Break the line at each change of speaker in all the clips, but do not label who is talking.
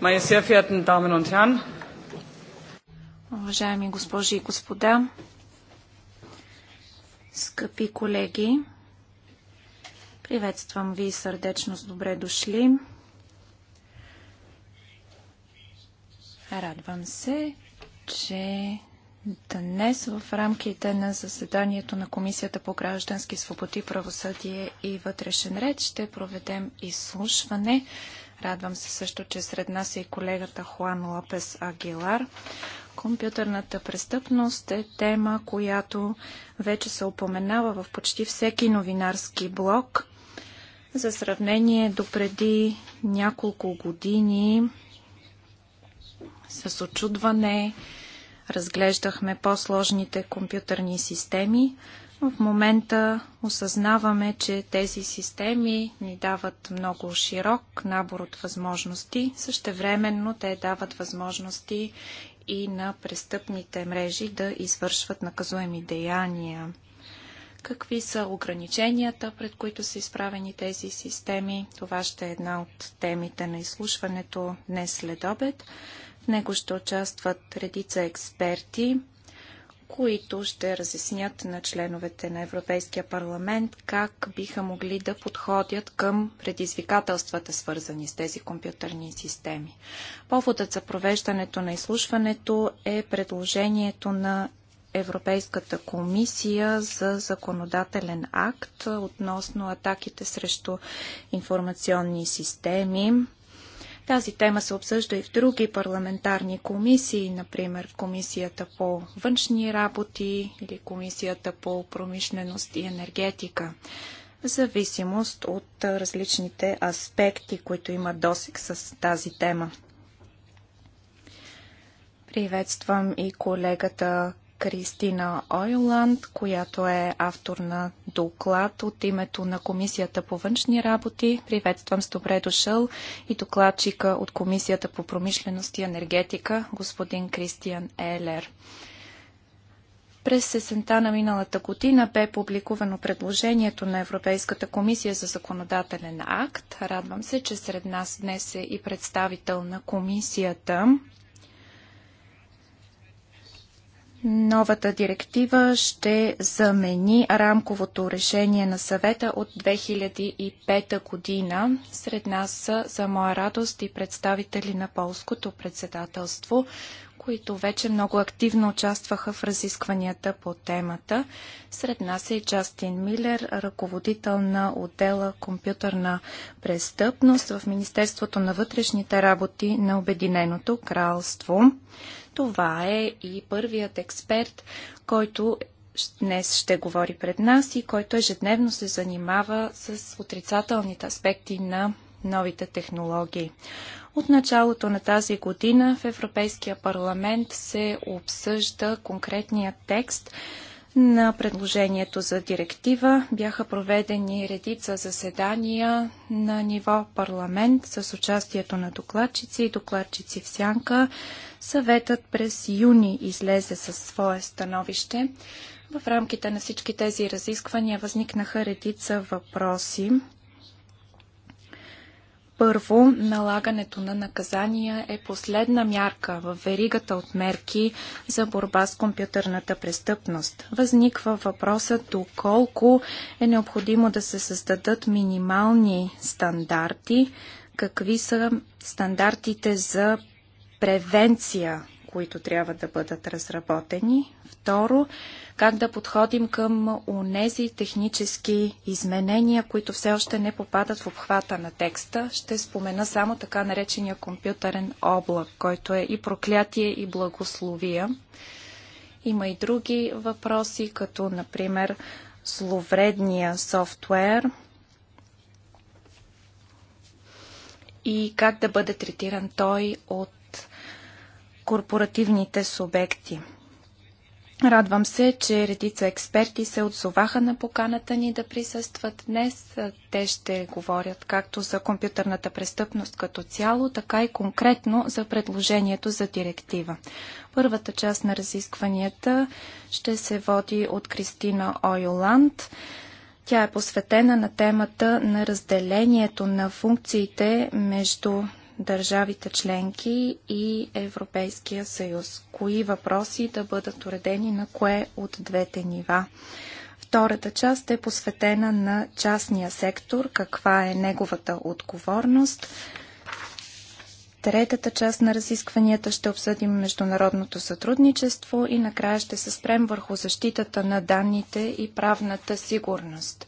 Meine sehr
verehrten
Damen und Herren,
уважаеми госпожи и господа, скъпи колеги, приветствам ви сърдечно с добре дошли. Радвам се, че Днес в рамките на заседанието на Комисията по граждански свободи, правосъдие и вътрешен ред ще проведем изслушване. Радвам се също, че сред нас е и колегата Хуан Лопес Агилар. Компютърната престъпност е тема, която вече се упоменава в почти всеки новинарски блог. За сравнение, допреди няколко години с очудване, разглеждахме по-сложните компютърни системи. В момента осъзнаваме, че тези системи ни дават много широк набор от възможности. Същевременно те дават възможности и на престъпните мрежи да извършват наказуеми деяния. Какви са ограниченията, пред които са изправени тези системи? Това ще е една от темите на изслушването днес след обед него ще участват редица експерти, които ще разяснят на членовете на Европейския парламент как биха могли да подходят към предизвикателствата, свързани с тези компютърни системи. Поводът за провеждането на изслушването е предложението на Европейската комисия за законодателен акт относно атаките срещу информационни системи. Тази тема се обсъжда и в други парламентарни комисии, например Комисията по външни работи или Комисията по промишленост и енергетика. В зависимост от различните аспекти, които имат досек с тази тема. Приветствам и колегата Кристина Ойланд, която е автор на доклад от името на Комисията по външни работи. Приветствам с добре дошъл и докладчика от Комисията по промишленост и енергетика, господин Кристиан Елер. През сесента на миналата година бе публикувано предложението на Европейската комисия за законодателен акт. Радвам се, че сред нас днес е и представител на комисията. Новата директива ще замени рамковото решение на съвета от 2005 година. Сред нас са за моя радост и представители на полското председателство, които вече много активно участваха в разискванията по темата. Сред нас е Джастин Милер, ръководител на отдела компютърна престъпност в Министерството на вътрешните работи на Обединеното кралство това е и първият експерт, който днес ще говори пред нас и който ежедневно се занимава с отрицателните аспекти на новите технологии. От началото на тази година в Европейския парламент се обсъжда конкретния текст на предложението за директива. Бяха проведени редица заседания на ниво парламент с участието на докладчици и докладчици в сянка. Съветът през юни излезе със свое становище. В рамките на всички тези разисквания възникнаха редица въпроси. Първо, налагането на наказания е последна мярка в веригата от мерки за борба с компютърната престъпност. Възниква въпросът доколко е необходимо да се създадат минимални стандарти, какви са стандартите за превенция, които трябва да бъдат разработени. Второ, как да подходим към онези технически изменения, които все още не попадат в обхвата на текста. Ще спомена само така наречения компютърен облак, който е и проклятие, и благословия. Има и други въпроси, като например зловредния софтуер и как да бъде третиран той от корпоративните субекти. Радвам се, че редица експерти се отзоваха на поканата ни да присъстват днес. Те ще говорят както за компютърната престъпност като цяло, така и конкретно за предложението за директива. Първата част на разискванията ще се води от Кристина Ойоланд. Тя е посветена на темата на разделението на функциите между държавите членки и Европейския съюз. Кои въпроси да бъдат уредени на кое от двете нива? Втората част е посветена на частния сектор, каква е неговата отговорност. Третата част на разискванията ще обсъдим международното сътрудничество и накрая ще се спрем върху защитата на данните и правната сигурност.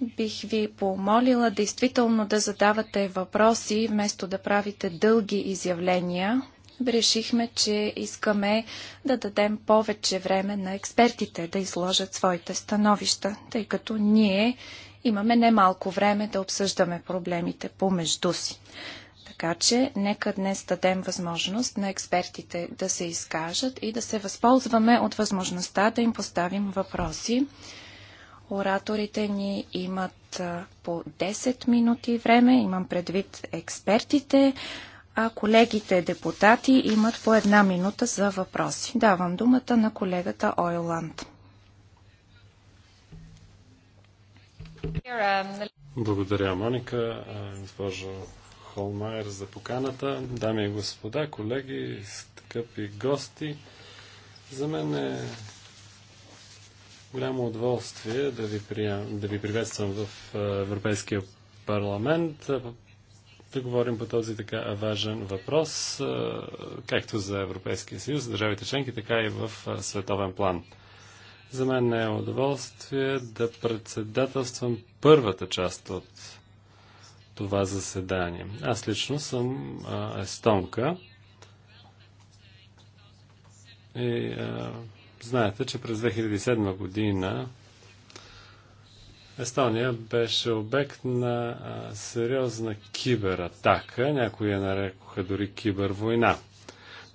Бих ви помолила действително да задавате въпроси, вместо да правите дълги изявления. Решихме, че искаме да дадем повече време на експертите да изложат своите становища, тъй като ние имаме немалко време да обсъждаме проблемите помежду си. Така че нека днес дадем възможност на експертите да се изкажат и да се възползваме от възможността да им поставим въпроси. Ораторите ни имат по 10 минути време, имам предвид експертите, а колегите депутати имат по една минута за въпроси. Давам думата на колегата Ойланд.
Благодаря, Моника, госпожо Холмайер за поканата. Дами и господа, колеги, скъпи гости, за мен е Голямо удоволствие да ви, прием, да ви приветствам в Европейския парламент. Да говорим по този така важен въпрос, както за Европейския съюз, за държавите членки, така и в световен план. За мен е удоволствие да председателствам първата част от това заседание. Аз лично съм естонка и а, Знаете, че през 2007 година Естония беше обект на а, сериозна кибератака. Някои я нарекоха дори кибервойна.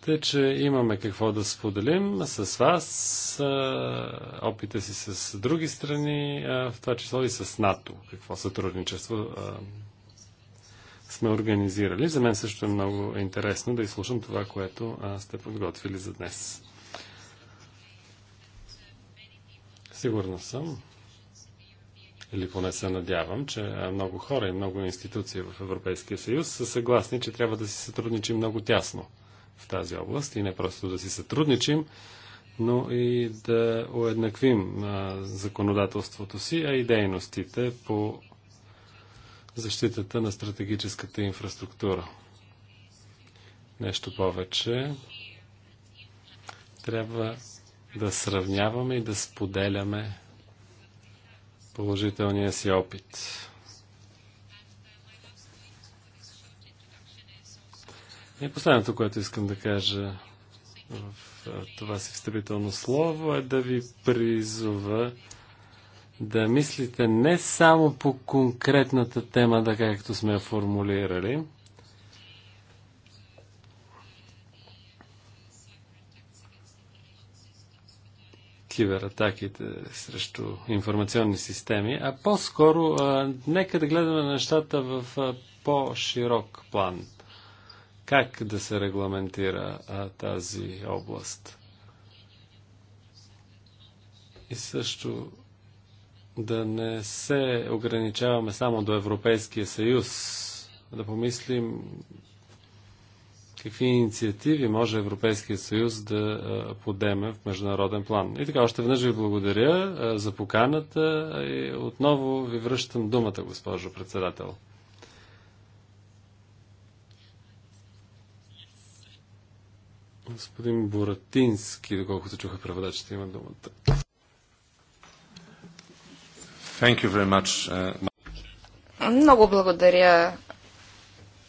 Тъй, че имаме какво да споделим с вас, а, опита си с други страни, а, в това число и с НАТО, какво сътрудничество сме организирали. За мен също е много интересно да изслушам това, което сте подготвили за днес. Сигурна съм, или поне се надявам, че много хора и много институции в Европейския съюз са съгласни, че трябва да си сътрудничим много тясно в тази област и не просто да си сътрудничим, но и да уеднаквим законодателството си, а и дейностите по защитата на стратегическата инфраструктура. Нещо повече. Трябва да сравняваме и да споделяме положителния си опит. И последното, което искам да кажа в това си встъпително слово е да ви призова да мислите не само по конкретната тема, да както сме я формулирали, кибератаките срещу информационни системи, а по-скоро нека да гледаме нещата в по-широк план. Как да се регламентира а, тази област? И също да не се ограничаваме само до Европейския съюз, да помислим какви инициативи може Европейския съюз да подеме в международен план. И така, още веднъж ви благодаря за поканата и отново ви връщам думата, госпожо председател. Господин Боратински, доколкото чуха преводачите, има думата. Thank you very much.
Uh, Много благодаря,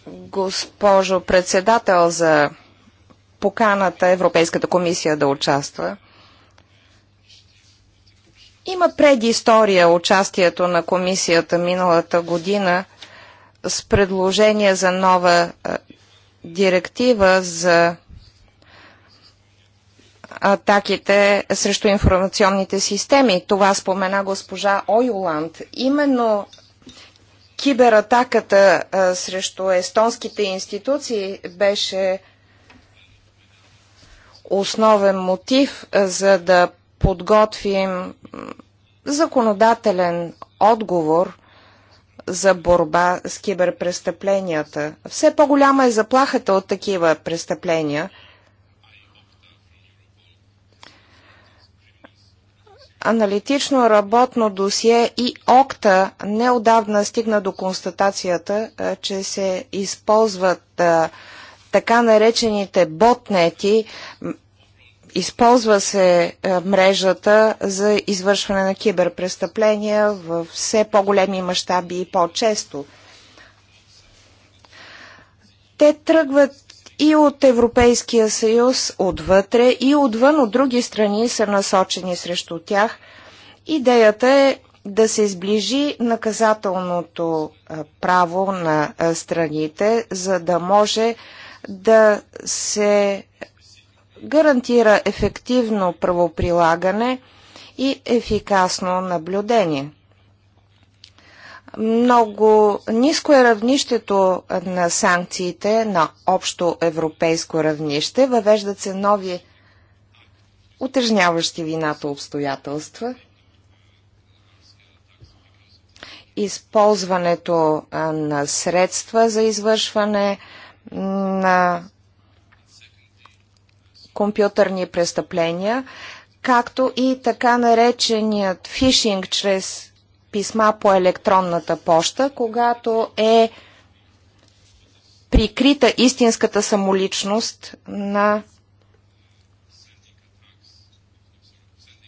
госпожо председател, за поканата Европейската комисия да участва. Има предистория участието на комисията миналата година с предложение за нова директива за атаките срещу информационните системи. Това спомена госпожа Ойоланд. Именно кибератаката срещу естонските институции беше основен мотив за да подготвим законодателен отговор за борба с киберпрестъпленията. Все по-голяма е заплахата от такива престъпления – аналитично работно досие и ОКТА неодавна стигна до констатацията, е, че се използват е, така наречените ботнети, използва се е, мрежата за извършване на киберпрестъпления в все по-големи мащаби и по-често. Те тръгват и от Европейския съюз, отвътре и отвън от други страни са насочени срещу тях. Идеята е да се сближи наказателното право на страните, за да може да се гарантира ефективно правоприлагане и ефикасно наблюдение. Много ниско е равнището на санкциите на общо европейско равнище. Въвеждат се нови утежняващи вината обстоятелства. Използването на средства за извършване на компютърни престъпления, както и така нареченият фишинг чрез писма по електронната поща, когато е прикрита истинската самоличност на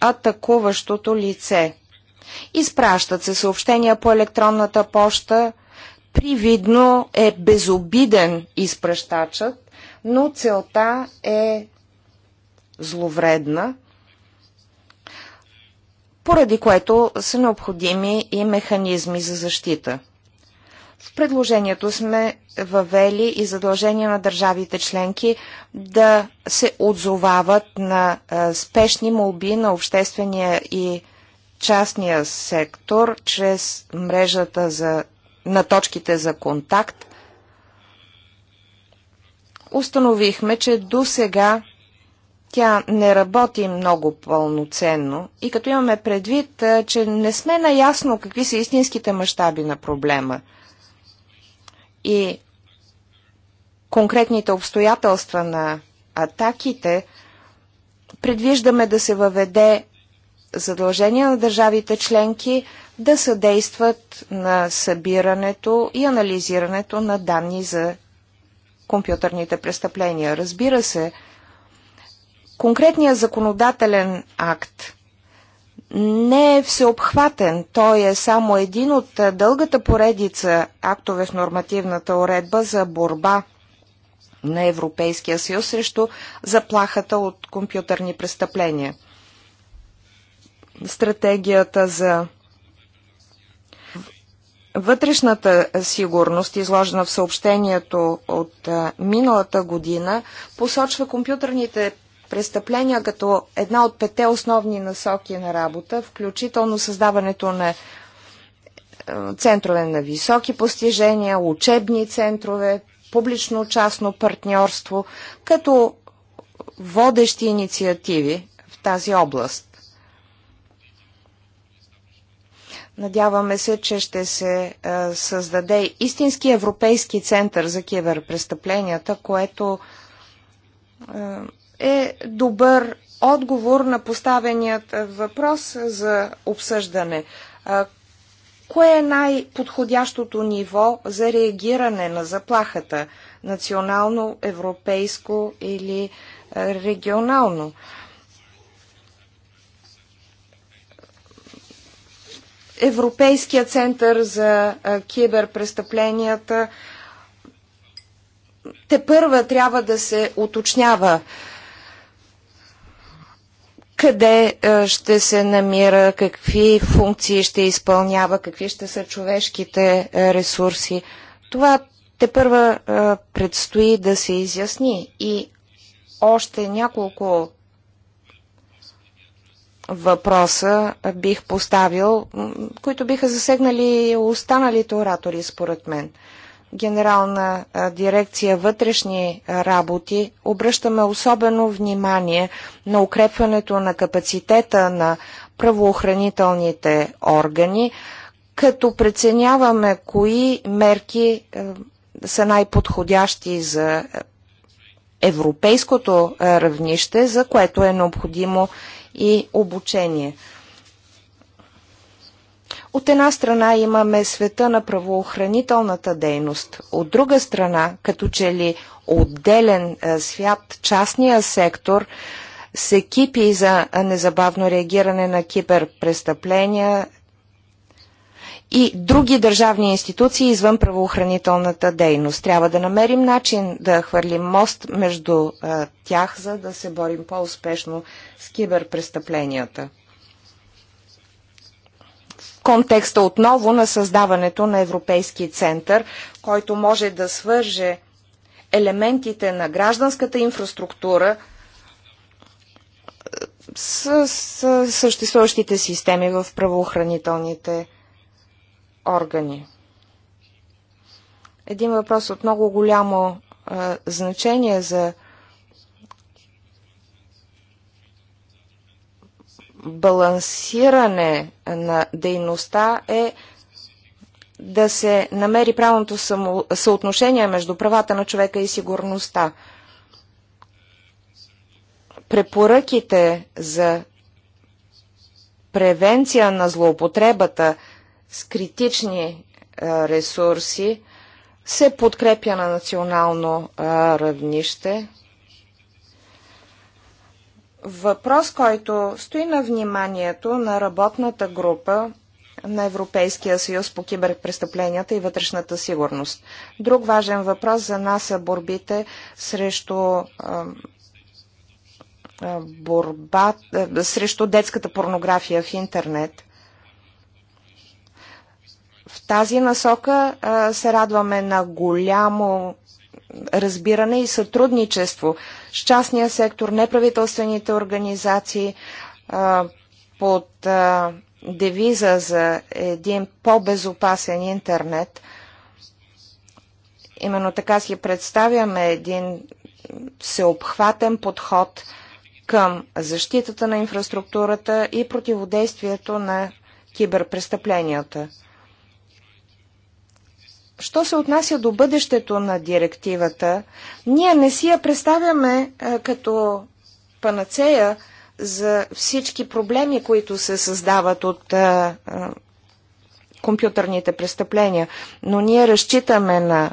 атакуващото лице. Изпращат се съобщения по електронната поща, привидно е безобиден изпращачът, но целта е зловредна поради което са необходими и механизми за защита. В предложението сме въвели и задължение на държавите членки да се отзовават на спешни молби на обществения и частния сектор чрез мрежата за, на точките за контакт. Установихме, че до сега тя не работи много пълноценно и като имаме предвид, че не сме наясно какви са истинските мащаби на проблема и конкретните обстоятелства на атаките, предвиждаме да се въведе задължение на държавите членки да съдействат на събирането и анализирането на данни за компютърните престъпления. Разбира се, конкретният законодателен акт не е всеобхватен. Той е само един от дългата поредица актове в нормативната уредба за борба на Европейския съюз срещу заплахата от компютърни престъпления. Стратегията за вътрешната сигурност, изложена в съобщението от миналата година, посочва компютърните престъпления като една от пете основни насоки на работа, включително създаването на е, центрове на високи постижения, учебни центрове, публично-частно партньорство, като водещи инициативи в тази област. Надяваме се, че ще се е, създаде истински европейски център за киберпрестъпленията, което е, е добър отговор на поставеният въпрос за обсъждане. Кое е най-подходящото ниво за реагиране на заплахата? Национално, европейско или регионално? Европейския център за киберпрестъпленията те първа трябва да се уточнява къде е, ще се намира, какви функции ще изпълнява, какви ще са човешките е, ресурси. Това те първа е, предстои да се изясни и още няколко въпроса бих поставил, които биха засегнали останалите оратори, според мен – Генерална дирекция вътрешни работи обръщаме особено внимание на укрепването на капацитета на правоохранителните органи, като преценяваме кои мерки са най-подходящи за европейското равнище, за което е необходимо и обучение. От една страна имаме света на правоохранителната дейност, от друга страна, като че ли отделен е, свят, частния сектор, с екипи за незабавно реагиране на киберпрестъпления и други държавни институции извън правоохранителната дейност. Трябва да намерим начин да хвърлим мост между а, е, тях, за да се борим по-успешно с киберпрестъпленията контекста отново на създаването на Европейски център, който може да свърже елементите на гражданската инфраструктура е, с, с съществуващите системи в правоохранителните органи. Един въпрос от много голямо а, е, значение за балансиране на дейността е да се намери правилното съотношение между правата на човека и сигурността. Препоръките за превенция на злоупотребата с критични е, ресурси се подкрепя на национално е, равнище въпрос, който стои на вниманието на работната група на Европейския съюз по киберпрестъпленията и вътрешната сигурност. Друг важен въпрос за нас са борбите срещу борба, срещу детската порнография в интернет. В тази насока се радваме на голямо разбиране и сътрудничество с частния сектор, неправителствените организации под девиза за един по-безопасен интернет. Именно така си представяме един всеобхватен подход към защитата на инфраструктурата и противодействието на киберпрестъпленията. Що се отнася до бъдещето на директивата, ние не си я представяме а, е, като панацея за всички проблеми, които се създават от а, е, а, е, компютърните престъпления, но ние разчитаме на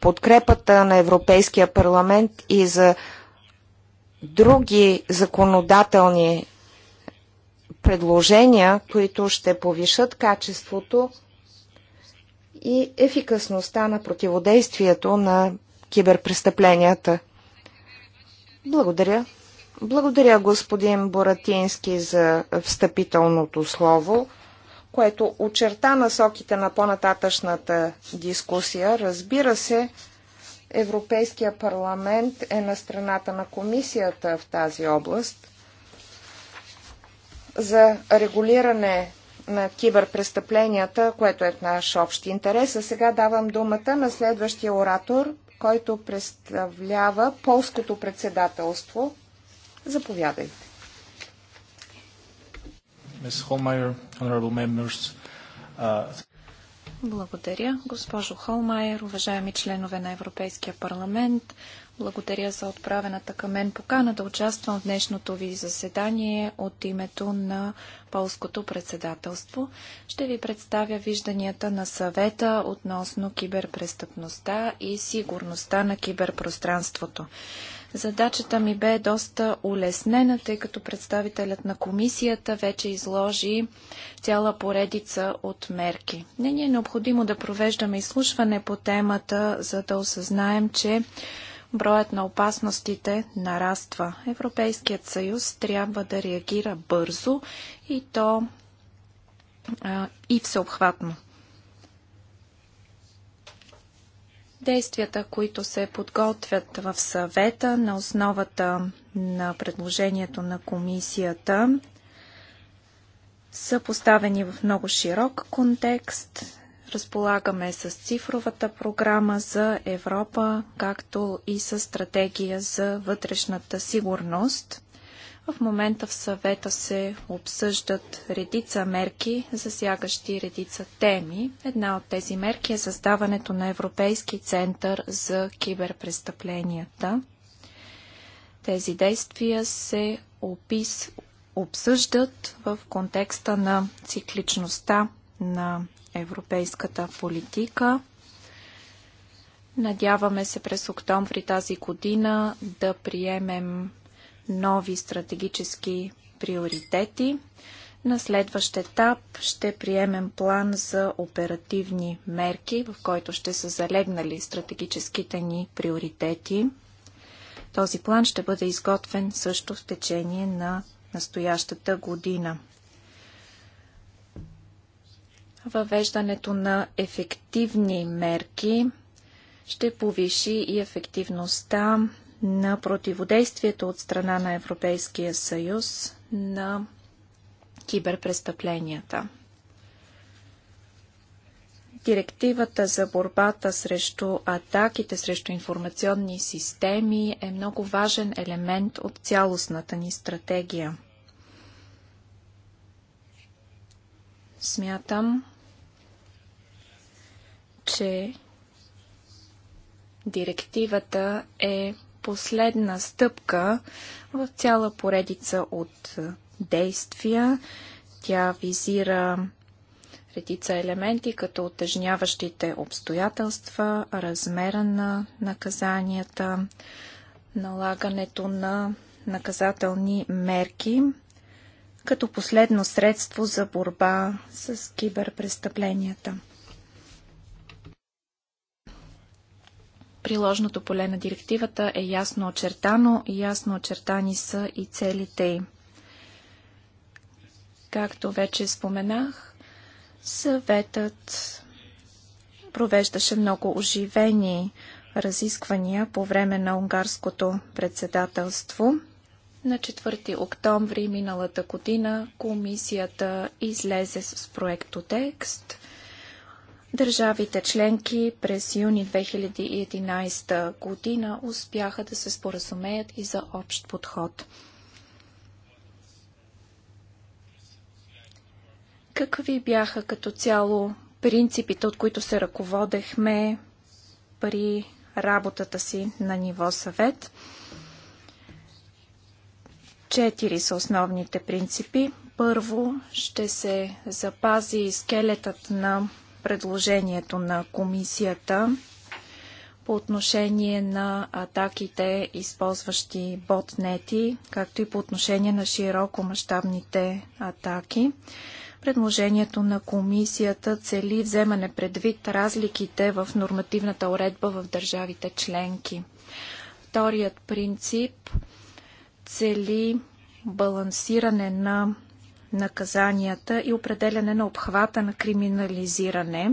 подкрепата на Европейския парламент и за други законодателни предложения, които ще повишат качеството и ефикасността на противодействието на киберпрестъпленията. Благодаря. Благодаря господин Боратински за встъпителното слово, което очерта насоките на по-нататъчната дискусия. Разбира се, Европейския парламент е на страната на комисията в тази област за регулиране на киберпрестъпленията, което е в наш общ интерес. А сега давам думата на следващия оратор, който представлява полското председателство. Заповядайте. Uh,
Благодаря, госпожо Холмайер, уважаеми членове на Европейския парламент, благодаря за отправената към мен покана да участвам в днешното ви заседание от името на полското председателство. Ще ви представя вижданията на съвета относно киберпрестъпността и сигурността на киберпространството. Задачата ми бе доста улеснена, тъй като представителят на комисията вече изложи цяла поредица от мерки. Не ни е необходимо да провеждаме изслушване по темата, за да осъзнаем, че броят на опасностите нараства. Европейският съюз трябва да реагира бързо и то а, и всеобхватно. Действията, които се подготвят в съвета на основата на предложението на комисията, са поставени в много широк контекст Разполагаме с цифровата програма за Европа, както и с стратегия за вътрешната сигурност. В момента в съвета се обсъждат редица мерки, засягащи редица теми. Една от тези мерки е създаването на Европейски център за киберпрестъпленията. Тези действия се обсъждат в контекста на цикличността на европейската политика. Надяваме се през октомври тази година да приемем нови стратегически приоритети. На следващ етап ще приемем план за оперативни мерки, в който ще са залегнали стратегическите ни приоритети. Този план ще бъде изготвен също в течение на настоящата година. Въвеждането на ефективни мерки ще повиши и ефективността на противодействието от страна на Европейския съюз на киберпрестъпленията. Директивата за борбата срещу атаките срещу информационни системи е много важен елемент от цялостната ни стратегия. Смятам, че директивата е последна стъпка в цяла поредица от действия. Тя визира редица елементи, като отъжняващите обстоятелства, размера на наказанията, налагането на наказателни мерки, като последно средство за борба с киберпрестъпленията. Приложното поле на директивата е ясно очертано и ясно очертани са и целите й. Както вече споменах, съветът провеждаше много оживени разисквания по време на унгарското председателство. На 4 октомври миналата година комисията излезе с проектотекст, Държавите членки през юни 2011 година успяха да се споразумеят и за общ подход. Какви бяха като цяло принципите, от които се ръководехме при работата си на ниво съвет? Четири са основните принципи. Първо ще се запази скелетът на предложението на комисията по отношение на атаките, използващи ботнети, както и по отношение на широкомащабните атаки. Предложението на комисията цели вземане предвид разликите в нормативната уредба в държавите членки. Вторият принцип цели балансиране на наказанията и определяне на обхвата на криминализиране.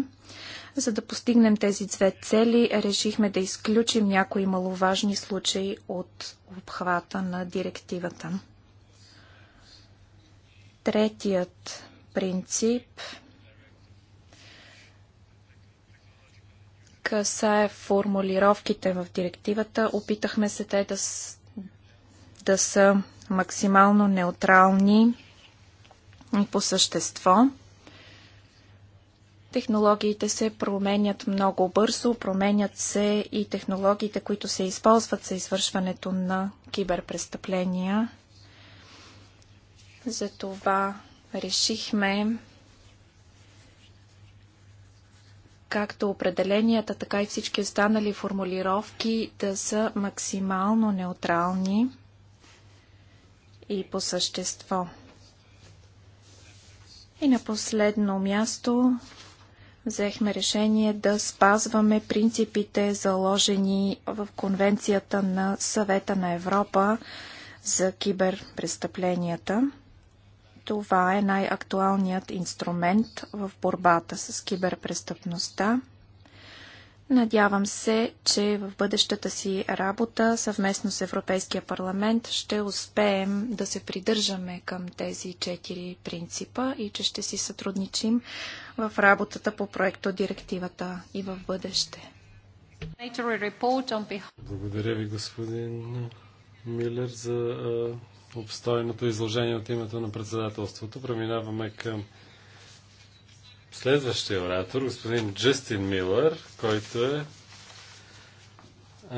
За да постигнем тези две цели, решихме да изключим някои маловажни случаи от обхвата на директивата. Третият принцип касае формулировките в директивата. Опитахме се те да, да са максимално неутрални по същество. Технологиите се променят много бързо, променят се и технологиите, които се използват за извършването на киберпрестъпления. Затова решихме както определенията, така и всички останали формулировки да са максимално неутрални и по същество. И на последно място взехме решение да спазваме принципите, заложени в Конвенцията на Съвета на Европа за киберпрестъпленията. Това е най-актуалният инструмент в борбата с киберпрестъпността. Надявам се, че в бъдещата си работа съвместно с Европейския парламент ще успеем да се придържаме към тези четири принципа и че ще си сътрудничим в работата по проекто директивата и в бъдеще.
Благодаря ви, господин Милер, за обстойното изложение от името на председателството. Преминаваме към
следващия
оратор, господин Джастин Милър, който е а,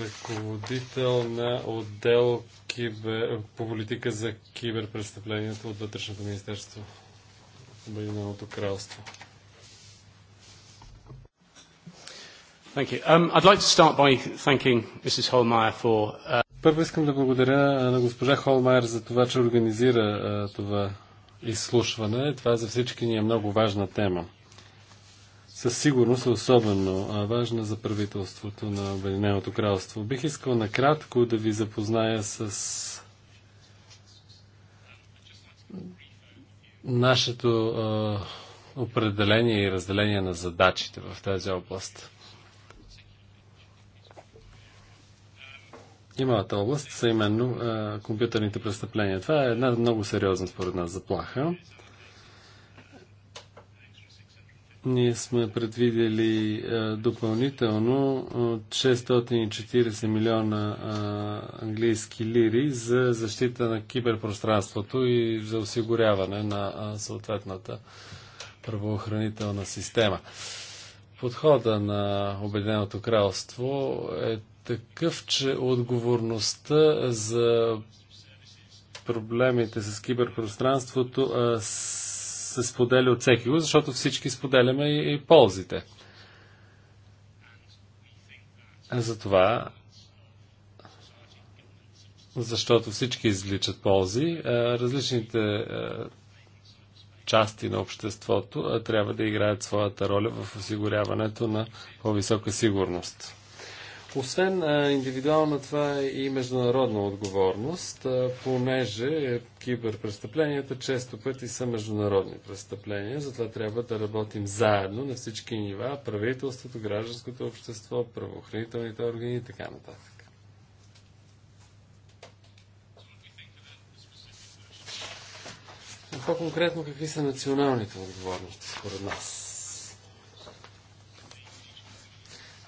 ръководител на отдел кибер, по политика за киберпрестъплението от Вътрешното министерство Обединеното кралство. Thank you. Um, I'd like to start by thanking Mrs. Holmeyer for... Uh... Първо искам да благодаря на госпожа Холмайер за това, че организира uh, това изслушване. Това за всички ни е много важна тема. Със сигурност е особено важна за правителството на Обединеното кралство. Бих искал накратко да ви запозная с нашето определение и разделение на задачите в тази област. ималата област са именно а, компютърните престъпления. Това е една много сериозна според нас заплаха. Ние сме предвидели а, допълнително 640 милиона а, английски лири за защита на киберпространството и за осигуряване на а, съответната правоохранителна система подхода на Обединеното кралство е такъв, че отговорността за проблемите с киберпространството се споделя от всеки го, защото всички споделяме и, и ползите. Затова, защото всички изличат ползи, различните части на обществото трябва да играят своята роля в осигуряването на по-висока сигурност. Освен а, индивидуална, това е и международна отговорност, а, понеже киберпрестъпленията често пъти са международни престъпления, затова трябва да работим заедно на всички нива, правителството, гражданското общество, правоохранителните органи и така нататък. По-конкретно, какви са националните отговорности според нас?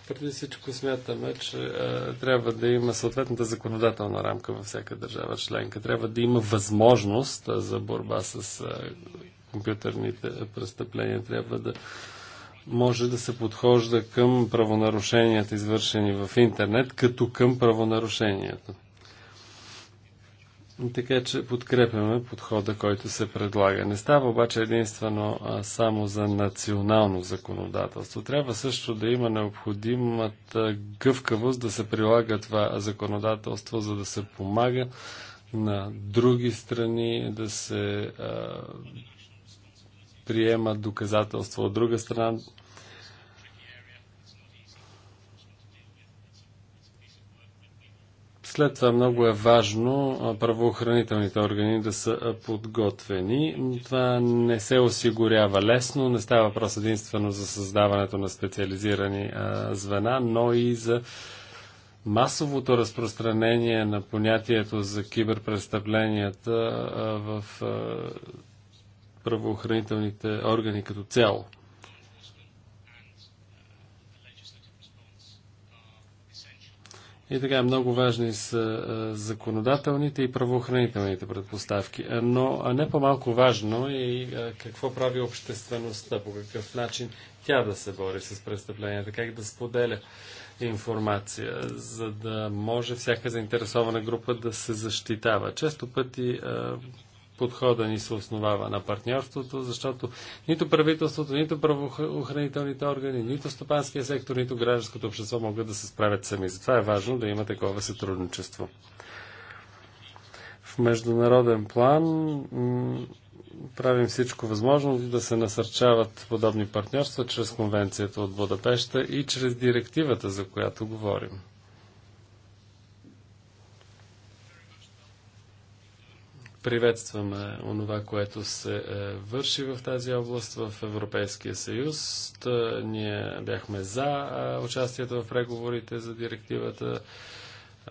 Преди всичко смятаме, че е, трябва да има съответната законодателна рамка във всяка държава членка. Трябва да има възможност за борба с е, компютърните престъпления. Трябва да може да се подхожда към правонарушенията, извършени в интернет, като към правонарушенията. Така че подкрепяме подхода, който се предлага. Не става обаче единствено а, само за национално законодателство. Трябва също да има необходимата гъвкавост да се прилага това законодателство, за да се помага на други страни, да се а, приема доказателства от друга страна, След това много е важно правоохранителните органи да са подготвени. Това не се осигурява лесно, не става въпрос единствено за създаването на специализирани звена, но и за масовото разпространение на понятието за киберпрестъпленията в правоохранителните органи като цяло. И така, много важни са законодателните и правоохранителните предпоставки. Но не по-малко важно е и какво прави обществеността, по какъв начин тя да се бори с престъпленията, как да споделя информация, за да може всяка заинтересована група да се защитава. Често пъти подхода ни се основава на партньорството, защото нито правителството, нито правоохранителните органи, нито стопанския сектор, нито гражданското общество могат да се справят сами. Затова е важно да има такова сътрудничество. В международен план правим всичко възможно да се насърчават подобни партньорства чрез конвенцията от Будапешта и чрез директивата, за която говорим. Приветстваме онова, което се е, върши в тази област в Европейския съюз. Та, ние бяхме за е, участието в преговорите за директивата, е,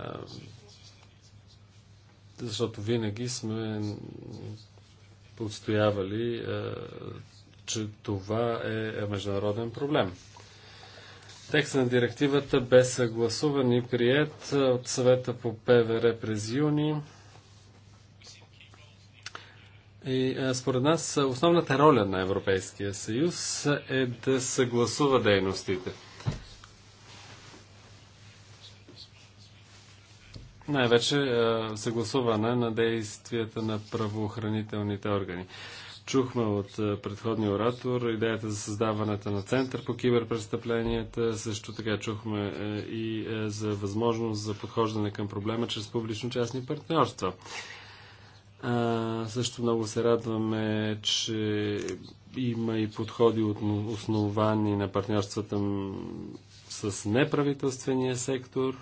защото винаги сме отстоявали, че това е международен проблем. Текстът на директивата бе съгласуван и прият от съвета по ПВР през юни. И според нас основната роля на Европейския съюз е да съгласува дейностите. Най-вече съгласуване на действията на правоохранителните органи. Чухме от предходния оратор идеята за създаването на център по киберпрестъпленията. Също така чухме и за възможност за подхождане към проблема чрез публично-частни партньорства. А, също много се радваме, че има и подходи от основани на партньорствата с неправителствения сектор.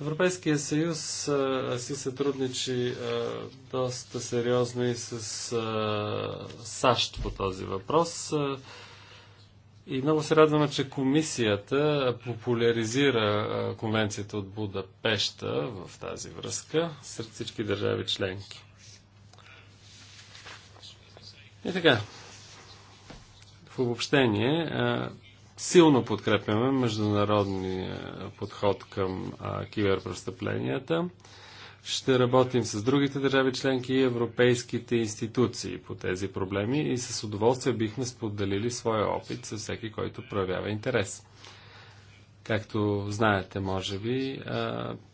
Европейския съюз а, си сътрудничи а, доста сериозно и с а, САЩ по този въпрос. А, и много се радваме, че комисията популяризира конвенцията от Будапешта в тази връзка сред всички държави членки. И така, в обобщение, силно подкрепяме международния подход към киберпрестъпленията. Ще работим с другите държави членки и европейските институции по тези проблеми и с удоволствие бихме споделили своя опит с всеки, който проявява интерес. Както знаете, може би,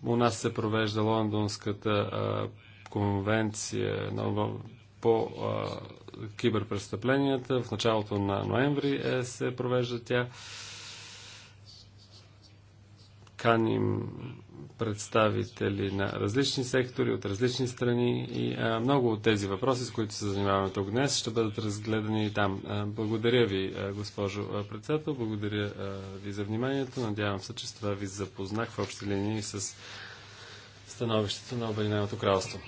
у нас се провежда Лондонската конвенция по киберпрестъпленията. В началото на ноември е, се провежда тя. Каним представители на различни сектори от различни страни и а, много от тези въпроси, с които се занимаваме тук днес, ще бъдат разгледани и там. А, благодаря ви, а, госпожо председател, благодаря а, ви за вниманието. Надявам се, че с това ви запознах в общи линии с становището на Обединеното кралство.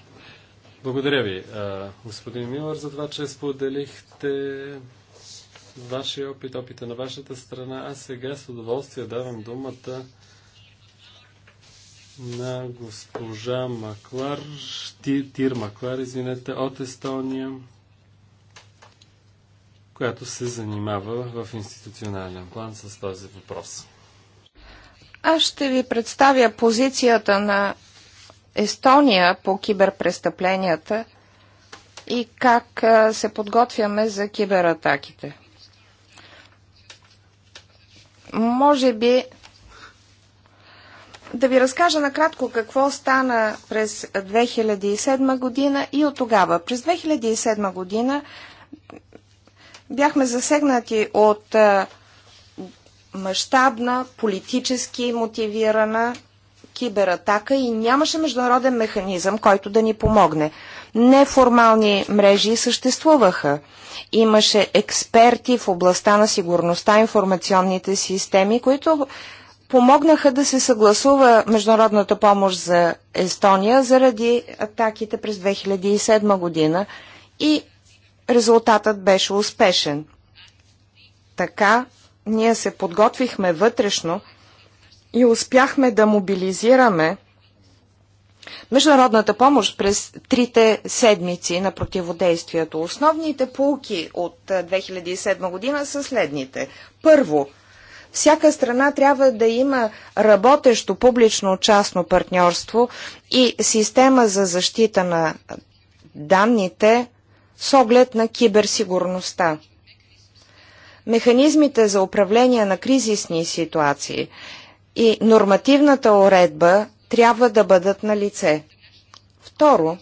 Благодаря ви, а, господин Милър, за това, че споделихте вашия опит, опита на вашата страна. А сега с удоволствие давам думата на госпожа Маклар, Тир, Тир Маклар, извинете, от Естония, която се занимава в институционален план с този въпрос.
Аз ще ви представя позицията на Естония по киберпрестъпленията и как се подготвяме за кибератаките. Може би да ви разкажа накратко какво стана през 2007 година и от тогава. През 2007 година бяхме засегнати от мащабна, политически мотивирана кибератака и нямаше международен механизъм, който да ни помогне. Неформални мрежи съществуваха. Имаше експерти в областта на сигурността, информационните системи, които помогнаха да се съгласува международната помощ за Естония заради атаките през 2007 година и резултатът беше успешен. Така ние се подготвихме вътрешно и успяхме да мобилизираме международната помощ през трите седмици на противодействието. Основните полки от 2007 година са следните. Първо – всяка страна трябва да има работещо публично-частно партньорство и система за защита на данните с оглед на киберсигурността. Механизмите за управление на кризисни ситуации и нормативната уредба трябва да бъдат на лице. Второ,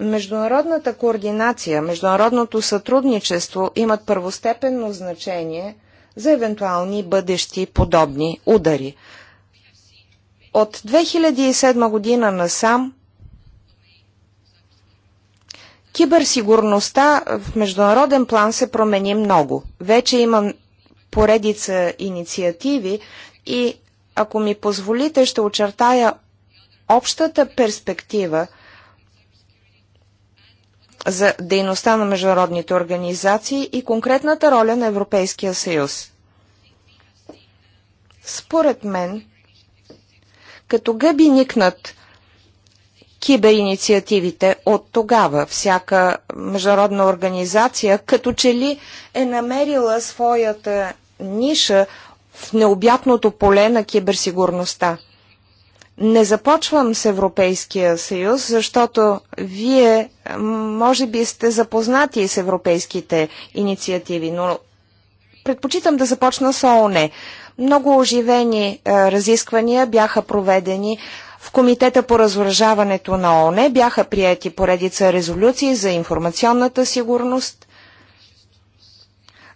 международната координация, международното сътрудничество имат първостепенно значение – за евентуални бъдещи подобни удари. От 2007 година насам киберсигурността в международен план се промени много. Вече имам поредица инициативи и ако ми позволите, ще очертая общата перспектива – за дейността на международните организации и конкретната роля на Европейския съюз. Според мен, като гъби никнат киберинициативите от тогава. Всяка международна организация като че ли е намерила своята ниша в необятното поле на киберсигурността. Не започвам с Европейския съюз, защото вие може би сте запознати с европейските инициативи, но предпочитам да започна с ООН. Много оживени е, разисквания бяха проведени в Комитета по разоръжаването на ООН, бяха прияти поредица резолюции за информационната сигурност,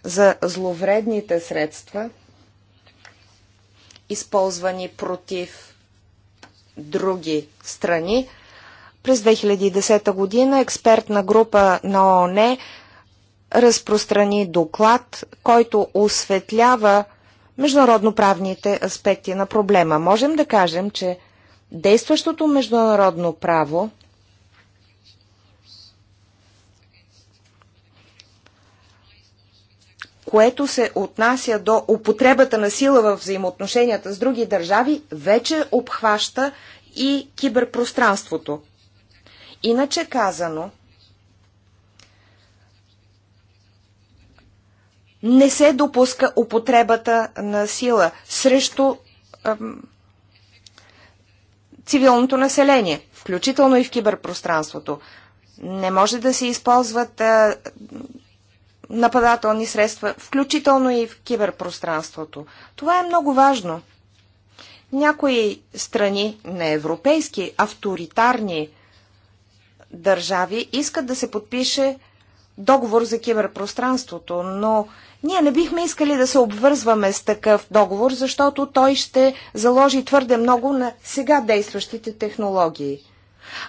за зловредните средства, използвани против други страни. През 2010 година експертна група на ООН разпространи доклад, който осветлява международноправните аспекти на проблема. Можем да кажем, че действащото международно право което се отнася до употребата на сила в взаимоотношенията с други държави, вече обхваща и киберпространството. Иначе казано, не се допуска употребата на сила срещу ам, цивилното население, включително и в киберпространството. Не може да се използват а, нападателни средства, включително и в киберпространството. Това е много важно. Някои страни на европейски авторитарни държави искат да се подпише договор за киберпространството, но ние не бихме искали да се обвързваме с такъв договор, защото той ще заложи твърде много на сега действащите технологии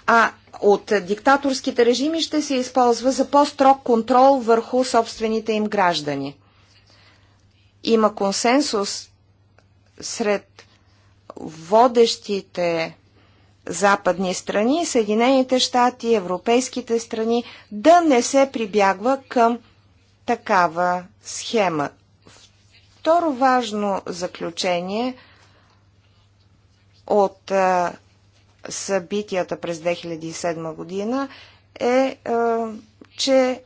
а от диктаторските режими ще се използва за по-строг контрол върху собствените им граждани. Има консенсус сред водещите западни страни, Съединените щати, европейските страни, да не се прибягва към такава схема. Второ важно заключение от събитията през 2007 година е, е че е,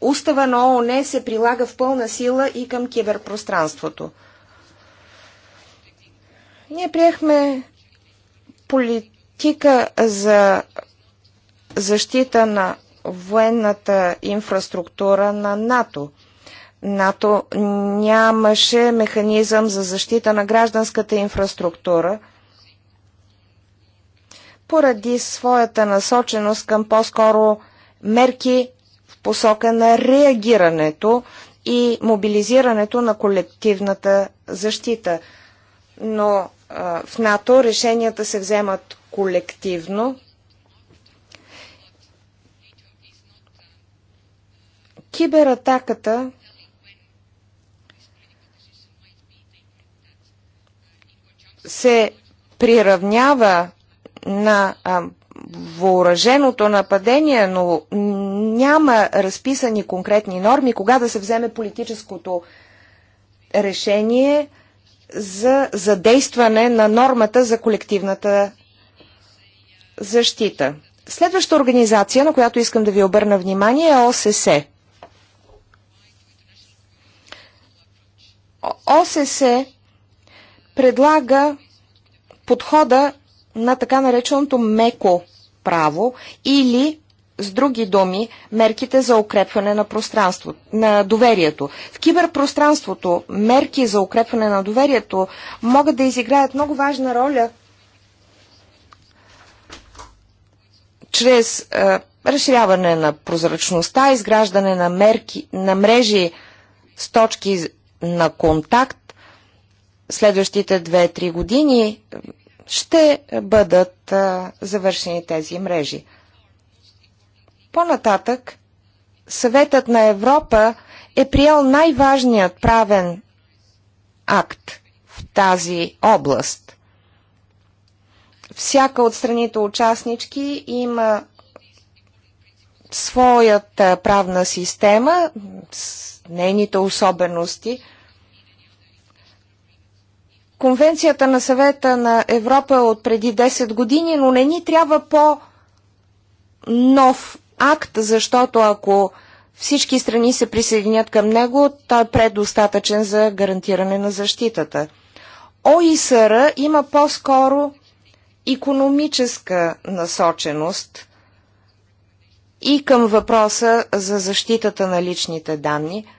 устава на ООН се прилага в пълна сила и към киберпространството. Ние приехме политика за защита на военната инфраструктура на НАТО. НАТО нямаше механизъм за защита на гражданската инфраструктура – поради своята насоченост към по-скоро мерки в посока на реагирането и мобилизирането на колективната защита. Но а, в НАТО решенията се вземат колективно. Кибератаката се приравнява на въоръженото нападение, но няма разписани конкретни норми кога да се вземе политическото решение за задействане на нормата за колективната защита. Следваща организация, на която искам да ви обърна внимание е ОССЕ. ОССЕ предлага подхода на така нареченото меко право или с други думи, мерките за укрепване на, пространството, на доверието. В киберпространството мерки за укрепване на доверието могат да изиграят много важна роля чрез е, разширяване на прозрачността, изграждане на, мерки, на мрежи с точки на контакт. Следващите 2-3 години ще бъдат завършени тези мрежи. По-нататък, Съветът на Европа е приел най-важният правен акт в тази
област.
Всяка от страните участнички има своята правна система, с нейните особености – Конвенцията на съвета на Европа е от преди 10 години, но не ни трябва по-нов акт, защото ако всички страни се присъединят към него, той е предостатъчен за гарантиране на защитата. ОИСР има по-скоро економическа насоченост и към въпроса за защитата на личните данни –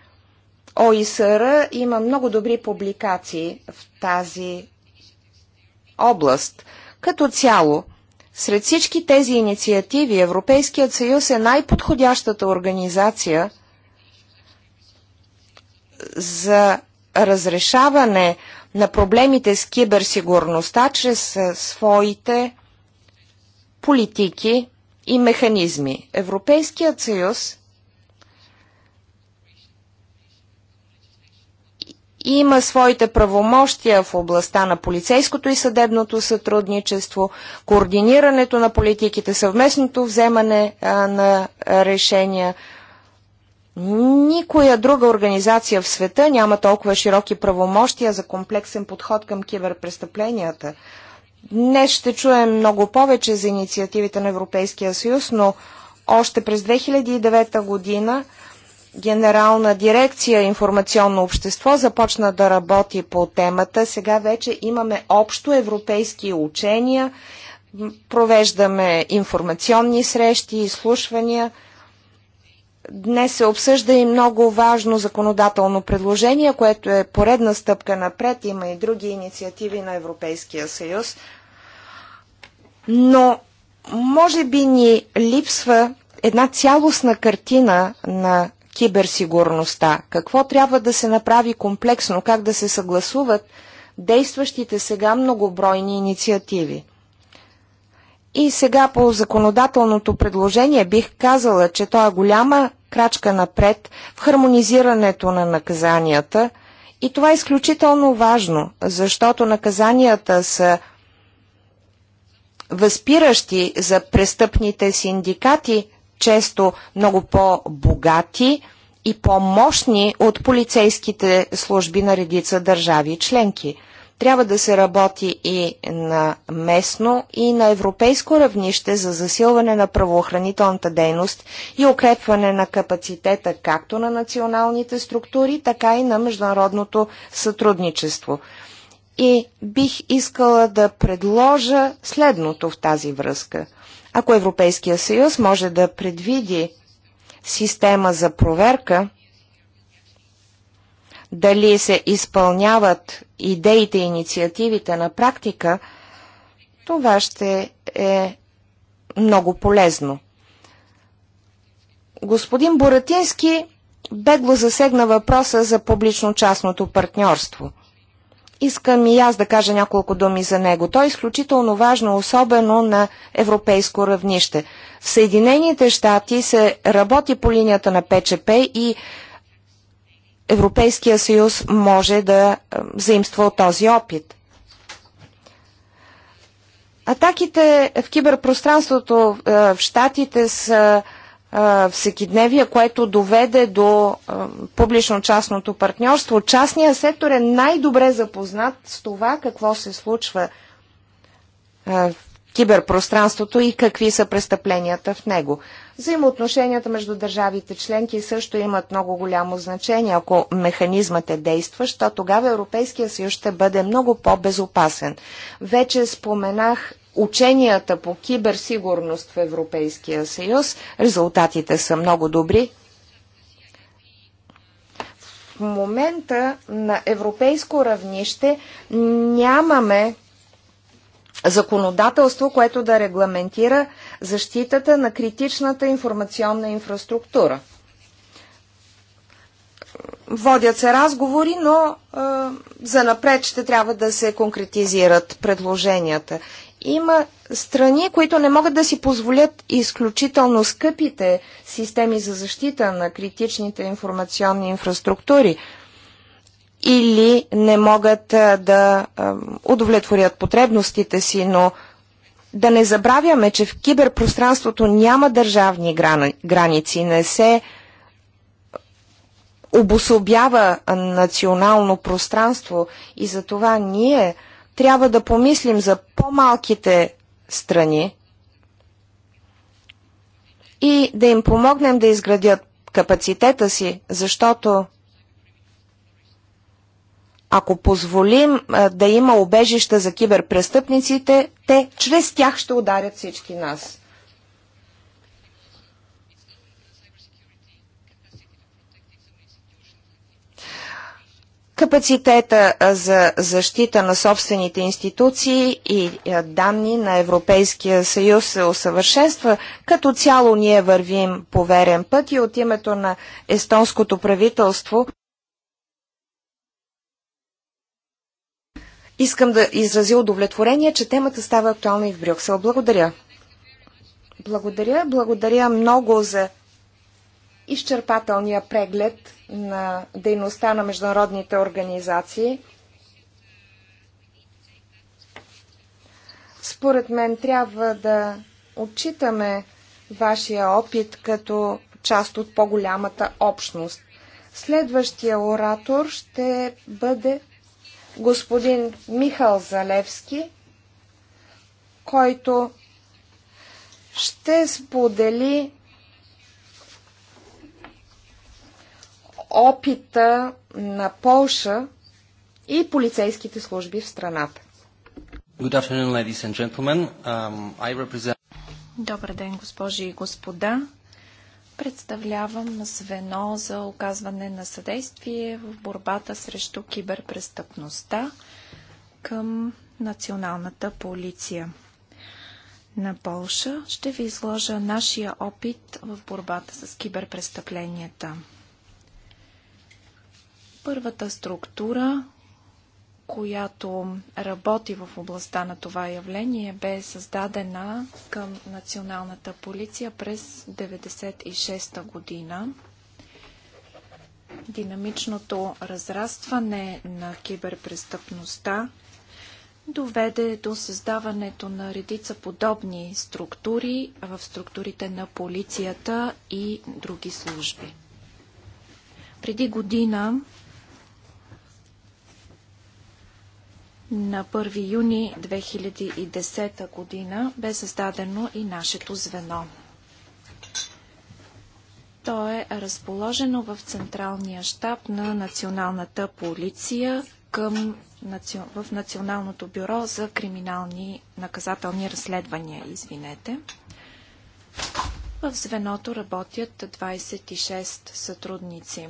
ОИСР има много добри публикации в тази област. Като цяло, сред всички тези инициативи Европейският съюз е най-подходящата организация за разрешаване на проблемите с киберсигурността чрез своите политики и механизми. Европейският съюз има своите правомощия в областта на полицейското и съдебното сътрудничество, координирането на политиките, съвместното вземане а, на решения. Никоя друга организация в света няма толкова широки правомощия за комплексен подход към киберпрестъпленията. Днес ще чуем много повече за инициативите на Европейския съюз, но още през 2009 година Генерална дирекция информационно общество започна да работи по темата. Сега вече имаме общо европейски учения, провеждаме информационни срещи, изслушвания. Днес се обсъжда и много важно законодателно предложение, което е поредна стъпка напред. Има и други инициативи на Европейския съюз. Но може би ни липсва една цялостна картина на киберсигурността, какво трябва да се направи комплексно, как да се съгласуват действащите сега многобройни инициативи. И сега по законодателното предложение бих казала, че то е голяма крачка напред в хармонизирането на наказанията и това е изключително важно, защото наказанията са възпиращи за престъпните синдикати, често много по-богати и по-мощни от полицейските служби на редица държави и членки. Трябва да се работи и на местно, и на европейско равнище за засилване на правоохранителната дейност и укрепване на капацитета както на националните структури, така и на международното сътрудничество. И бих искала да предложа следното в тази връзка – ако Европейския съюз може да предвиди система за проверка, дали се изпълняват идеите и инициативите на практика, това ще е много полезно. Господин Боратински бегло засегна въпроса за публично-частното партньорство – Искам и аз да кажа няколко думи за него. Той е изключително важно, особено на европейско равнище. В Съединените щати се работи по линията на ПЧП и Европейския съюз може да е, заимства от този опит. Атаките в киберпространството е, в Штатите са всекидневие, което доведе до публично-частното партньорство. Частният сектор е най-добре запознат с това какво се случва в киберпространството и какви са престъпленията в него. Взаимоотношенията между държавите членки също имат много голямо значение. Ако механизмът е действащ, то тогава Европейския съюз ще бъде много по-безопасен. Вече споменах ученията по киберсигурност в Европейския съюз. Резултатите са много добри. В момента на европейско равнище нямаме законодателство, което да регламентира защитата на критичната информационна инфраструктура. Водят се разговори, но е, за напред ще трябва да се конкретизират предложенията. Има страни, които не могат да си позволят изключително скъпите системи за защита на критичните информационни инфраструктури или не могат да удовлетворят потребностите си, но да не забравяме, че в киберпространството няма държавни граници, не се обособява национално пространство и за това ние трябва да помислим за по-малките страни и да им помогнем да изградят капацитета си, защото ако позволим да има убежища за киберпрестъпниците, те чрез тях ще ударят всички нас. капацитета за защита на собствените институции и данни на Европейския съюз се усъвършенства. Като цяло ние вървим по верен път и от името на естонското правителство искам да изразя удовлетворение, че темата става актуална и в Брюксел. Благодаря. Благодаря. Благодаря много за изчерпателния преглед на дейността на международните организации. Според мен трябва да отчитаме вашия опит като част от по-голямата общност. Следващия оратор ще бъде господин Михал Залевски, който ще сподели опита на Полша и полицейските служби в страната.
Um,
Добър ден, госпожи и господа.
Представлявам звено за оказване на съдействие в борбата срещу киберпрестъпността към националната полиция на Полша. Ще ви изложа нашия опит в борбата с киберпрестъпленията. Първата структура, която работи в областта на това явление, бе създадена към националната полиция през 1996 година. Динамичното разрастване на киберпрестъпността доведе до създаването на редица подобни структури в структурите на полицията и други служби. Преди година На 1 юни 2010 година бе създадено и нашето звено. То е разположено в централния щаб на Националната полиция към, в Националното бюро за криминални наказателни разследвания. Извинете. В звеното работят 26 сътрудници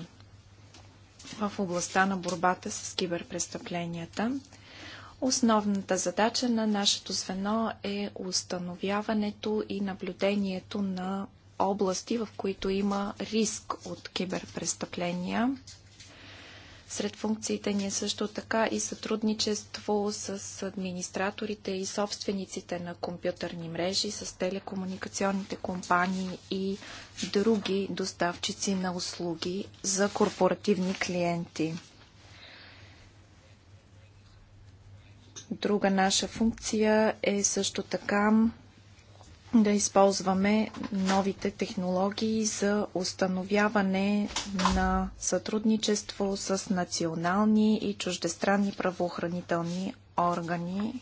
в областта на борбата с киберпрестъпленията. Основната задача на нашето звено е установяването и наблюдението на области, в които има риск от киберпрестъпления. Сред функциите ни е също така и сътрудничество с администраторите и собствениците на компютърни мрежи, с телекомуникационните компании и други доставчици на услуги за корпоративни клиенти. Друга наша функция е също така да използваме новите технологии за установяване на сътрудничество с национални и чуждестранни правоохранителни органи.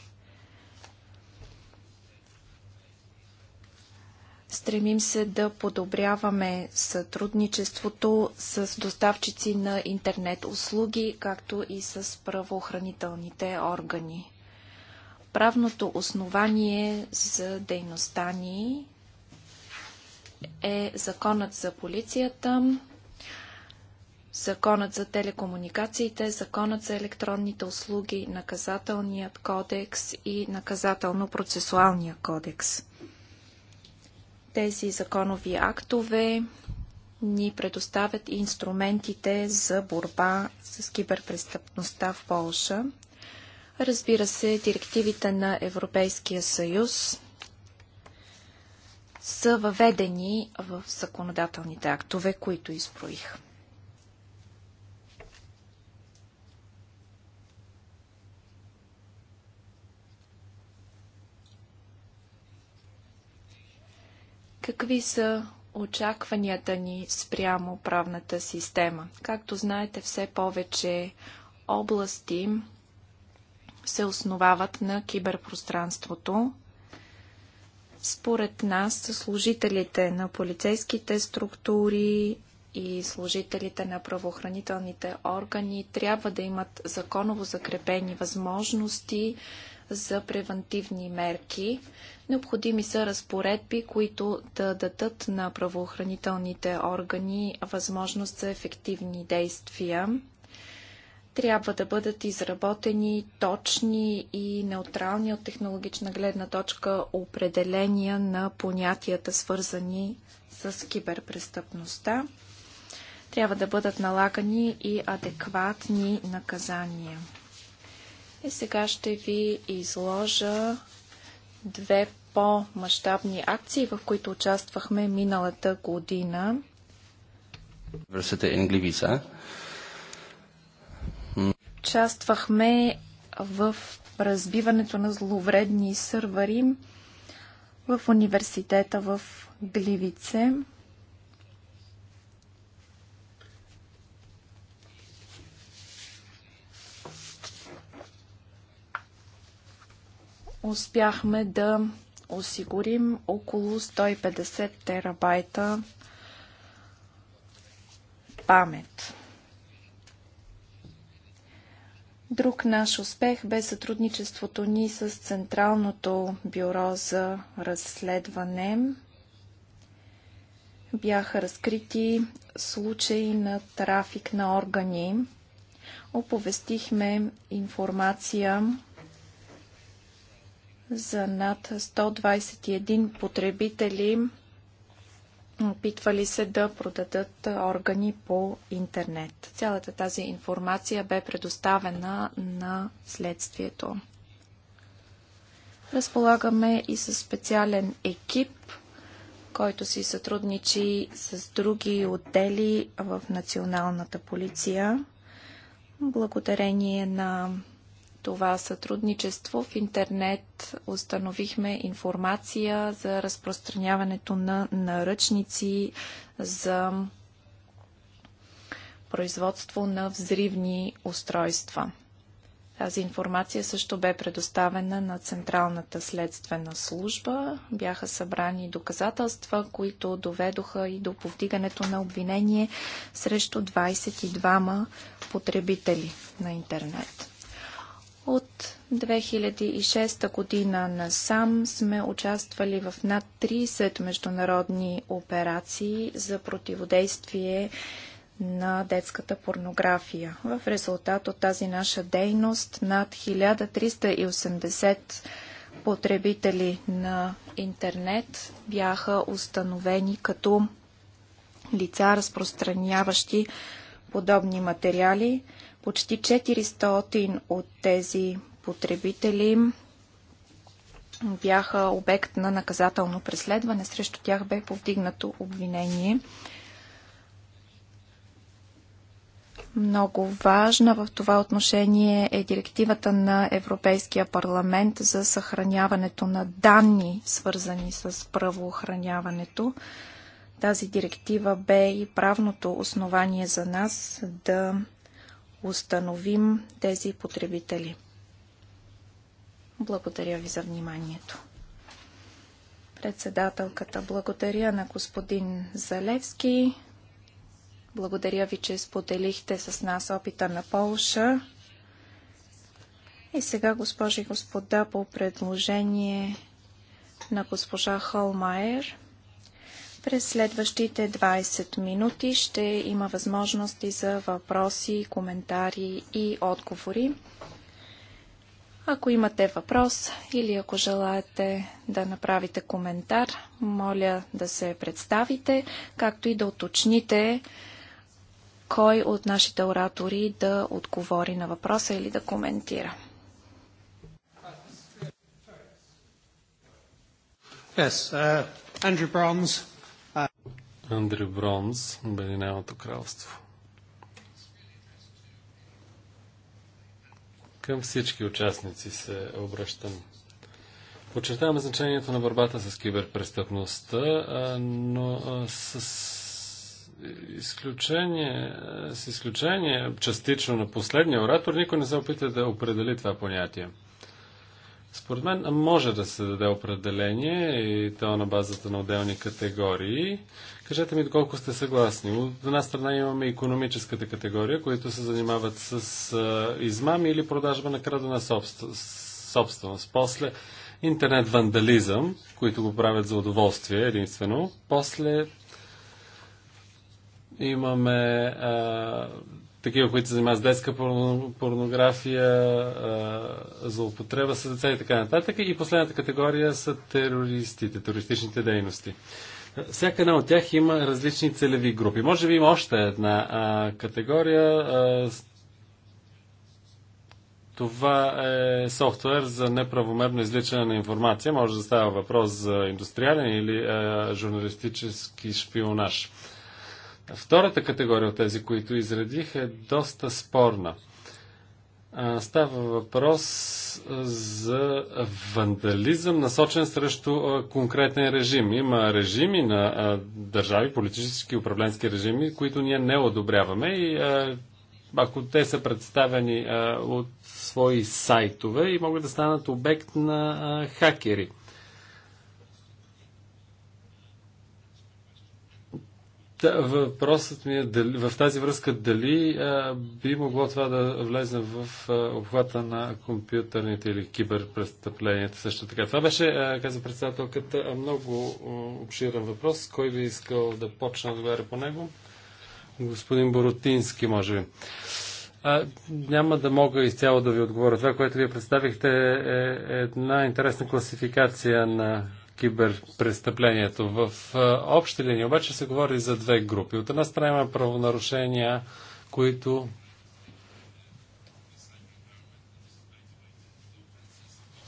Стремим се да подобряваме сътрудничеството с доставчици на интернет услуги, както и с правоохранителните органи. Правното основание за дейността ни е Законът за полицията, Законът за телекомуникациите, Законът за електронните услуги, Наказателният кодекс и Наказателно-процесуалния кодекс. Тези законови актове ни предоставят инструментите за борба с киберпрестъпността в Полша. Разбира се, директивите на Европейския съюз са въведени в законодателните актове, които изброих. Какви са очакванията ни спрямо правната система? Както знаете, все повече области се основават на киберпространството. Според нас, служителите на полицейските структури и служителите на правоохранителните органи трябва да имат законово закрепени възможности за превентивни мерки. Необходими са разпоредби, които да дадат на правоохранителните органи възможност за ефективни действия трябва да бъдат изработени точни и неутрални от технологична гледна точка определения на понятията, свързани с киберпрестъпността. Трябва да бъдат налагани и адекватни наказания. И сега ще ви изложа две по-масштабни акции, в които участвахме миналата година.
Университета Ингливица
Участвахме в разбиването на зловредни сървъри в университета в Гливице. Успяхме да осигурим около 150 терабайта памет. Друг наш успех бе сътрудничеството ни с Централното бюро за разследване. Бяха разкрити случаи на трафик на органи. Оповестихме информация за над 121 потребители опитвали се да продадат органи по интернет. Цялата тази информация бе предоставена на следствието. Разполагаме и с специален екип, който си сътрудничи с други отдели в националната полиция. Благодарение на това сътрудничество в интернет установихме информация за разпространяването на наръчници за производство на взривни устройства. Тази информация също бе предоставена на Централната следствена служба. Бяха събрани доказателства, които доведоха и до повдигането на обвинение срещу 22 потребители на интернет. От 2006 година насам сме участвали в над 30 международни операции за противодействие на детската порнография. В резултат от тази наша дейност над 1380 потребители на интернет бяха установени като лица, разпространяващи подобни материали. Почти 400 от тези потребители бяха обект на наказателно преследване. Срещу тях бе повдигнато обвинение. Много важна в това отношение е директивата на Европейския парламент за съхраняването на данни, свързани с правоохраняването. Тази директива бе и правното основание за нас да установим тези потребители. Благодаря ви за вниманието. Председателката, благодаря на господин Залевски. Благодаря ви, че споделихте с нас опита на Полша. И сега, госпожи и господа, по предложение на госпожа Холмайер – през следващите 20 минути ще има възможности за въпроси, коментари и отговори. Ако имате въпрос или ако желаете да направите коментар, моля да се представите, както и да уточните кой от нашите оратори да отговори на въпроса или да коментира.
Yes, uh, Andrew Bronze,
Андрю Бронс, Обединеното кралство. Към всички участници се обръщам. Подчертаваме значението на борбата с киберпрестъпността, но с изключение, с изключение частично на последния оратор, никой не се опита да определи това понятие. Според мен може да се даде определение и то на базата на отделни категории. Кажете ми доколко сте съгласни. От една страна имаме економическата категория, които се занимават с а, измами или продажба на крадена собственост. После интернет вандализъм, които го правят за удоволствие единствено. После имаме а, такива, които се занимават с детска порнография, а, злоупотреба с деца и така нататък. И последната категория са терористите, терористичните дейности. Всяка една от тях има различни целеви групи. Може би има още една а, категория. А, това е софтуер за неправомерно изличане на информация. Може да става въпрос за индустриален или а, журналистически шпионаж. Втората категория от тези, които изредих, е доста спорна. Става въпрос за вандализъм, насочен срещу конкретен режим. Има режими на държави, политически управленски режими, които ние не одобряваме и ако те са представени от свои сайтове и могат да станат обект на хакери. Та, въпросът ми е дали, в тази връзка дали а, би могло това да влезе в а, обхвата на компютърните или киберпрестъпленията също така. Това беше, а, каза председателката, много обширен въпрос. Кой би искал да почне да отговаря по него? Господин Боротински, може би. А, няма да мога изцяло да ви отговоря. Това, което вие представихте е, е една интересна класификация на киберпрестъплението. В общи линии обаче се говори за две групи. От една страна има правонарушения, които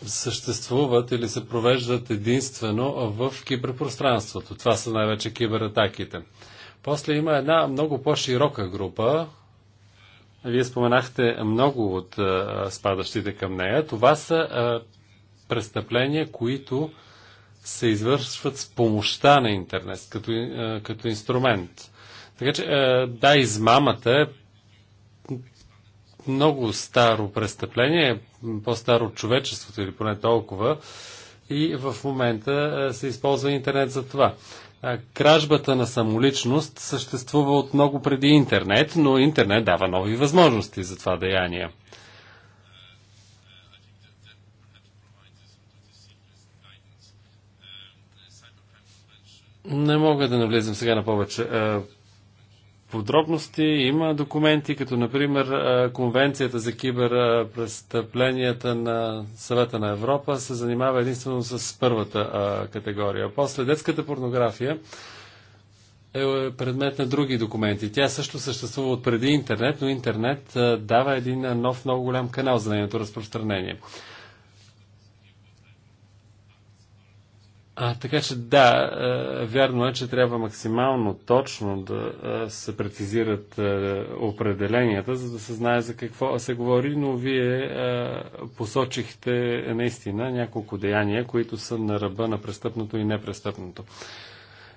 съществуват или се провеждат единствено в киберпространството. Това са най-вече кибератаките. После има една много по-широка група. Вие споменахте много от а, спадащите към нея. Това са а, престъпления, които се извършват с помощта на интернет като, е, като инструмент. Така че, е, да, измамата е много старо престъпление, по-старо от човечеството или поне толкова. И в момента е, се използва интернет за това. Кражбата на самоличност съществува от много преди интернет, но интернет дава нови възможности за това деяние. Не мога да навлизам сега на повече е, подробности. Има документи, като например е, Конвенцията за киберпрестъпленията на Съвета на Европа се занимава единствено с първата е, категория. После детската порнография е предмет на други документи. Тя също съществува от преди интернет, но интернет дава един нов, много голям канал за нейното разпространение. А, така че да, е, вярно е, че трябва максимално точно да е, се прецизират е, определенията, за да се знае за какво се говори, но вие е, посочихте наистина няколко деяния, които са на ръба на престъпното и непрестъпното.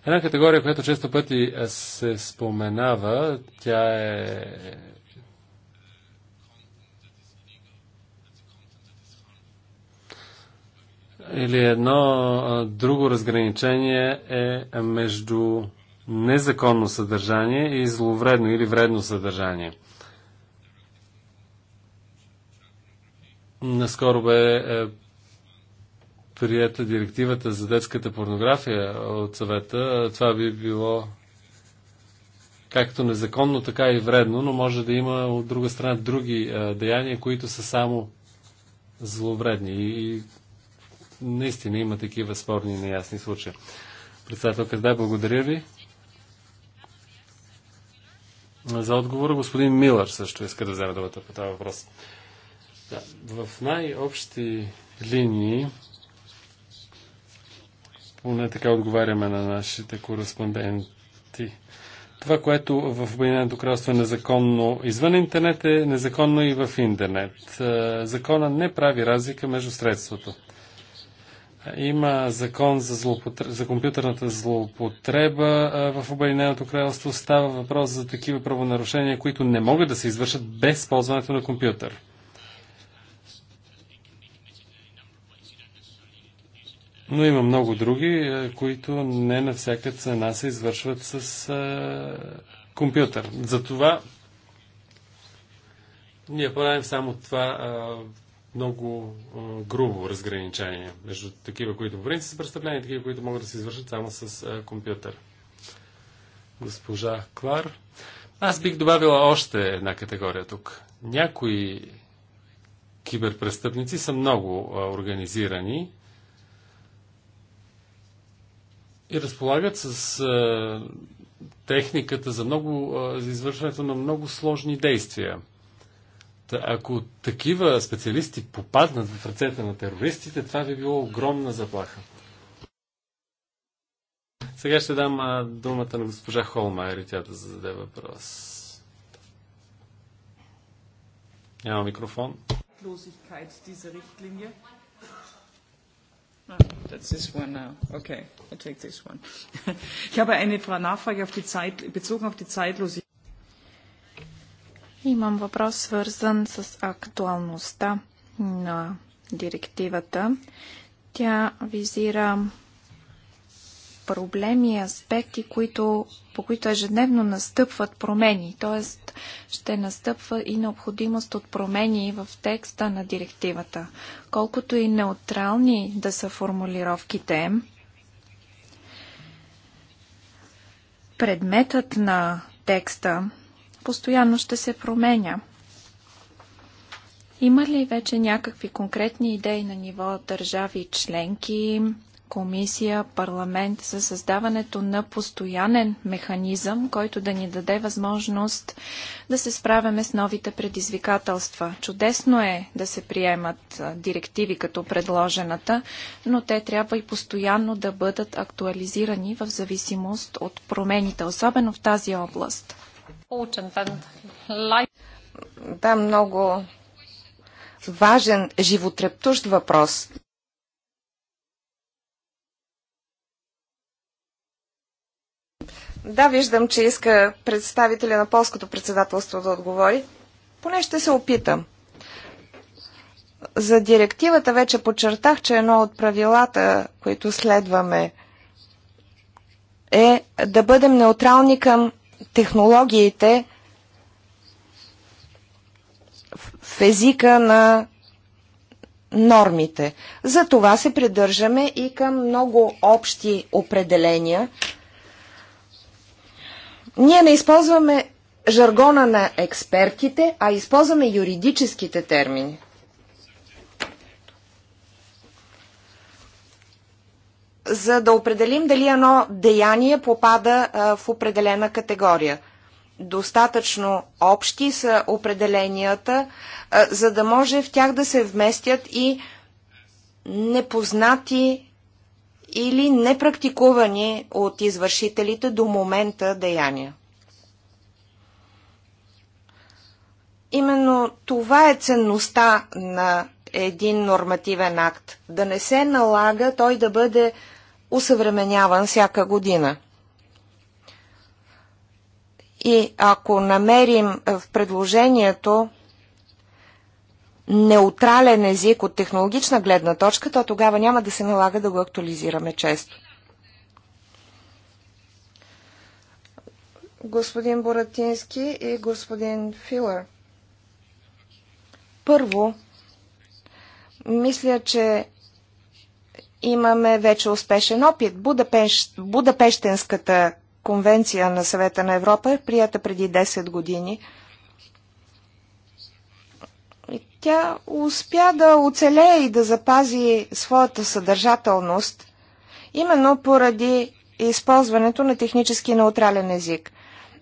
Една категория, която често пъти се споменава, тя е или едно друго разграничение е между незаконно съдържание и зловредно или вредно съдържание. Наскоро бе е, прията директивата за детската порнография от съвета. Това би било както незаконно, така и вредно, но може да има от друга страна други е, деяния, които са само зловредни. И наистина има такива спорни и неясни случаи. Председател да, благодаря ви. За отговора господин Милър също иска да вземе думата по този въпрос. Да, в най-общи линии поне така отговаряме на нашите кореспонденти. Това, което в Обединеното кралство е незаконно извън интернет, е незаконно и в интернет. Е, закона не прави разлика между средството. Има закон за, злоупотре... за компютърната злоупотреба в Обединеното кралство. Става въпрос за такива правонарушения, които не могат да се извършат без ползването на компютър. Но има много други, които не на всяка цена се извършват с компютър. Затова ние правим само това, много а, грубо разграничение между такива, които по принцип са престъпления и такива, които могат да се извършат само с а, компютър. Госпожа Клар. Аз бих добавила още една категория тук. Някои киберпрестъпници са много а, организирани и разполагат с а, техниката за, много, а, за извършването на много сложни действия ако такива специалисти попаднат в ръцете на терористите, това би било огромна заплаха. Сега ще дам думата на госпожа Холмайер и тя да зададе въпрос. Няма микрофон.
Ah, that's this one Okay, I take this one. Ich habe eine Nachfrage auf die Zeit, bezogen auf die Zeitlosigkeit.
Имам въпрос свързан с актуалността на директивата. Тя визира проблеми и аспекти, които, по които ежедневно настъпват промени, т.е. ще настъпва и необходимост от промени в текста на директивата. Колкото и неутрални да са формулировките, предметът на текста постоянно ще се променя. Има ли вече някакви конкретни идеи на ниво държави членки, комисия, парламент за създаването на постоянен механизъм, който да ни даде възможност да се справяме с новите предизвикателства. Чудесно е да се приемат директиви като предложената, но те трябва и постоянно да бъдат актуализирани в зависимост от промените,
особено в тази област. Да, много важен, животрептущ въпрос. Да, виждам, че иска представителя на полското председателство да отговори. Поне ще се опитам. За директивата вече подчертах, че едно от правилата, които следваме, е да бъдем неутрални към технологиите в езика на нормите. За това се придържаме и към много общи определения. Ние не използваме жаргона на експертите, а използваме юридическите термини. за да определим дали едно деяние попада а, в определена категория. Достатъчно общи са определенията, а, за да може в тях да се вместят и непознати или непрактикувани от извършителите до момента деяния. Именно това е ценността на един нормативен акт. Да не се налага той да бъде усъвременяван всяка година. И ако намерим е, в предложението неутрален език от технологична гледна точка, то тогава няма да се налага да го актуализираме често. Господин Боратински и господин Филър. Първо, мисля, че имаме вече успешен опит. Будапеш, Будапештенската конвенция на съвета на Европа е прията преди 10 години. И тя успя да оцелее и да запази своята съдържателност, именно поради използването на технически неутрален език.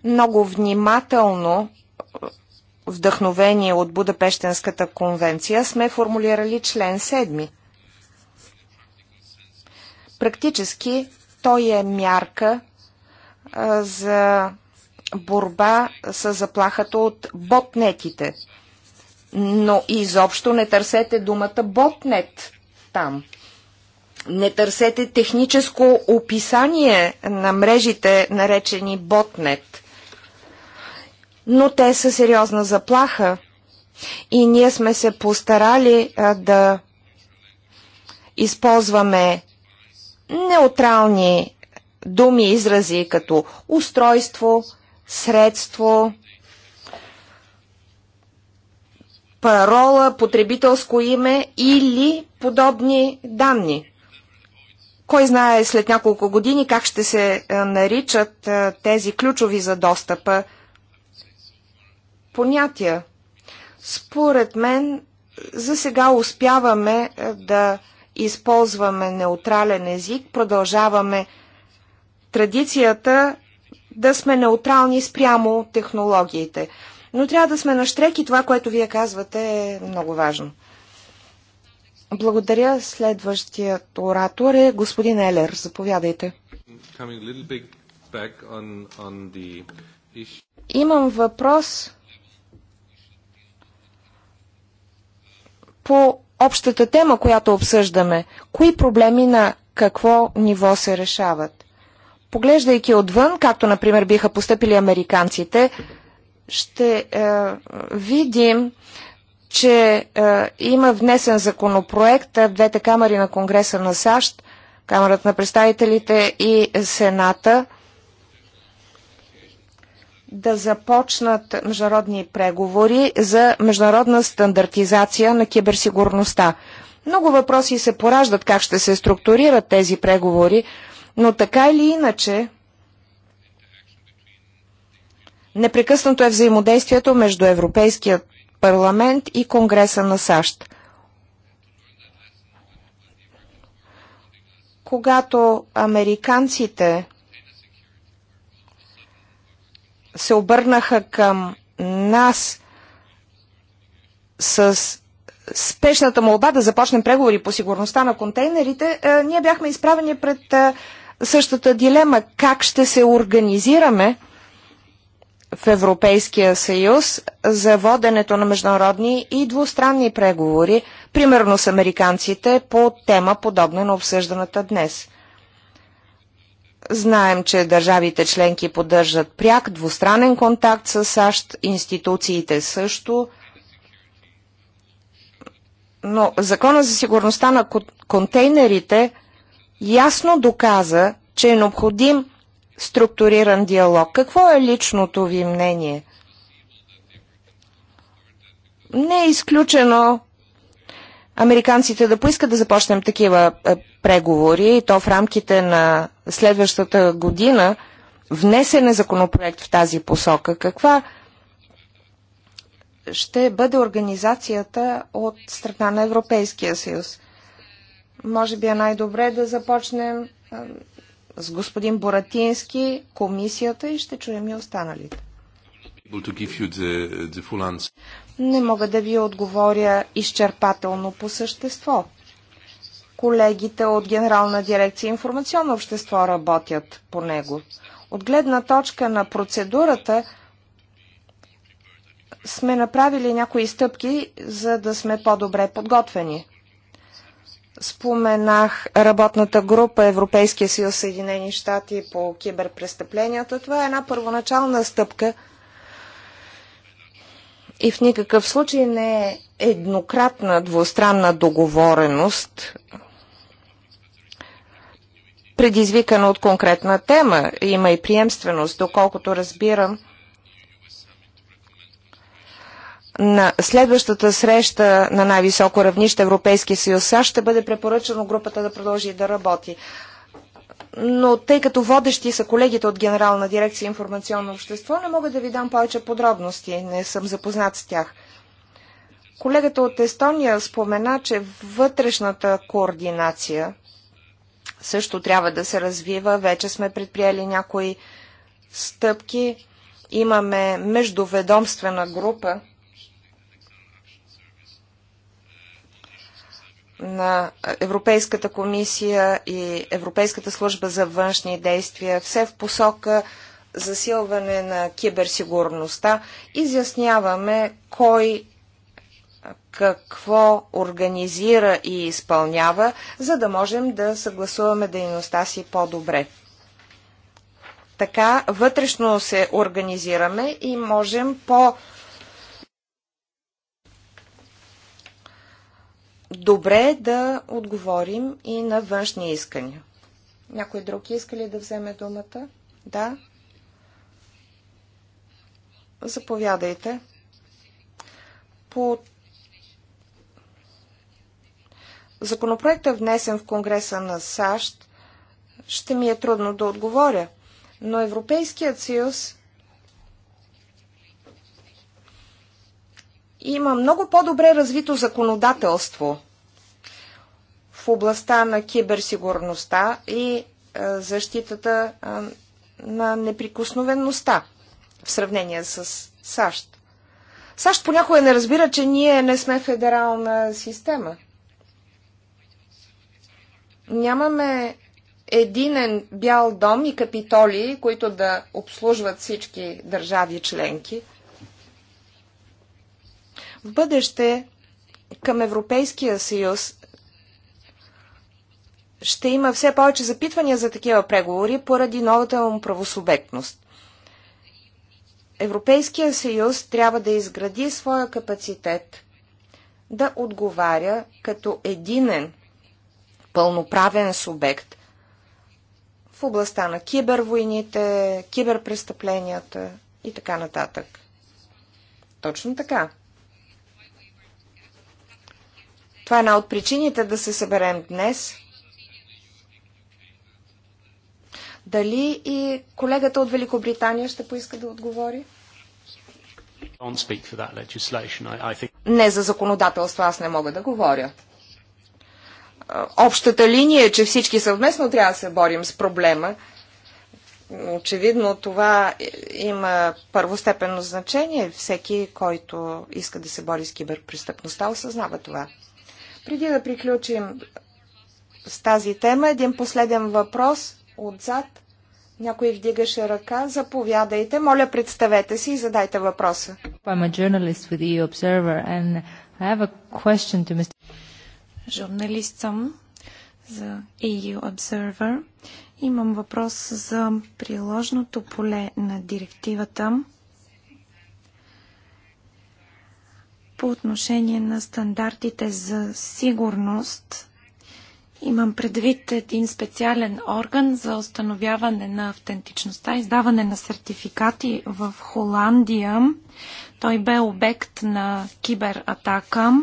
Много внимателно, вдъхновение от Будапештенската конвенция, сме формулирали член 7 Практически той е мярка за борба с заплахата от ботнетите. Но изобщо не търсете думата ботнет там. Не търсете техническо описание на мрежите, наречени ботнет. Но те са сериозна заплаха и ние сме се постарали да използваме неутрални думи и изрази като устройство, средство, парола, потребителско име или подобни данни. Кой знае след няколко години как ще се е, наричат е, тези ключови за достъпа понятия. Според мен за сега успяваме е, да използваме неутрален език, продължаваме традицията да сме неутрални спрямо технологиите. Но трябва да сме на штрек и това, което вие казвате е много важно. Благодаря. Следващият оратор е господин Елер. Заповядайте. Имам въпрос по общата тема, която обсъждаме. Кои проблеми на какво ниво се решават? Поглеждайки отвън, както например биха поступили американците, ще е, видим, че е, има внесен законопроект в двете камери на Конгреса на САЩ, Камерата на представителите и Сената – да започнат международни преговори за международна стандартизация на киберсигурността. Много въпроси се пораждат как ще се структурират тези преговори, но така или иначе непрекъснато е взаимодействието между Европейският парламент и Конгреса на САЩ. Когато американците се обърнаха към нас с спешната молба да започнем преговори по сигурността на контейнерите, е, ние бяхме изправени пред е, същата дилема. Как ще се организираме в Европейския съюз за воденето на международни и двустранни преговори, примерно с американците, по тема подобна на обсъжданата днес – Знаем, че държавите членки поддържат пряк двустранен контакт с САЩ, институциите също. Но Закона за сигурността на контейнерите ясно доказа, че е необходим структуриран диалог. Какво е личното ви мнение? Не е изключено американците да поискат да започнем такива е, преговори и то в рамките на следващата година внесен е законопроект в тази посока. Каква ще бъде организацията от страна на Европейския съюз? Може би е най-добре да започнем е, с господин Боратински, комисията и ще чуем и останалите не мога да ви отговоря изчерпателно по същество. Колегите от Генерална дирекция информационно общество работят по него. От гледна точка на процедурата сме направили някои стъпки, за да сме по-добре подготвени. Споменах работната група Европейския съюз Съединени щати по киберпрестъпленията. Това е една първоначална стъпка – и в никакъв случай не е еднократна двустранна договореност, предизвикана от конкретна тема. Има и приемственост, доколкото разбирам. На следващата среща на най-високо равнище Европейски съюз САЩ ще бъде препоръчано групата да продължи да работи но тъй като водещи са колегите от Генерална дирекция информационно общество, не мога да ви дам повече подробности, не съм запознат с тях. Колегата от Естония спомена, че вътрешната координация също трябва да се развива. Вече сме предприели някои стъпки. Имаме междуведомствена група, на Европейската комисия и Европейската служба за външни действия, все в посока засилване на киберсигурността, изясняваме кой какво организира и изпълнява, за да можем да съгласуваме дейността си по-добре. Така вътрешно се организираме и можем по- добре да отговорим и на външни искания. Някой друг иска ли да вземе думата? Да. Заповядайте. По Законопроекта, внесен в Конгреса на САЩ, ще ми е трудно да отговоря, но Европейският съюз има много по-добре развито законодателство в областта на киберсигурността и е, защитата е, на неприкосновеността в сравнение с САЩ. САЩ понякога не разбира, че ние не сме федерална система. Нямаме единен бял дом и капитоли, които да обслужват всички държави членки – в бъдеще към Европейския съюз ще има все повече запитвания за такива преговори поради новата му правосубектност. Европейския съюз трябва да изгради своя капацитет да отговаря като единен пълноправен субект в областта на кибервойните, киберпрестъпленията и така нататък. Точно така. Това е една от причините да се съберем днес. Дали и колегата от Великобритания ще поиска да отговори? Не за законодателство аз не мога да говоря. Общата линия е, че всички съвместно трябва да се борим с проблема. Очевидно това има първостепенно значение. Всеки, който иска да се бори с киберпрестъпността, осъзнава това. Преди да приключим с тази тема, един последен въпрос отзад. Някой вдигаше ръка. Заповядайте. Моля, представете си и задайте въпроса. E Журналист съм за
EU Observer. Имам въпрос за приложното поле на директивата по отношение на стандартите за сигурност. Имам предвид един специален орган за установяване на автентичността, издаване на сертификати в Холандия. Той бе обект на кибератака.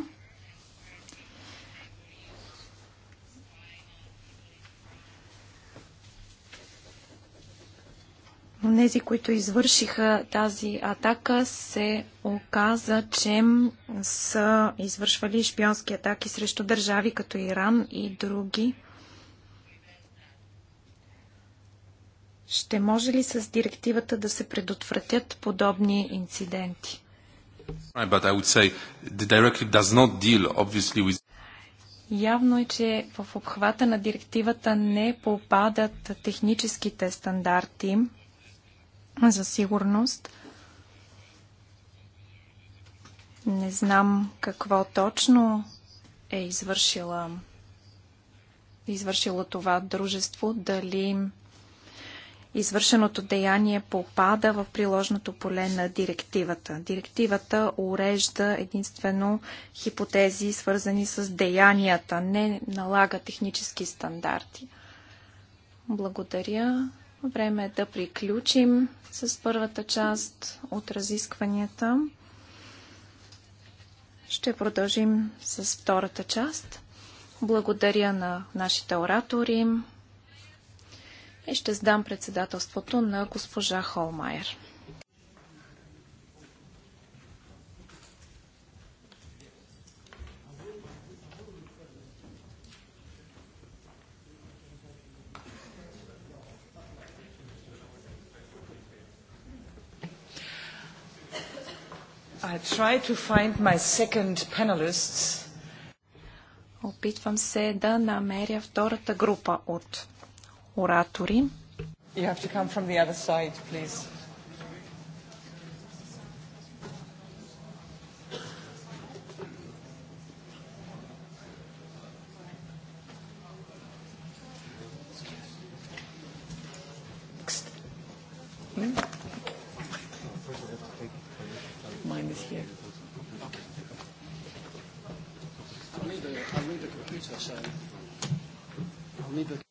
Онези, които извършиха тази атака, се оказа, че са извършвали шпионски атаки срещу държави като Иран и други. Ще може ли с директивата да се предотвратят подобни инциденти? Явно е, че в обхвата на директивата не попадат техническите стандарти, за сигурност. Не знам какво точно е извършила извършило това дружество, дали извършеното деяние попада в приложното поле на директивата. Директивата урежда единствено хипотези, свързани с деянията, не налага технически стандарти. Благодаря. Време е да приключим с първата част от разискванията. Ще продължим с втората част. Благодаря на нашите оратори и ще сдам председателството на госпожа Холмайер.
I try to find my second panelists.
Опитвам се да намеря втората група от оратори.
You have to come from the other side, please.
Mm-hmm. to us. So I'll need the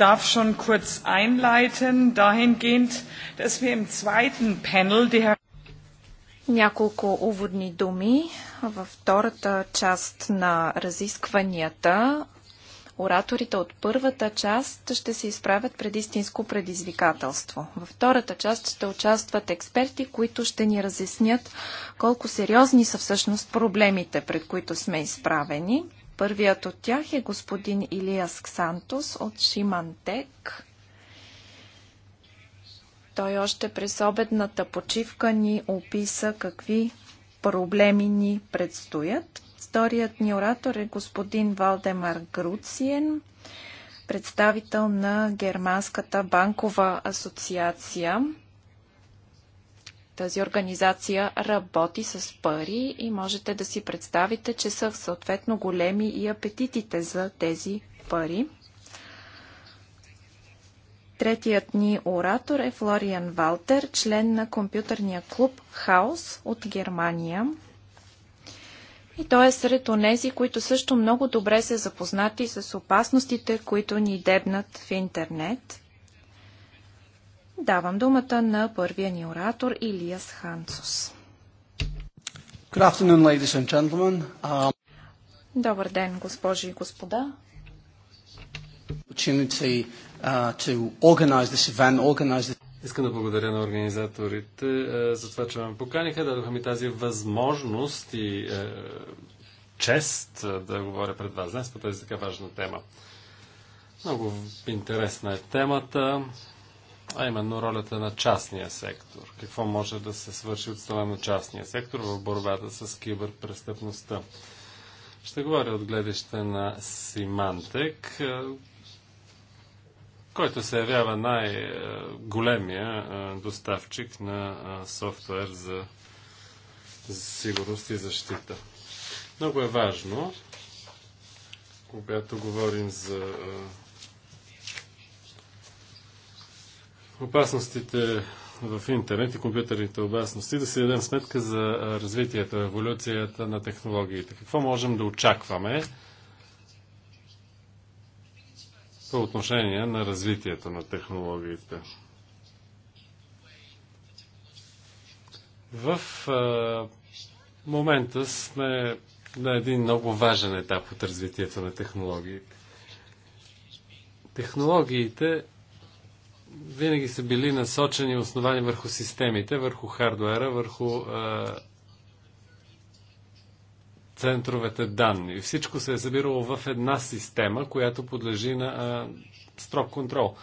darf schon kurz einleiten, dahingehend, dass wir im zweiten Panel die
няколко уводни думи. Във втората част на разискванията ораторите от първата част ще се изправят пред истинско предизвикателство. Във втората част ще участват експерти, които ще ни разяснят колко сериозни са всъщност проблемите, пред които сме изправени. Първият от тях е господин Илиас Ксантос от Шимантек. Той още през обедната почивка ни описа какви проблеми ни предстоят. Вторият ни оратор е господин Валдемар Груциен, представител на Германската банкова асоциация. Тази организация работи с пари и можете да си представите, че са съответно големи и апетитите за тези пари. Третият ни оратор е Флориан Валтер, член на компютърния клуб Хаус от Германия. И той е сред онези, които също много добре са запознати с опасностите, които ни дебнат в интернет. Давам думата на първия ни оратор Илияс Ханцус.
Um...
Добър ден, госпожи и господа.
Opportunity uh, to organize this event, organize this...
Искам да благодаря на организаторите uh, за това, че ме поканиха, дадоха ми тази възможност и uh, чест да говоря пред вас днес по тази така важна тема. Много интересна е темата а именно ролята на частния сектор. Какво може да се свърши от страна на частния сектор в борбата с киберпрестъпността? Ще говоря от гледаща на Симантек, е, който се явява най-големия е, доставчик на е, софтуер за сигурност и защита. Много е важно, когато говорим за опасностите в интернет и компютърните опасности, да си дадем сметка за развитието, еволюцията на технологиите. Какво можем да очакваме по отношение на развитието на технологиите? В а, момента сме на един много важен етап от развитието на технологиите. Технологиите винаги са били насочени основани върху системите, върху хардуера, върху а, центровете данни. Всичко се е събирало в една система, която подлежи на а, строг контрол.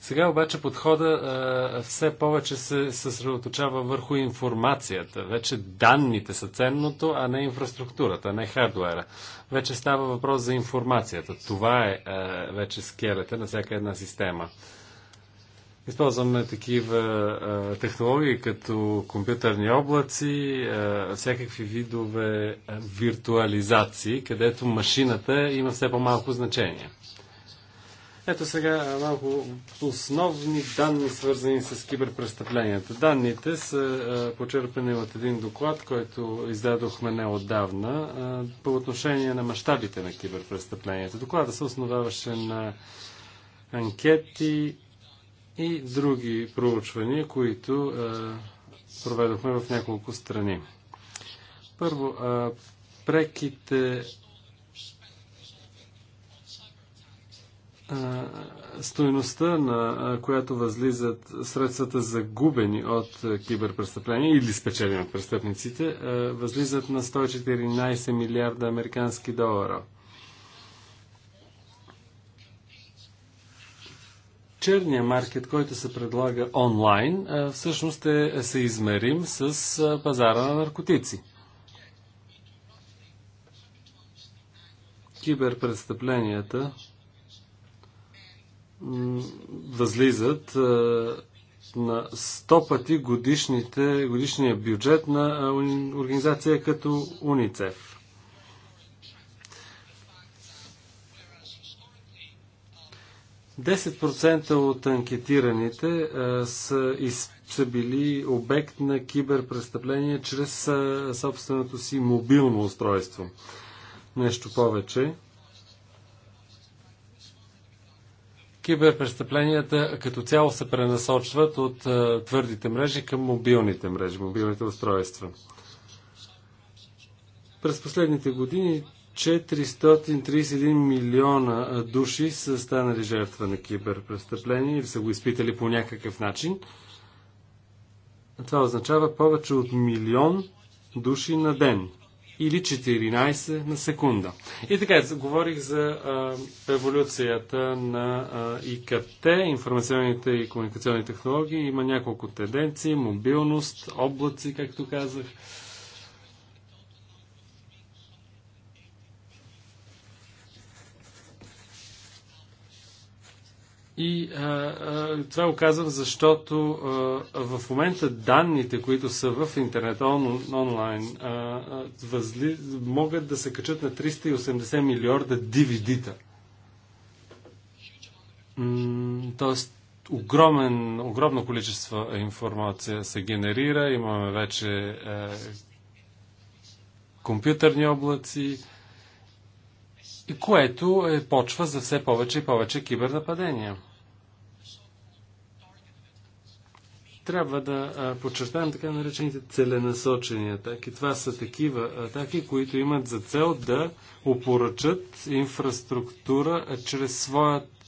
Сега обаче подхода а, все повече се съсредоточава върху информацията. Вече данните са ценното, а не инфраструктурата, а не хардуера. Вече става въпрос за информацията. Това е а, вече скелета на всяка една система. Използваме такива а, технологии като компютърни облаци, а, всякакви видове а, виртуализации, където машината има все по-малко значение. Ето сега малко основни данни, свързани с киберпрестъпленията. Данните са почерпени от един доклад, който издадохме неодавна по отношение на мащабите на киберпрестъпленията. Доклада се основаваше на анкети, и други проучвания, които е, проведохме в няколко страни. Първо, е, преките е, стоеността, на която възлизат средствата загубени от киберпрестъпления или спечелени от престъпниците, възлизат на 114 милиарда американски долара – черния маркет, който се предлага онлайн, всъщност е, е съизмерим с пазара на наркотици. Киберпрестъпленията възлизат на 100 пъти годишните, годишния бюджет на организация като УНИЦЕФ. 10% от анкетираните а, са, из, са били обект на киберпрестъпление чрез а, собственото си мобилно устройство. Нещо повече. Киберпрестъпленията като цяло се пренасочват от а, твърдите мрежи към мобилните мрежи, мобилните устройства. През последните години 431 милиона души са станали жертва на киберпрестъпление или са го изпитали по някакъв начин. Това означава повече от милион души на ден или 14 на секунда. И така, говорих за а, еволюцията на а, ИКТ, информационните и комуникационни технологии. Има няколко тенденции, мобилност, облаци, както казах И а, а, това го казвам, защото а, в момента данните, които са в интернет он, онлайн, а, а, възли, могат да се качат на 380 милиарда DVD-та. тоест, огромен, огромно количество информация се генерира. Имаме вече а, е, компютърни облаци, и което е почва за все повече и повече кибернападения. трябва да подчертаем така наречените целенасочени атаки. Това са такива атаки, които имат за цел да опоръчат инфраструктура чрез своят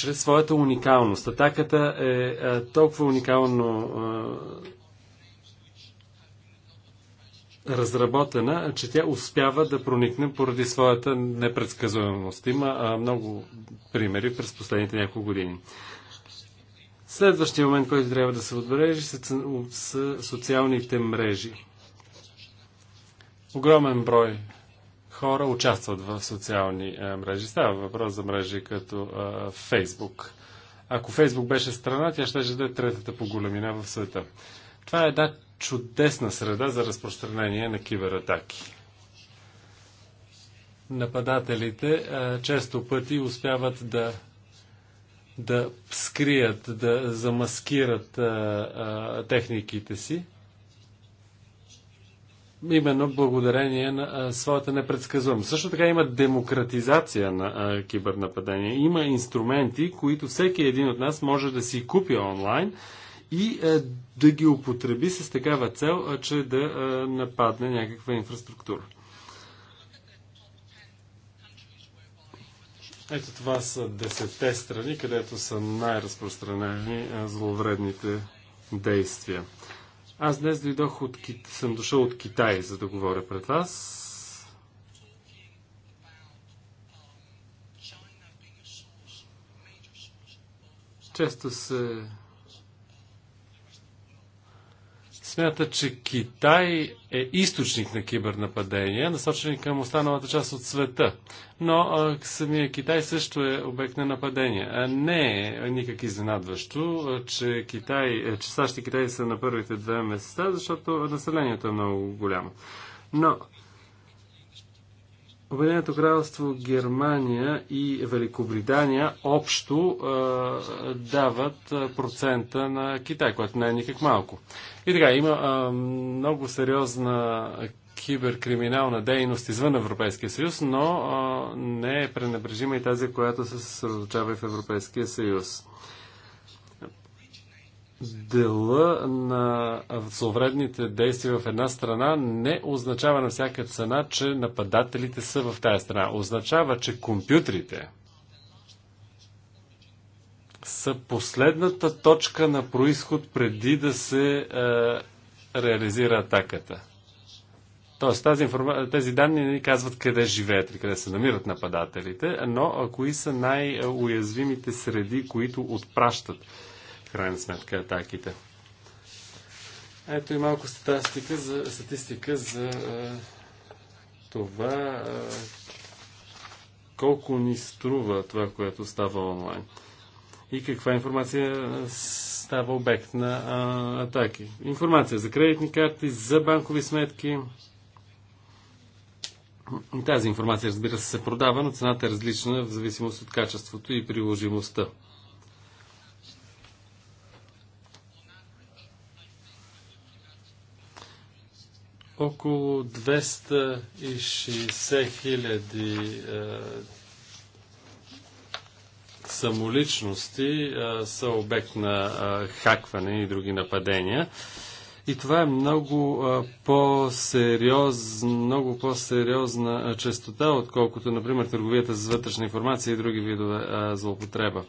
чрез своята уникалност. Атаката е, е толкова уникално е, разработена, че тя успява да проникне поради своята непредсказуемост. Има много примери през последните няколко години. Следващия момент, който трябва да се отбележи, са, са социалните мрежи. Огромен брой хора участват в социални е, мрежи. Става въпрос за мрежи като Фейсбук. Ако Фейсбук беше страна, тя ще да е третата по големина в света. Това е една чудесна среда за разпространение на кибератаки. Нападателите а, е, често пъти успяват да, да скрият, да замаскират а, е, а, техниките си именно благодарение на а, своята непредсказуемост. Също така има демократизация на а, кибернападения. Има инструменти, които всеки един от нас може да си купи онлайн и а, да ги употреби с такава цел, а, че да а, нападне някаква инфраструктура. Ето това са десетте страни, където са най-разпространени зловредните действия. Аз днес дойдох от Кит... съм дошъл от Китай, за да говоря пред вас. Често се смята, че Китай е източник на кибернападения, насочени към останалата част от света. Но а, самия Китай също е обект на нападения. А не е никак изненадващо, че, Китай, е, че САЩ и Китай са на първите две места, защото населението е много голямо. Но Обединеното кралство Германия и Великобритания общо а, дават процента на Китай, което не е никак малко. И така, има а, много сериозна киберкриминална дейност извън Европейския съюз, но а, не е пренебрежима и тази, която се съсредоточава и в Европейския съюз дела на зловредните действия в една страна не означава на всяка цена, че нападателите са в тая страна. Означава, че компютрите са последната точка на происход преди да се е, реализира атаката. Тоест, тази информа... тези данни не ни казват къде живеят или къде се намират нападателите, но кои са най-уязвимите среди, които отпращат крайна сметка атаките. Ето и малко статистика за, статистика за а, това а, колко ни струва това, което става онлайн и каква информация става обект на а, атаки. Информация за кредитни карти, за банкови сметки. Тази информация, разбира се, се продава, но цената е различна в зависимост от качеството и приложимостта. Около 260 хиляди е, самоличности а, е, са обект на а, е, хакване и други нападения. И това е много по-сериозна, много по-сериозна честота, отколкото, например, търговията с вътрешна информация и други видове а, злоупотреба.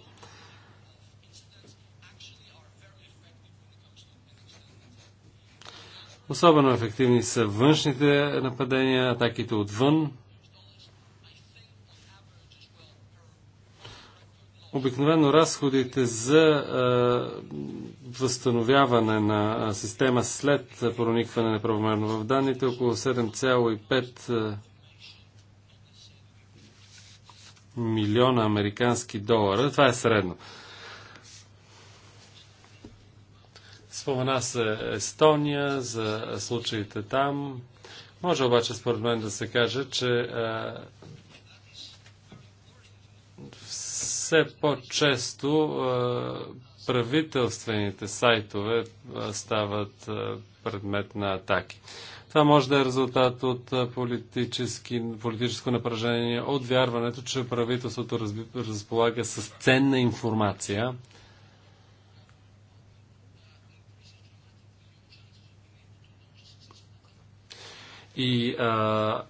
Особено ефективни са външните нападения, атаките отвън. Обикновено разходите за а, възстановяване на система след проникване неправомерно в данните около 7,5 милиона американски долара. Това е средно. А, Спомена се Естония за случаите там. Може обаче според мен да се каже, че все по-често правителствените сайтове стават предмет на атаки. Това може да е резултат от политическо напрежение, от вярването, че правителството разполага с ценна информация, И а,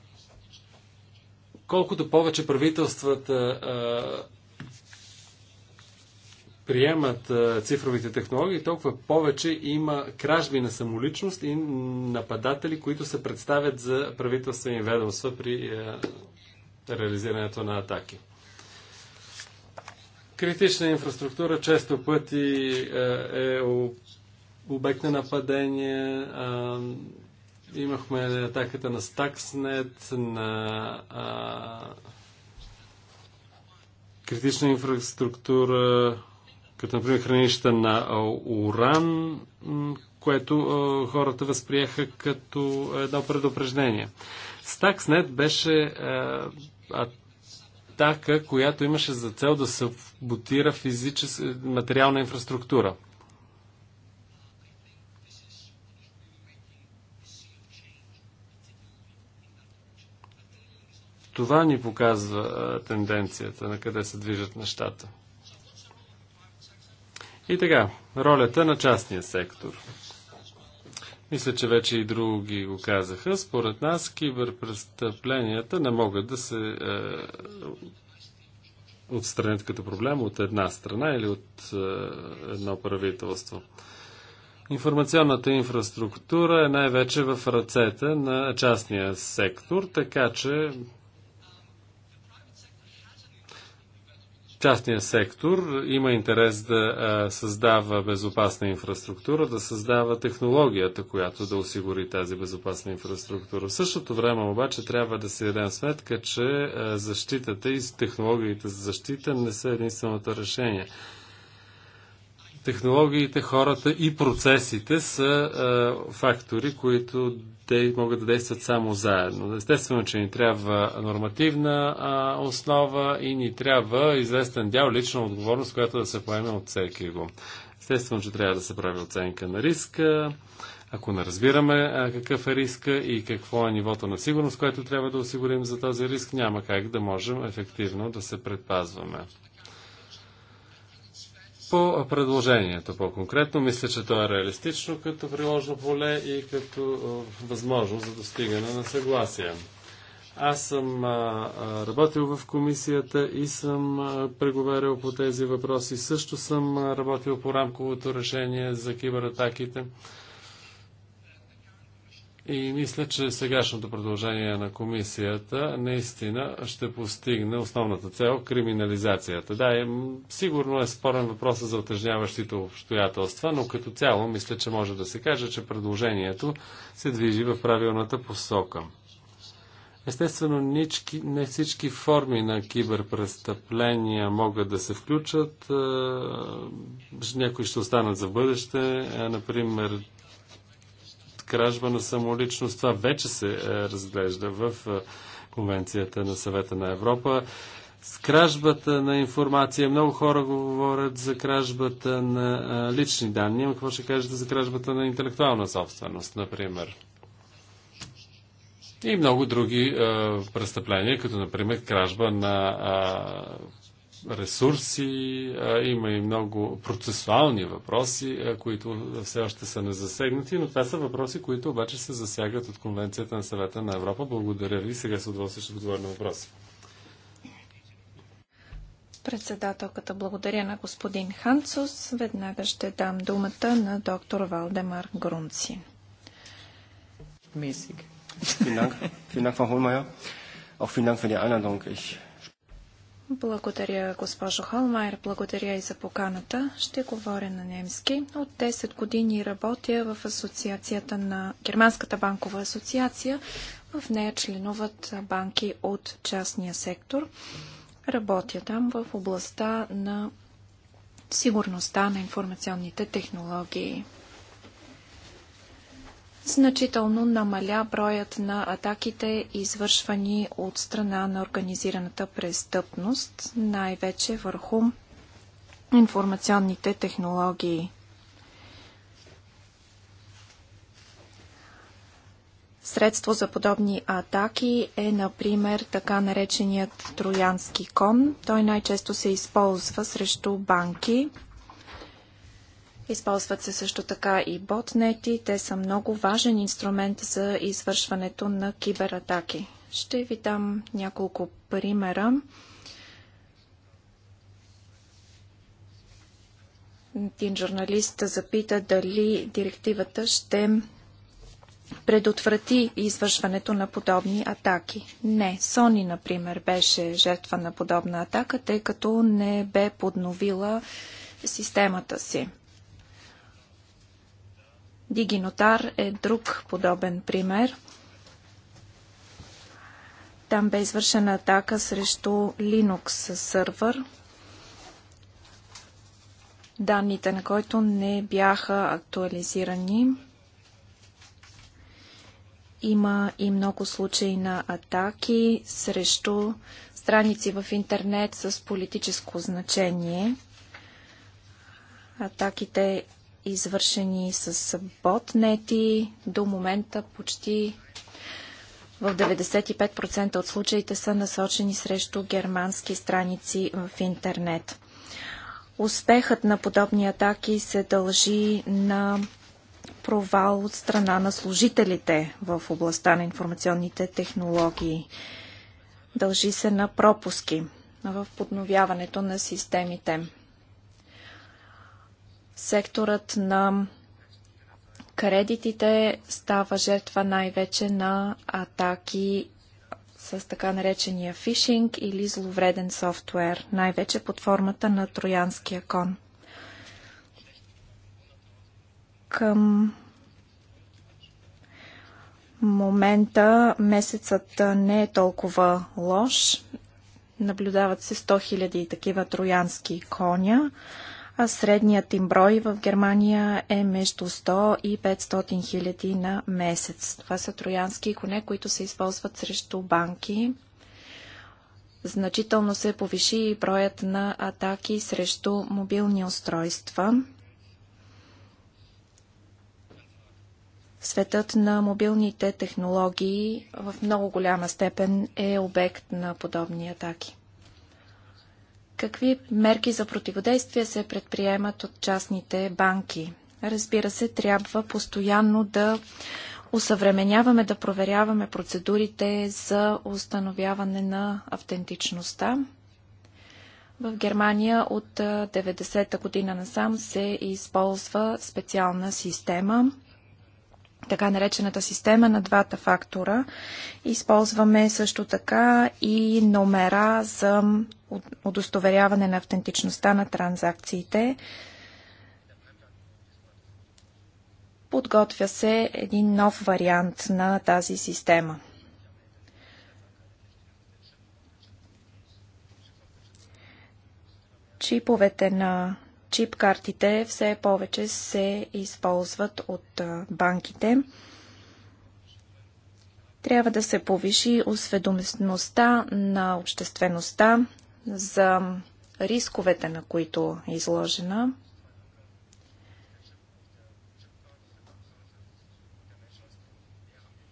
колкото повече правителствата а, приемат а, цифровите технологии, толкова повече има кражби на самоличност и нападатели, които се представят за правителствени ведомства при а, реализирането на атаки. Критична инфраструктура често пъти е обект на нападение. А, Имахме атаката на Stuxnet, на а, критична инфраструктура, като например хранища на уран, което а, хората възприеха като едно предупреждение. Stuxnet беше а, атака, която имаше за цел да саботира физическа материална инфраструктура. Това ни показва тенденцията, на къде се движат нещата. И така, ролята на частния сектор. Мисля, че вече и други го казаха. Според нас киберпрестъпленията не могат да се е, отстранят като проблем от една страна или от е, едно правителство. Информационната инфраструктура е най-вече в ръцете на частния сектор, така че частния сектор има интерес да създава безопасна инфраструктура, да създава технологията, която да осигури тази безопасна инфраструктура. В същото време обаче трябва да се дадем сметка, че защитата и технологиите за защита не са единственото решение технологиите, хората и процесите са а, фактори, които те могат да действат само заедно. Естествено, че ни трябва нормативна а, основа и ни трябва известен дял лична отговорност, която да се поеме от всеки го. Естествено, че трябва да се прави оценка на риска, ако не разбираме а, какъв е риска и какво е нивото на сигурност, което трябва да осигурим за този риск, няма как да можем ефективно да се предпазваме. По предложението по-конкретно, мисля, че то е реалистично като приложно поле и като възможност за достигане на съгласие. Аз съм а, работил в комисията и съм а, преговарял по тези въпроси. Също съм а, работил по рамковото решение за кибератаките. И мисля, че сегашното продължение на комисията наистина ще постигне основната цел криминализацията. Да, е, сигурно е спорен въпрос за отъжняващите обстоятелства, но като цяло мисля, че може да се каже, че предложението се движи в правилната посока. Естествено, нички, не всички форми на киберпрестъпления могат да се включат. Е, някои ще останат за бъдеще. Е, например, кражба на самоличност. Това вече се е, разглежда в е, Конвенцията на съвета на Европа. С кражбата на информация. Много хора говорят за кражбата на е, лични данни. Какво ще кажете за кражбата на интелектуална собственост, например? и много други е, престъпления, като например кражба на ресурси, има и много процесуални въпроси, които все още са незасегнати, но това са въпроси, които обаче се засягат от Конвенцията на съвета на Европа. Благодаря ви. Сега се удоволствие ще отговоря на въпроси.
Председателката благодаря на господин Ханцус. Веднага ще дам думата на доктор Валдемар Грунци.
Мисик. Vielen Dank. Auch vielen Dank für die Einladung. Ich
благодаря, госпожо Холмайер. Благодаря и за поканата. Ще говоря на немски. От 10 години работя в асоциацията на Германската банкова асоциация. В нея членуват банки от частния сектор. Работя там в областта на сигурността на информационните технологии значително намаля броят на атаките, извършвани от страна на организираната престъпност, най-вече върху информационните технологии. Средство за подобни атаки е, например, така нареченият троянски кон. Той най-често се използва срещу банки, Използват се също така и ботнети. Те са много важен инструмент за извършването на кибератаки. Ще ви дам няколко примера. Един журналист запита дали директивата ще предотврати извършването на подобни атаки. Не, Сони, например, беше жертва на подобна атака, тъй като не бе подновила системата си. Дигинотар е друг подобен пример. Там бе извършена атака срещу Linux сървър, данните на който не бяха актуализирани. Има и много случаи на атаки срещу страници в интернет с политическо значение. Атаките извършени с ботнети. До момента почти в 95% от случаите са насочени срещу германски страници в интернет. Успехът на подобни атаки се дължи на провал от страна на служителите в областта на информационните технологии. Дължи се на пропуски в подновяването на системите. Секторът на кредитите става жертва най-вече на атаки с така наречения фишинг или зловреден софтуер, най-вече под формата на троянския кон. Към момента месецът не е толкова лош. Наблюдават се 100 000 такива троянски коня а средният им брой в Германия е между 100 и 500 хиляди на месец. Това са троянски коне, които се използват срещу банки. Значително се повиши и броят на атаки срещу мобилни устройства. Светът на мобилните технологии в много голяма степен е обект на подобни атаки. Какви мерки за противодействие се предприемат от частните банки? Разбира се, трябва постоянно да усъвременяваме, да проверяваме процедурите за установяване на автентичността. В Германия от 90-та година насам се използва специална система така наречената система на двата фактора. Използваме също така и номера за удостоверяване на автентичността на транзакциите. Подготвя се един нов вариант на тази система. Чиповете на чип картите все повече се използват от банките. Трябва да се повиши осведомеността на обществеността за рисковете, на които е изложена.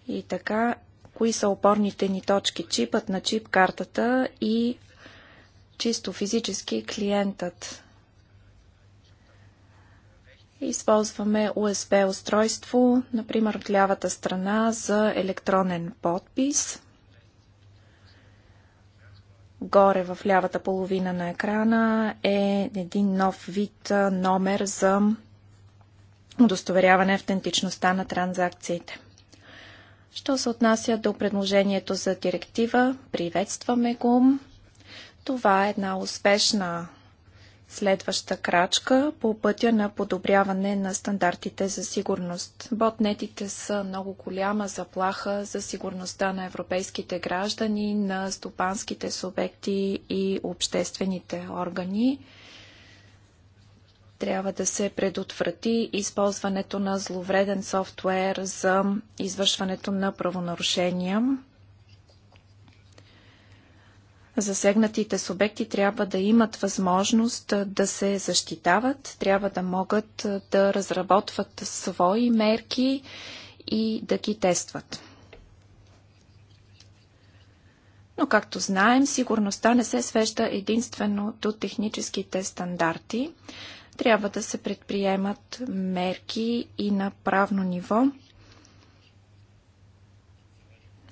И така, кои са опорните ни точки? Чипът на чип картата и чисто физически клиентът Използваме USB устройство, например от лявата страна за електронен подпис. Горе в лявата половина на екрана е един нов вид номер за удостоверяване автентичността на транзакциите. Що се отнася до предложението за директива, приветстваме го. Това е една успешна следваща крачка по пътя на подобряване на стандартите за сигурност. Ботнетите са много голяма заплаха за сигурността на европейските граждани, на стопанските субекти и обществените органи. Трябва да се предотврати използването на зловреден софтуер за извършването на правонарушения засегнатите субекти трябва да имат възможност да се защитават, трябва да могат да разработват свои мерки и да ги тестват. Но, както знаем, сигурността не се свежда единствено до техническите стандарти. Трябва да се предприемат мерки и на правно ниво –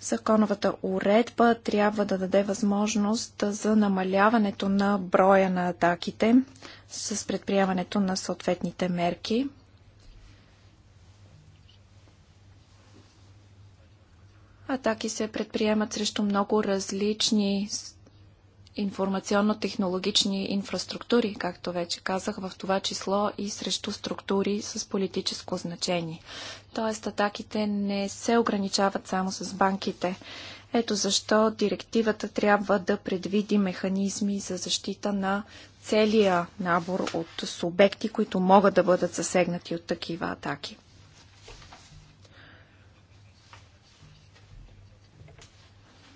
Законовата уредба трябва да даде възможност за намаляването на броя на атаките с предприемането на съответните мерки. Атаки се предприемат срещу много различни информационно-технологични инфраструктури, както вече казах, в това число и срещу структури с политическо значение. Т.е. атаките не се ограничават само с банките. Ето защо директивата трябва да предвиди механизми за защита на целия набор от субекти, които могат да бъдат засегнати от такива атаки.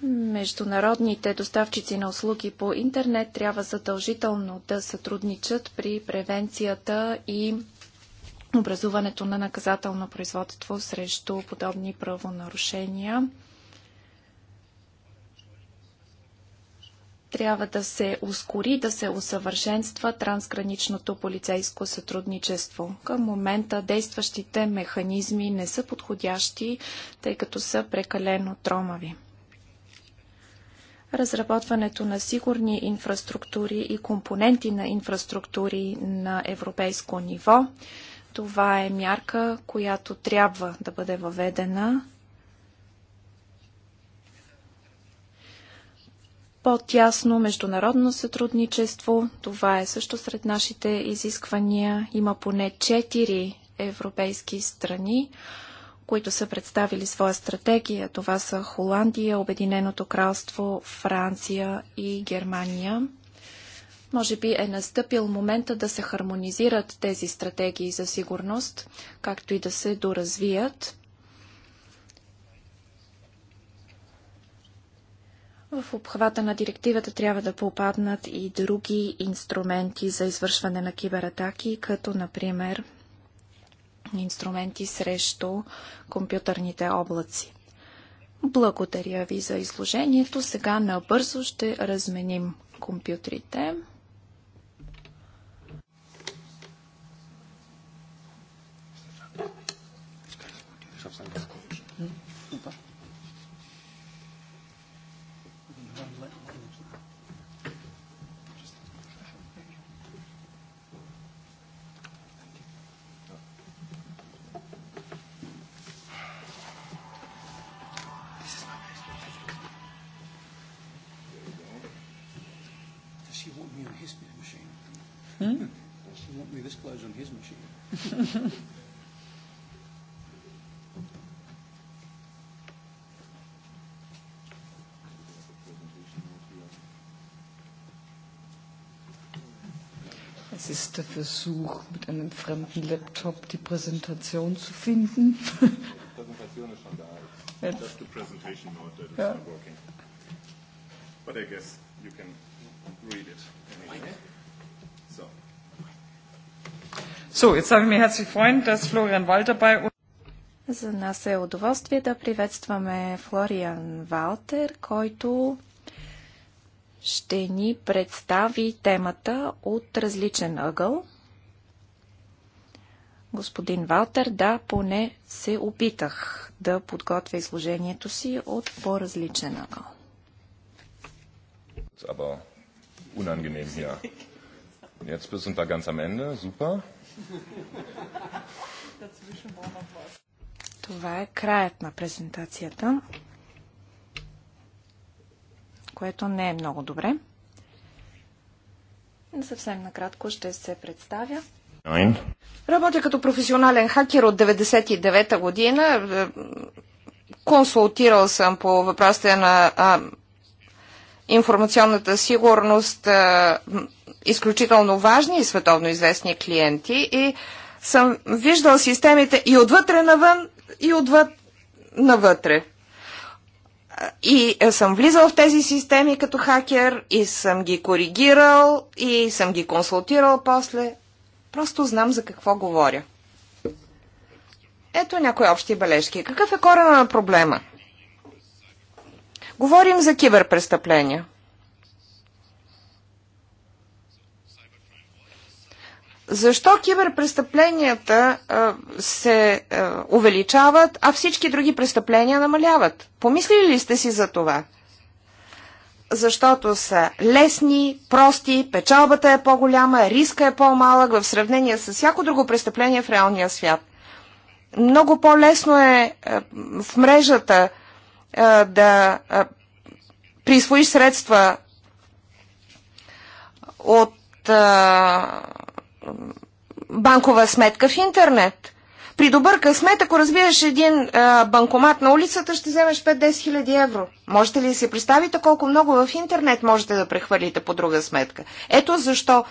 Международните доставчици на услуги по интернет трябва задължително да сътрудничат при превенцията и образуването на наказателно производство срещу подобни правонарушения. Трябва да се ускори, да се усъвършенства трансграничното полицейско сътрудничество. Към момента действащите механизми не са подходящи, тъй като са прекалено тромави. Разработването на сигурни инфраструктури и компоненти на инфраструктури на европейско ниво това е мярка, която трябва да бъде въведена. По-тясно международно сътрудничество, това е също сред нашите изисквания. Има поне 4 европейски страни, които са представили своя стратегия. Това са Холандия, Обединеното кралство, Франция и Германия. Може би е настъпил момента да се хармонизират тези стратегии за сигурност, както и да се доразвият. В обхвата на директивата трябва да попаднат и други инструменти за извършване на кибератаки, като например инструменти срещу компютърните облаци. Благодаря ви за изложението. Сега набързо ще разменим компютрите.
ist der Versuch, mit einem fremden Laptop die Präsentation zu finden. Die
Präsentation ist schon da. Just the presentation note that is yeah. not working. But I guess you can
read it anyway. So. So, jetzt darf ich mich herzlich freuen, dass Florian Wald dabei ist.
за нас е удоволствие да приветстваме Флориан Валтер, който ще ни представи темата от различен ъгъл. Господин Валтер, да, поне се опитах да подготвя изложението си от по-различен ъгъл. Това е краят на презентацията което не е много добре.
Съвсем накратко ще се представя. Работя като професионален хакер от 99-та година. Консултирал съм по въпросите на а, информационната сигурност а, изключително важни и световно известни клиенти и съм виждал системите и отвътре навън, и отвътре навътре. И съм влизал в тези системи като хакер и съм ги коригирал и съм ги консултирал после. Просто знам за какво говоря. Ето някои общи бележки. Какъв е корена на проблема? Говорим за киберпрестъпления. Защо киберпрестъпленията се увеличават, а всички други престъпления намаляват? Помислили ли сте си за това? Защото са лесни, прости, печалбата е по-голяма, риска е по-малък в сравнение с всяко друго престъпление в реалния свят. Много по-лесно е, е в мрежата е, да е, присвоиш средства от банкова сметка в интернет. При добър късмет, ако разбиеш един а, банкомат на улицата, ще вземеш 5-10 хиляди евро. Можете ли да си представите колко много в интернет можете да прехвърлите по друга сметка? Ето защо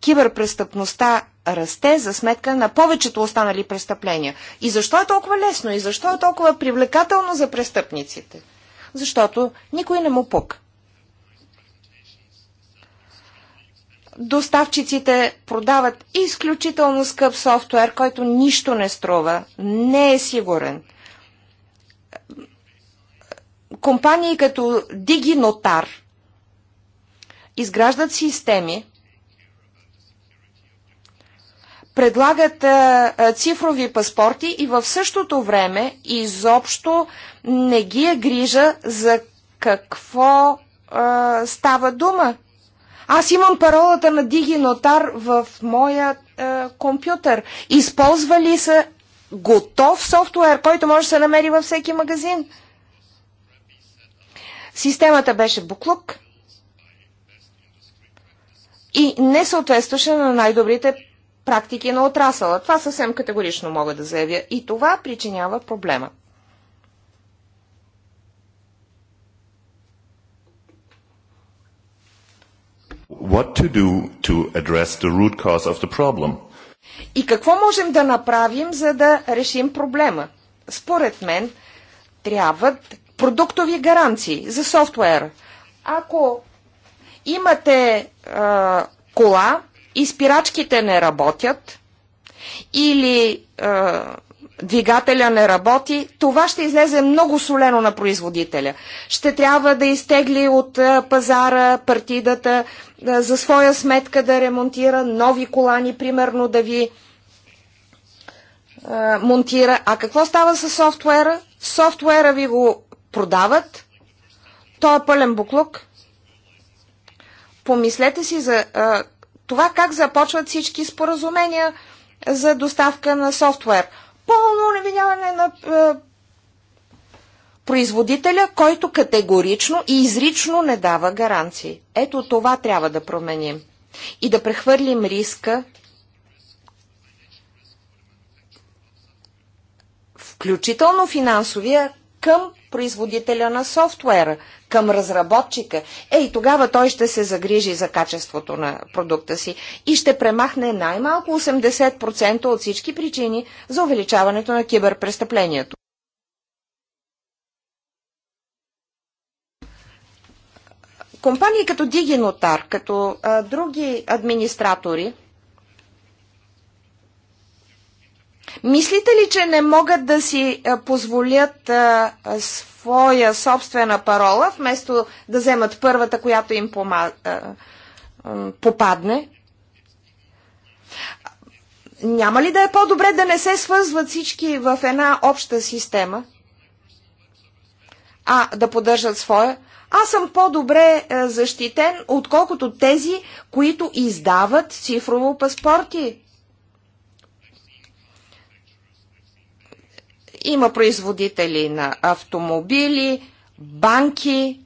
киберпрестъпността расте за сметка на повечето останали престъпления. И защо е толкова лесно? И защо е толкова привлекателно за престъпниците? Защото никой не му пук. доставчиците продават изключително скъп софтуер, който нищо не струва, не е сигурен. Компании като DigiNotar изграждат системи, предлагат а, цифрови паспорти и в същото време изобщо не ги е грижа за какво а, става дума аз имам паролата на DigiNotar в моя е, компютър. Използва ли се готов софтуер, който може да се намери във всеки магазин? Системата беше буклук и не съответстваше на най-добрите практики на отрасъла. Това съвсем категорично мога да заявя. И това причинява проблема. what to do to address the root cause of the problem. И какво можем да направим, за да решим проблема? Според мен, трябват продуктови гаранции за софтуер. Ако имате а, кола и спирачките не работят, или двигателя не работи, това ще излезе много солено на производителя. Ще трябва да изтегли от пазара партидата, за своя сметка да ремонтира нови колани, примерно да ви монтира. А какво става с софтуера? Софтуера ви го продават, то е пълен буклук. Помислете си за това как започват всички споразумения за доставка на софтуер – пълно невиняване на е, производителя, който категорично и изрично не дава гаранции. Ето това трябва да променим. И да прехвърлим риска, включително финансовия, към производителя на софтуера, към разработчика, е и тогава той ще се загрижи за качеството на продукта си и ще премахне най-малко 80% от всички причини за увеличаването на киберпрестъплението. Компании като Дигинотар, като а, други администратори, Мислите ли, че не могат да си позволят а, а, своя собствена парола, вместо да вземат първата, която им пома... а, попадне? Няма ли да е по-добре да не се свързват всички в една обща система, а да поддържат своя? Аз съм по-добре е, защитен, отколкото тези, които издават цифрово паспорти Има производители на автомобили, банки,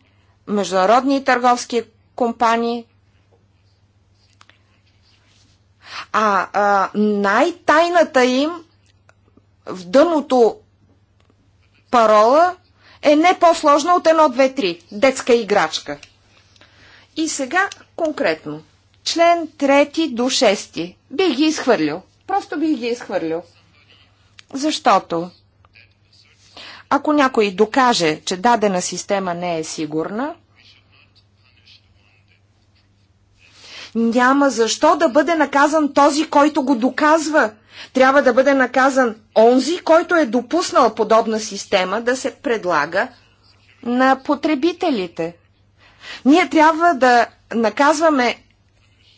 международни търговски компании. А, а най-тайната им в дъното парола е не по-сложна от 1-2-3. Детска играчка. И сега конкретно. Член 3 до 6. Бих ги изхвърлил. Просто бих ги изхвърлил. Защото ако някой докаже, че дадена система не е сигурна, няма защо да бъде наказан този, който го доказва. Трябва да бъде наказан онзи, който е допуснал подобна система да се предлага на потребителите. Ние трябва да наказваме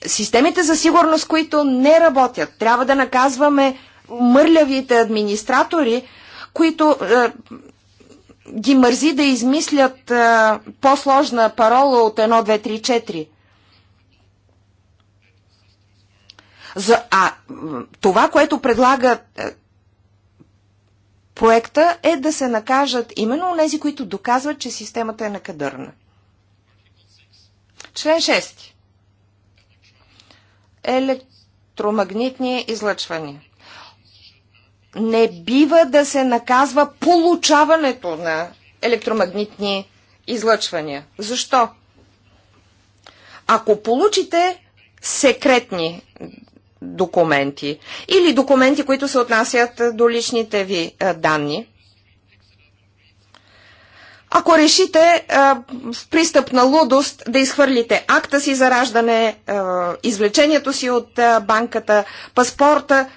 системите за сигурност, които не работят. Трябва да наказваме мърлявите администратори, които е, ги мързи да измислят е, по-сложна парола от 1, 2, 3, 4. За, а това, което предлага е, проекта, е да се накажат именно тези, които доказват, че системата е накадърна. Член 6. Електромагнитни излъчвания не бива да се наказва получаването на електромагнитни излъчвания. Защо? Ако получите секретни документи или документи, които се отнасят до личните ви данни, ако решите в пристъп на лудост да изхвърлите акта си за раждане, извлечението си от банката, паспорта,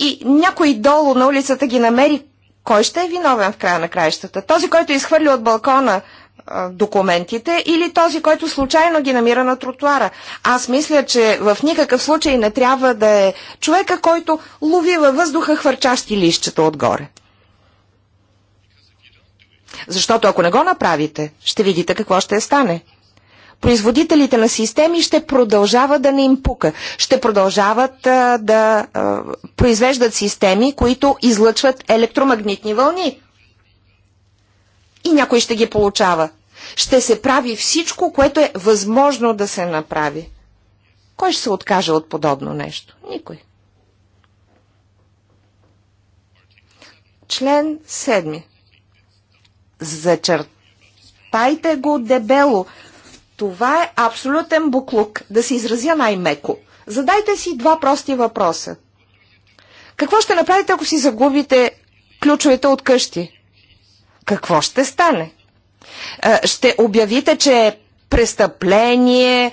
и някой долу на улицата ги намери, кой ще е виновен в края на краищата? Този, който изхвърли от балкона а, документите или този, който случайно ги намира на тротуара. Аз мисля, че в никакъв случай не трябва да е човека, който лови във въздуха хвърчащи лищата отгоре. Защото ако не го направите, ще видите какво ще стане производителите на системи ще продължават да не им пука. Ще продължават а, да а, произвеждат системи, които излъчват електромагнитни вълни. И някой ще ги получава. Ще се прави всичко, което е възможно да се направи. Кой ще се откаже от подобно нещо? Никой. Член 7. Зачертайте го дебело. Това е абсолютен буклук, да се изразя най-меко. Задайте си два прости въпроса. Какво ще направите, ако си загубите ключовете от къщи? Какво ще стане? Ще обявите, че е престъпление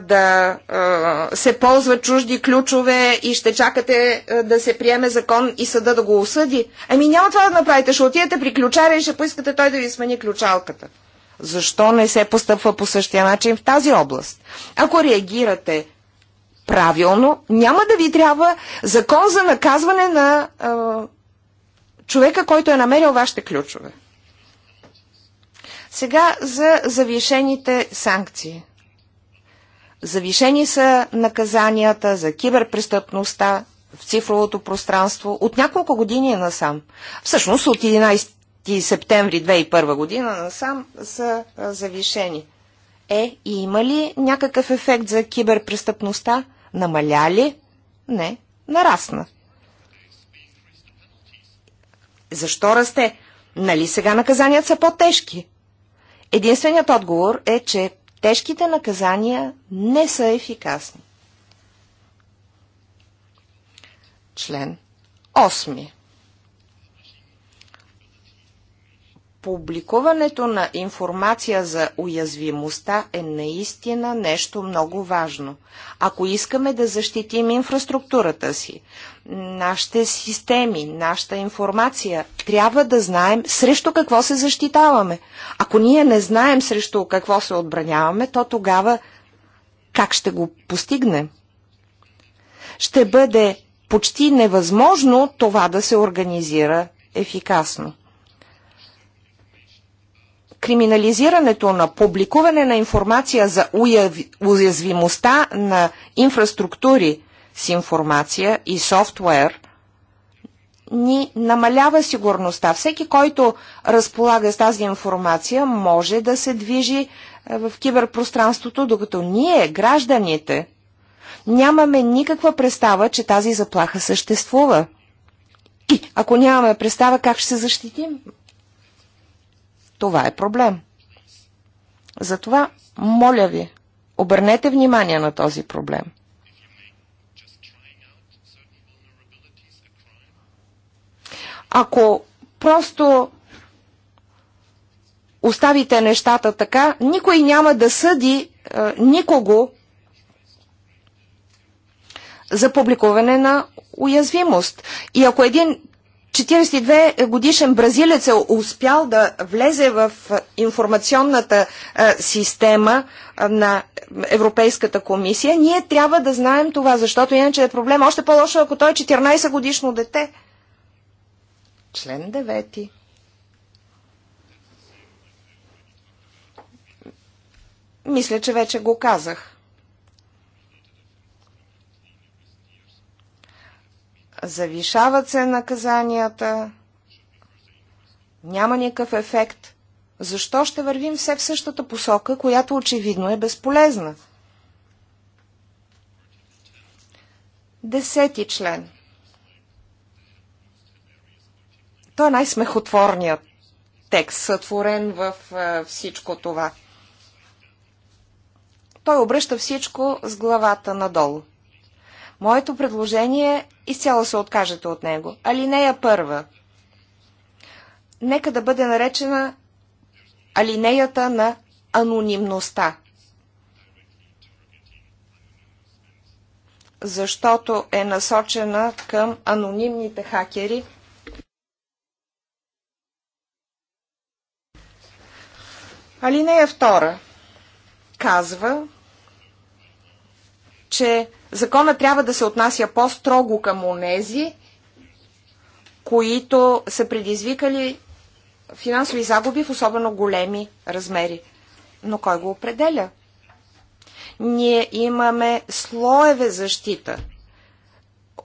да се ползват чужди ключове и ще чакате да се приеме закон и съда да го осъди. Ами няма това да направите. Ще отидете при ключаря и ще поискате той да ви смени ключалката. Защо не се постъпва по същия начин в тази област? Ако реагирате правилно, няма да ви трябва закон за наказване на а, човека, който е намерил вашите ключове. Сега за завишените санкции. Завишени са наказанията за киберпрестъпността в цифровото пространство от няколко години насам. Всъщност от 11 20 септември 2001 година насам са завишени. Е, и има ли някакъв ефект за киберпрестъпността? Намаля ли? Не, нарасна. Защо расте? Нали сега наказанията са по-тежки? Единственият отговор е, че тежките наказания не са ефикасни. Член 8. публикуването на информация за уязвимостта е наистина нещо много важно. Ако искаме да защитим инфраструктурата си, нашите системи, нашата информация, трябва да знаем срещу какво се защитаваме. Ако ние не знаем срещу какво се отбраняваме, то тогава как ще го постигнем? Ще бъде почти невъзможно това да се организира ефикасно криминализирането на публикуване на информация за уязвимостта на инфраструктури с информация и софтуер ни намалява сигурността. Всеки, който разполага с тази информация, може да се движи е, в киберпространството, докато ние, гражданите, нямаме никаква представа, че тази заплаха съществува. И ако нямаме представа как ще се защитим това е проблем. Затова, моля ви, обърнете внимание на този проблем. Ако просто оставите нещата така, никой няма да съди е, никого за публикуване на уязвимост. И ако един 42 годишен бразилец е успял да влезе в информационната система на Европейската комисия. Ние трябва да знаем това, защото иначе е проблем. Още по-лошо, е, ако той е 14 годишно дете. Член 9. Мисля, че вече го казах. завишават се наказанията, няма никакъв ефект. Защо ще вървим все в същата посока, която очевидно е безполезна? Десети член. Той е най-смехотворният текст, сътворен в е, всичко това. Той обръща всичко с главата надолу. Моето предложение изцяло се откажете от него. Алинея първа. Нека да бъде наречена алинеята на анонимността. Защото е насочена към анонимните хакери, Алинея втора казва, че Закона трябва да се отнася по-строго към онези, които са предизвикали финансови загуби в особено големи размери. Но кой го определя? Ние имаме слоеве защита.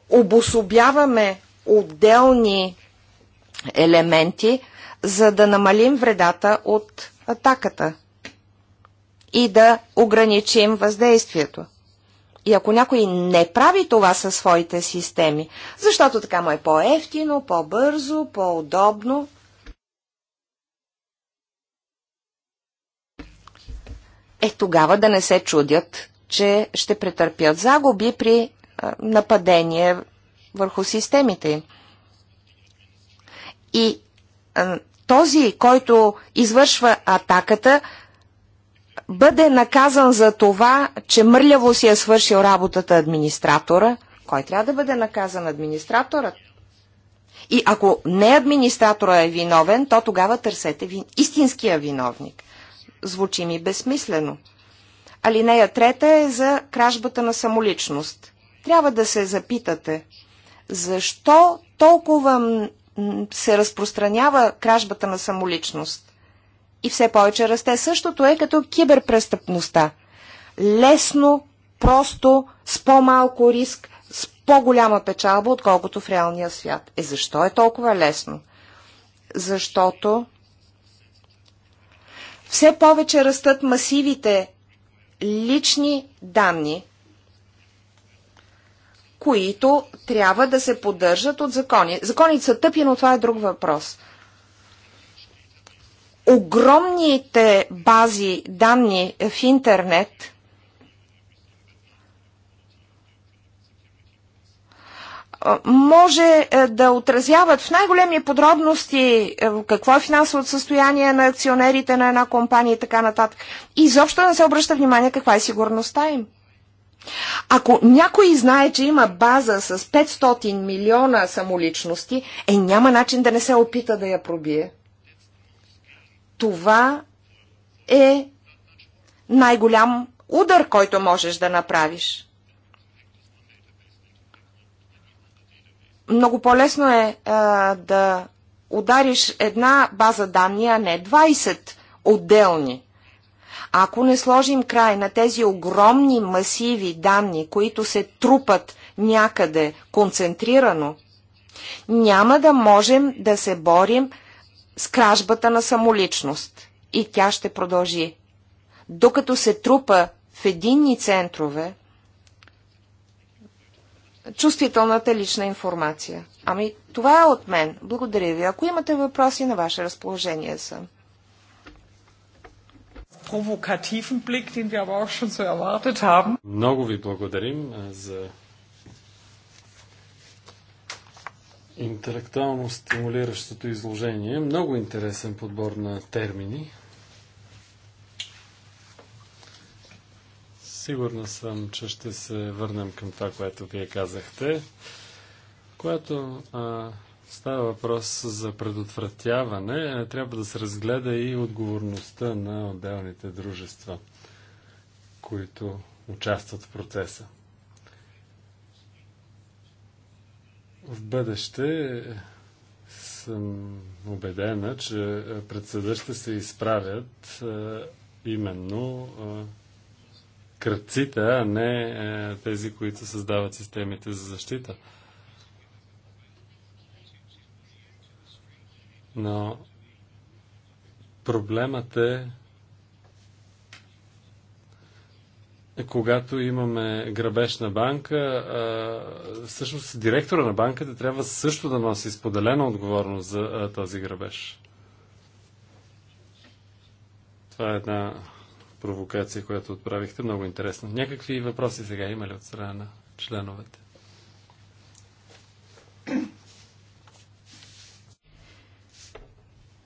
Обособяваме отделни елементи, за да намалим вредата от атаката и да ограничим въздействието. И ако някой не прави това със своите системи, защото така му е по-ефтино, по-бързо, по-удобно, е тогава да не се чудят, че ще претърпят загуби при нападение върху системите И този, който извършва атаката, бъде наказан за това, че мърляво си е свършил работата администратора, кой трябва да бъде наказан? Администраторът. И ако не администратора е виновен, то тогава търсете вин... истинския виновник. Звучи ми безсмислено. Алинея трета е за кражбата на самоличност. Трябва да се запитате, защо толкова се разпространява кражбата на самоличност? и все повече расте. Същото е като киберпрестъпността. Лесно, просто, с по-малко риск, с по-голяма печалба, отколкото в реалния свят. Е, защо е толкова лесно? Защото все повече растат масивите лични данни, които трябва да се поддържат от закони. Законите са тъпи, но това е друг въпрос – огромните бази данни в интернет може е, да отразяват в най-големи подробности е, какво е финансовото състояние на акционерите на една компания и така нататък. И изобщо не се обръща внимание каква е сигурността им. Ако някой знае, че има база с 500 милиона самоличности, е няма начин да не се опита да я пробие това е най-голям удар, който можеш да направиш. Много по-лесно е а, да удариш една база данни, а не 20 отделни. Ако не сложим край на тези огромни масиви данни, които се трупат някъде концентрирано, няма да можем да се борим с кражбата на самоличност. И тя ще продължи. Докато се трупа в единни центрове чувствителната лична информация. Ами, това е от мен. Благодаря ви. Ако имате въпроси, на ваше разположение съм.
Много ви благодарим за интелектуално стимулиращото изложение. Много интересен подбор на термини. Сигурна съм, че ще се върнем към това, което вие казахте, което а, става въпрос за предотвратяване. Е, трябва да се разгледа и отговорността на отделните дружества, които участват в процеса. В бъдеще съм убедена, че пред съда ще се изправят именно кръците, а не тези, които създават системите за защита. Но проблемът е, когато имаме грабеж на банка, всъщност директора на банката трябва също да носи споделена отговорност за този грабеж. Това е една провокация, която отправихте. Много интересно. Някакви въпроси сега има ли от страна на членовете?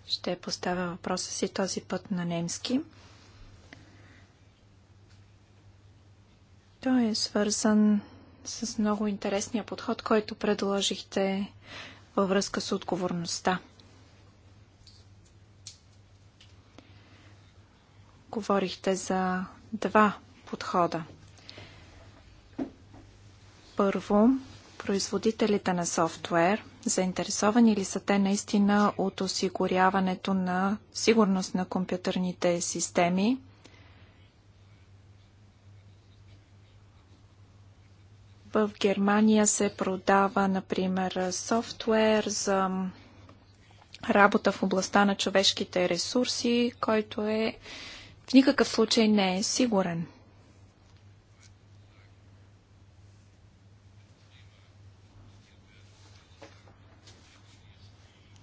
Ще поставя въпроса си този път на немски. Той е свързан с много интересния подход, който предложихте във връзка с отговорността. Говорихте за два подхода. Първо, производителите на софтуер, заинтересовани ли са те наистина от осигуряването на сигурност на компютърните системи В Германия се продава, например, софтуер за работа в областта на човешките ресурси, който е в никакъв случай не е сигурен.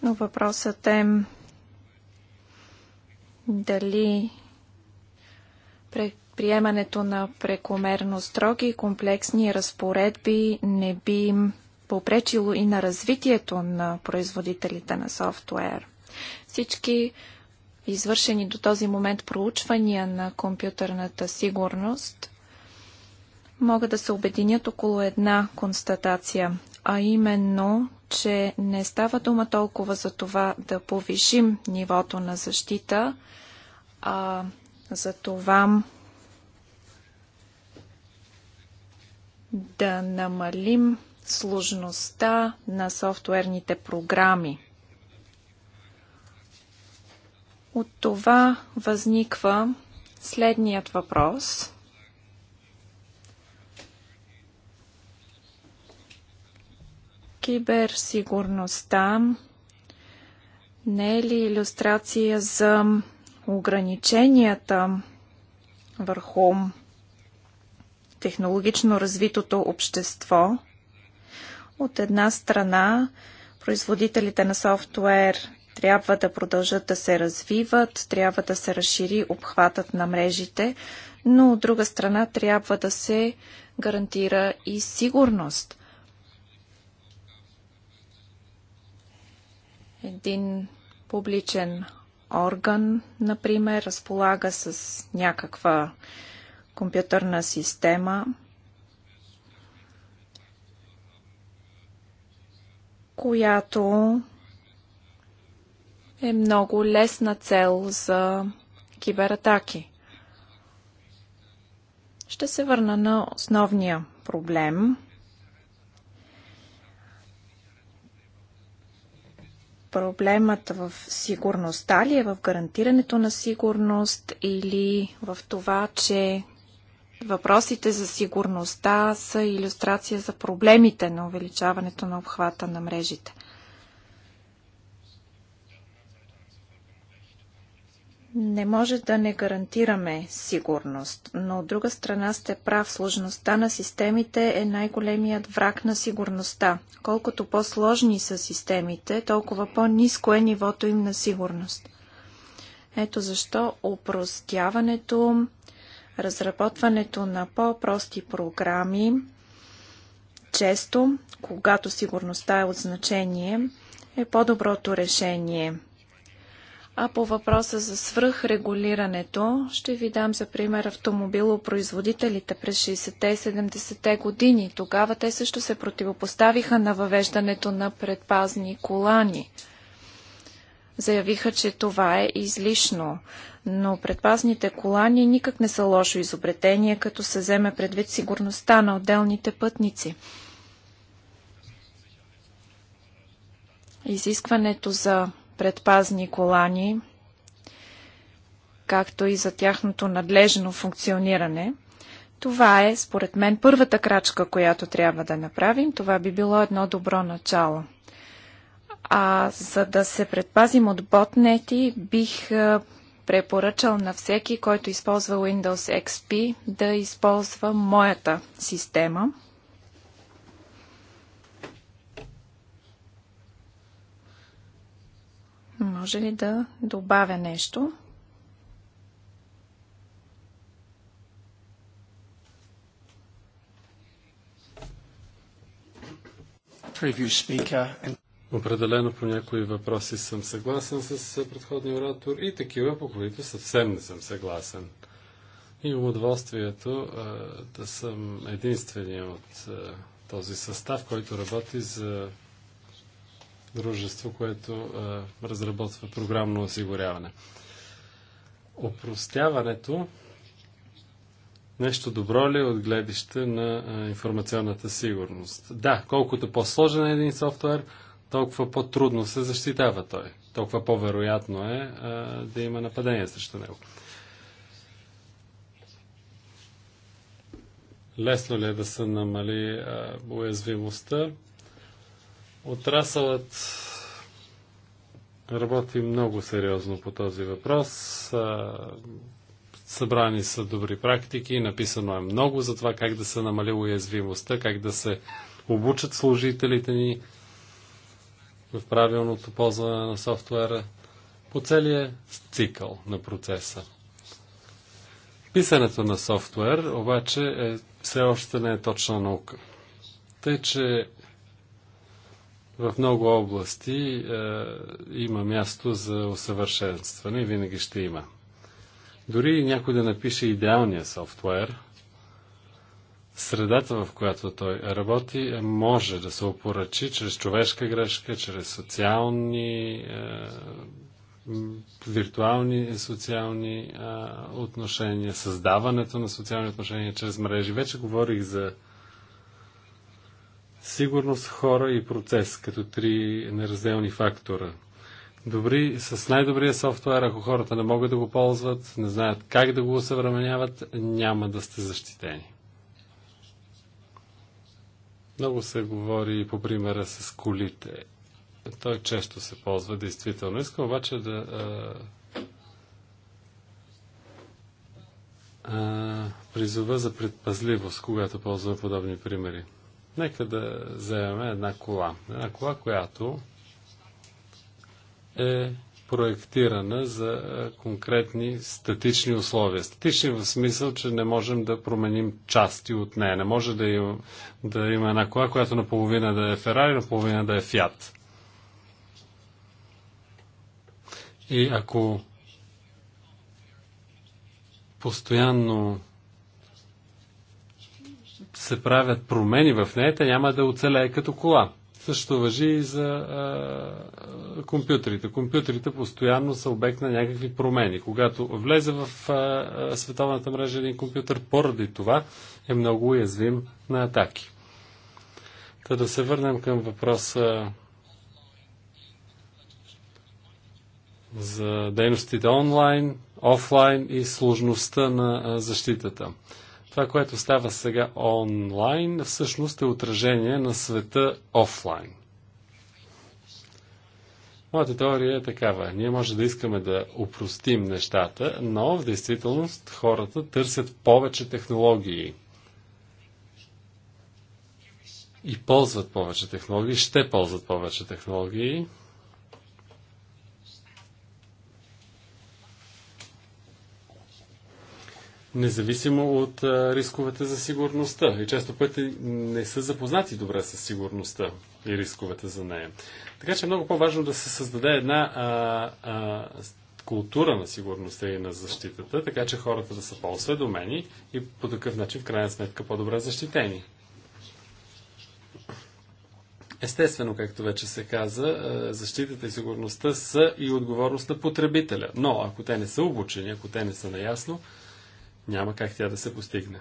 Но въпросът е дали Приемането на прекомерно строги и комплексни разпоредби не би им попречило и на развитието на производителите на софтуер. Всички извършени до този момент проучвания на компютърната сигурност могат да се обединят около една констатация, а именно, че не става дума толкова за това да повишим нивото на защита, а за това да намалим сложността на софтуерните програми. От това възниква следният въпрос. Киберсигурността не е ли иллюстрация за ограниченията върху технологично развитото общество. От една страна, производителите на софтуер трябва да продължат да се развиват, трябва да се разшири обхватът на мрежите, но от друга страна трябва да се гарантира и сигурност. Един публичен орган, например, разполага с някаква компютърна система, която е много лесна цел за кибератаки. Ще се върна на основния проблем. Проблемът в сигурността ли е в гарантирането на сигурност или в това, че Въпросите за сигурността са иллюстрация за проблемите на увеличаването на обхвата на мрежите. Не може да не гарантираме сигурност, но от друга страна сте прав, сложността на системите е най-големият враг на сигурността. Колкото по-сложни са системите, толкова по-низко е нивото им на сигурност. Ето защо упростяването, разработването на по-прости програми, често, когато сигурността е от значение, е по-доброто решение. А по въпроса за свръхрегулирането, ще ви дам за пример автомобилопроизводителите през 60-те и 70-те години. Тогава те също се противопоставиха на въвеждането на предпазни колани – заявиха, че това е излишно. Но предпазните колани никак не са лошо изобретение, като се вземе предвид сигурността на отделните пътници. Изискването за предпазни колани, както и за тяхното надлежно функциониране – това е, според мен, първата крачка, която трябва да направим. Това би било едно добро начало. А за да се предпазим от ботнети, бих препоръчал на всеки, който използва Windows XP, да използва моята система. Може ли да добавя нещо?
Preview speaker and Определено по някои въпроси съм съгласен с предходния оратор и такива, по които съвсем не съм съгласен. Имам удоволствието а, да съм единствения от а, този състав, който работи за дружество, което а, разработва програмно осигуряване. Опростяването нещо добро ли е от гледище на а, информационната сигурност? Да, колкото по-сложен е един софтуер, толкова по-трудно се защитава той. Толкова по-вероятно е а, да има нападение срещу него. Лесно ли е да се намали а, уязвимостта? Отрасълът работи много сериозно по този въпрос. А, събрани са добри практики, написано е много за това как да се намали уязвимостта, как да се обучат служителите ни в правилното ползване на софтуера по целия цикъл на процеса. Писането на софтуер обаче е, все още не е точна наука. Тъй, че в много области е, има място за усъвършенстване и винаги ще има. Дори някой да напише идеалния софтуер, средата, в която той работи, е, може да се опоръчи чрез човешка грешка, чрез социални, е, виртуални социални е, отношения, създаването на социални отношения чрез мрежи. Вече говорих за сигурност, хора и процес като три неразделни фактора. Добри, с най-добрия софтуер, ако хората не могат да го ползват, не знаят как да го усъвременяват, няма да сте защитени. Много се говори по примера с колите. Той често се ползва, действително. Искам обаче да. А, а, призова за предпазливост, когато ползваме подобни примери. Нека да вземем една кола. Една кола, която е проектирана за е, конкретни статични условия. Статични в смисъл, че не можем да променим части от нея. Не може да има, да има една кола, която наполовина да е Ферари, наполовина да е Фиат. И ако постоянно се правят промени в нея, няма да оцелее като кола. Също въжи и за е, компютрите. Компютрите постоянно са обект на някакви промени. Когато влезе в световната мрежа един компютър, поради това е много уязвим на атаки. Та да се върнем към въпроса за дейностите онлайн, офлайн и сложността на защитата. Това, което става сега онлайн, всъщност е отражение на света офлайн. Моята теория е такава. Ние може да искаме да упростим нещата, но в действителност хората търсят повече технологии. И ползват повече технологии, ще ползват повече технологии, независимо от рисковете за сигурността. И често пъти не са запознати добре с сигурността и рисковете за нея. Така че е много по-важно да се създаде една а, а, култура на сигурността и на защитата, така че хората да са по-осведомени и по такъв начин, в крайна сметка, по-добре защитени. Естествено, както вече се каза, защитата и сигурността са и отговорност на потребителя. Но ако те не са обучени, ако те не са наясно, няма как тя да се постигне.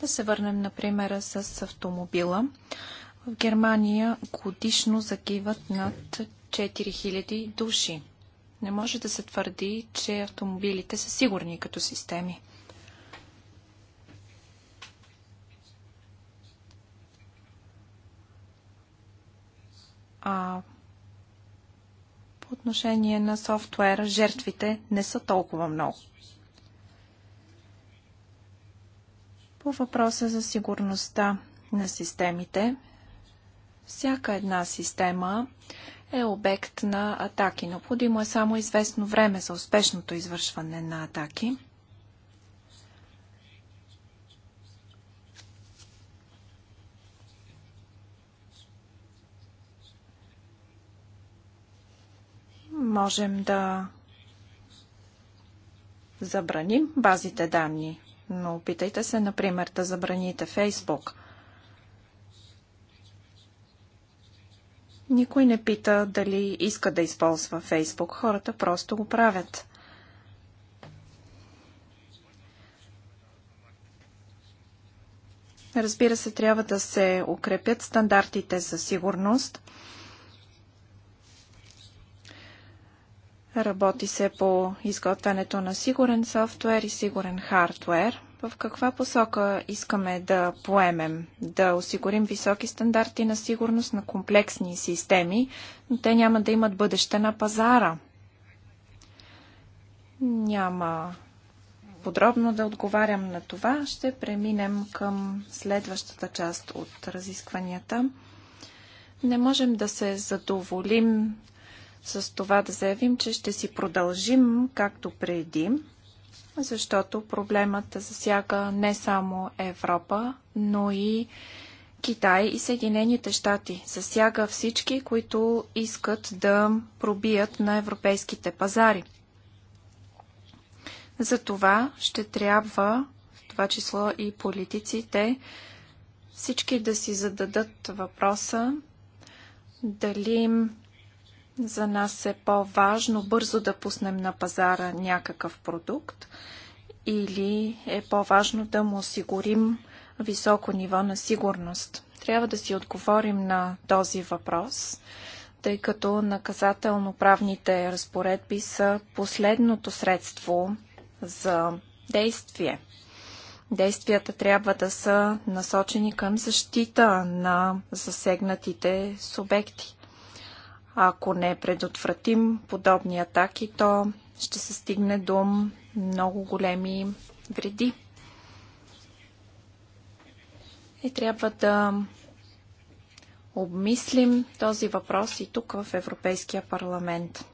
Да се върнем на примера с автомобила. В Германия годишно загиват над 4000 души. Не може да се твърди, че автомобилите са сигурни като системи. А по отношение на софтуера, жертвите не са толкова много. По въпроса за сигурността на системите, всяка една система е обект на атаки. Необходимо е само известно време за успешното извършване на атаки. можем да забраним базите данни, но опитайте се, например, да забраните Фейсбук. Никой не пита дали иска да използва Фейсбук. Хората просто го правят. Разбира се, трябва да се укрепят стандартите за сигурност – Работи се по изготвянето на сигурен софтуер и сигурен хардуер. В каква посока искаме да поемем? Да осигурим високи стандарти на сигурност на комплексни системи, но те няма да имат бъдеще на пазара. Няма подробно да отговарям на това. Ще преминем към следващата част от разискванията. Не можем да се задоволим с това да заявим, че ще си продължим както преди, защото проблемът засяга не само Европа, но и Китай и Съединените щати. Засяга всички, които искат да пробият на европейските пазари. Затова ще трябва, в това число и политиците, всички да си зададат въпроса дали за нас е по-важно бързо да пуснем на пазара някакъв продукт или е по-важно да му осигурим високо ниво на сигурност. Трябва да си отговорим на този въпрос, тъй като наказателно-правните разпоредби са последното средство за действие. Действията трябва да са насочени към защита на засегнатите субекти. Ако не предотвратим подобни атаки, то ще се стигне до много големи вреди. И трябва да обмислим този въпрос и тук в Европейския парламент.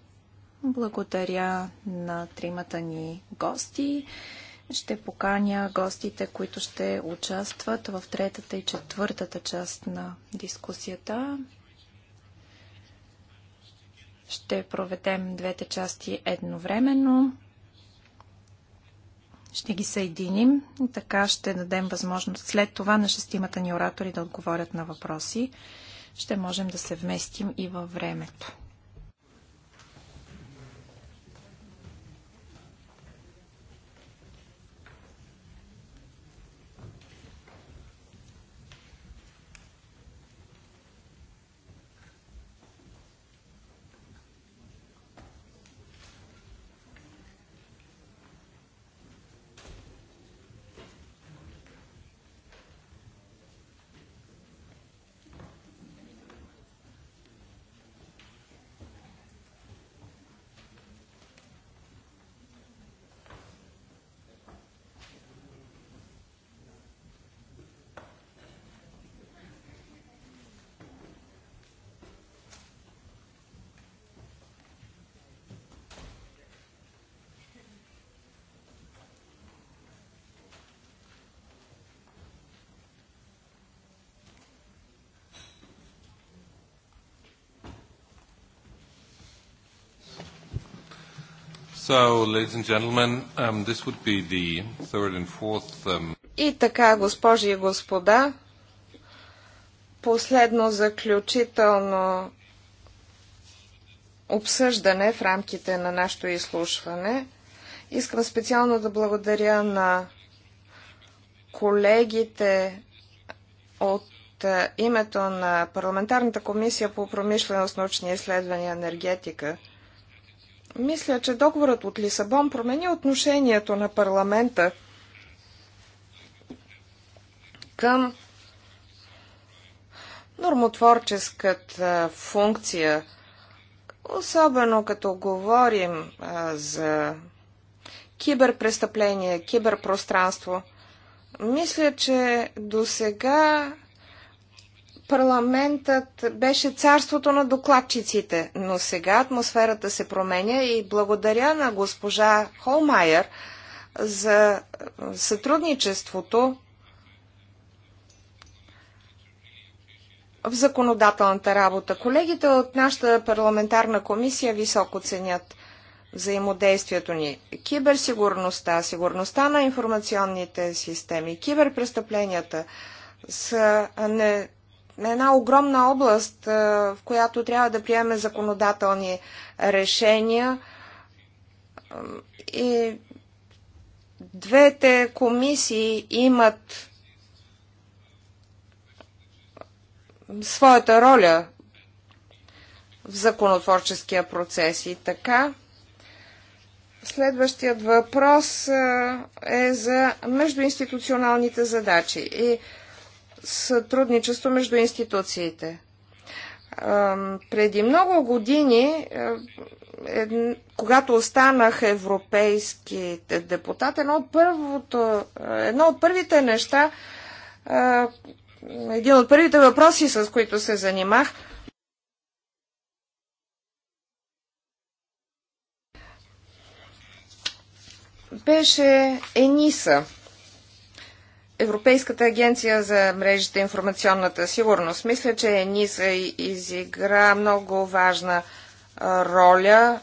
Благодаря на тримата ни гости. Ще поканя гостите, които ще участват в третата и четвъртата част на дискусията. Ще проведем двете части едновременно. Ще ги съединим и така ще дадем възможност след това на шестимата ни оратори да отговорят на въпроси. Ще можем да се вместим и във времето.
So, ladies and gentlemen, um, this would be the third and fourth... Um...
И така, госпожи и господа, последно заключително обсъждане в рамките на нашето изслушване. Искам специално да благодаря на колегите от е, името на Парламентарната комисия по промишленост, научни изследвания и енергетика – мисля, че договорът от Лисабон промени отношението на парламента към нормотворческата функция, особено като говорим за киберпрестъпление, киберпространство. Мисля, че до сега парламентът беше царството на докладчиците, но сега атмосферата се променя и благодаря на госпожа Холмайер за е, сътрудничеството в законодателната работа. Колегите от нашата парламентарна комисия високо ценят взаимодействието ни. Киберсигурността, сигурността на информационните системи, киберпрестъпленията са не една огромна област, в която трябва да приеме законодателни решения. И двете комисии имат своята роля в законотворческия процес и така. Следващият въпрос е за междуинституционалните задачи. И сътрудничество между институциите. Преди много години, е, е, когато останах европейски депутат, едно от, първото, едно от първите неща, един от първите въпроси, с които се занимах, беше Ениса – Европейската агенция за мрежите и информационната сигурност. Мисля, че ЕНИСА изигра много важна роля,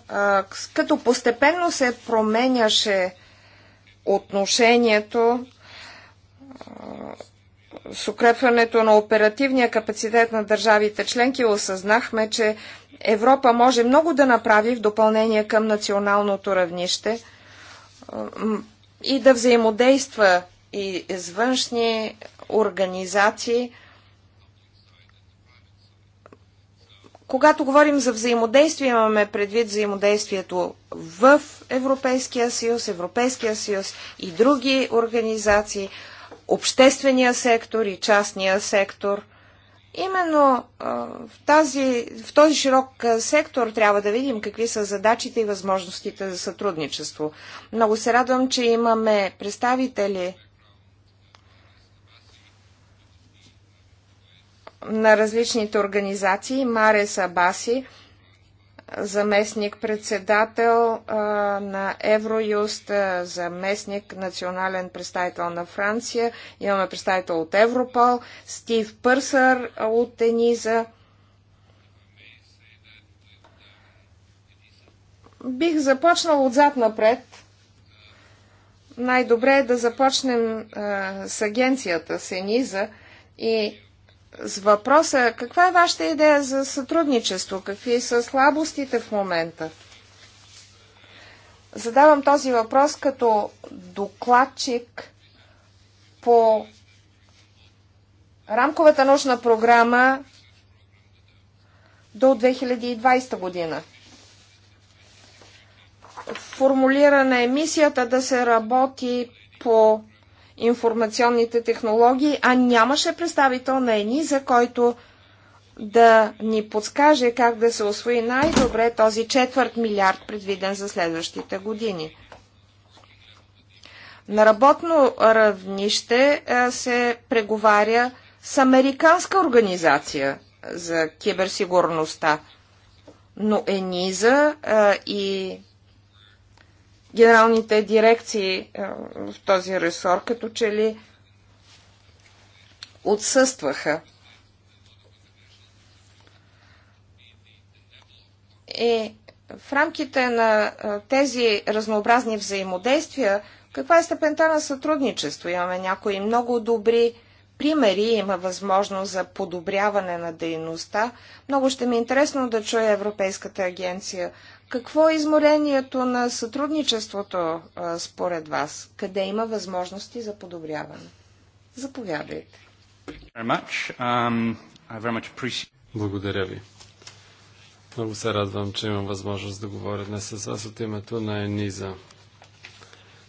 като постепенно се променяше отношението с укрепването на оперативния капацитет на държавите членки осъзнахме, че Европа може много да направи в допълнение към националното равнище и да взаимодейства и с външни организации. Когато говорим за взаимодействие, имаме предвид взаимодействието в Европейския съюз, Европейския съюз и други организации, обществения сектор и частния сектор – Именно в, тази, в този широк сектор трябва да видим какви са задачите и възможностите за сътрудничество. Много се радвам, че имаме представители на различните организации. Маре Сабаси, заместник-председател на Евроюст, заместник национален представител на Франция, имаме представител от Европол, Стив Пърсър от Ениза. Бих започнал отзад напред. Най-добре е да започнем а, с агенцията, с Ениза и с въпроса каква е вашата идея за сътрудничество, какви са слабостите в момента. Задавам този въпрос като докладчик по рамковата научна програма до 2020 година. Формулирана е мисията да се работи по информационните технологии, а нямаше представител на ЕНИЗА, който да ни подскаже как да се освои най-добре този четвърт милиард, предвиден за следващите години. На работно равнище е, се преговаря с Американска организация за киберсигурността, но ЕНИЗА е, и генералните дирекции в този ресор, като че ли отсъстваха. И в рамките на тези разнообразни взаимодействия, каква е степента на сътрудничество? Имаме някои много добри примери, има възможност за подобряване на дейността. Много ще ми е интересно да чуя Европейската агенция какво е изморението на сътрудничеството според вас? Къде има възможности за подобряване? Заповядайте.
Um, Благодаря ви. Много се радвам, че имам възможност да говоря днес с вас от името на Ениза.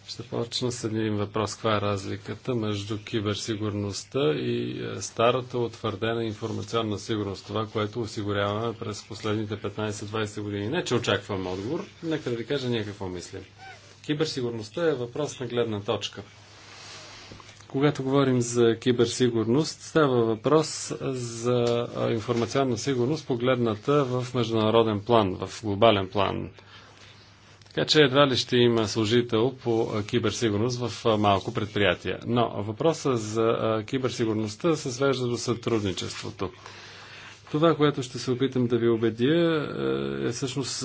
Ще почна с един въпрос. Каква е разликата между киберсигурността и е, старата утвърдена информационна сигурност? Това, което осигуряваме през последните 15-20 години. Не, че очаквам отговор. Нека да ви кажа ние какво мислим. Киберсигурността е въпрос на гледна точка. Когато говорим за киберсигурност, става въпрос за е, информационна сигурност, погледната в международен план, в глобален план така че едва ли ще има служител по киберсигурност в малко предприятие. Но въпросът за киберсигурността се свежда до сътрудничеството. Това, което ще се опитам да ви убедя, е, е всъщност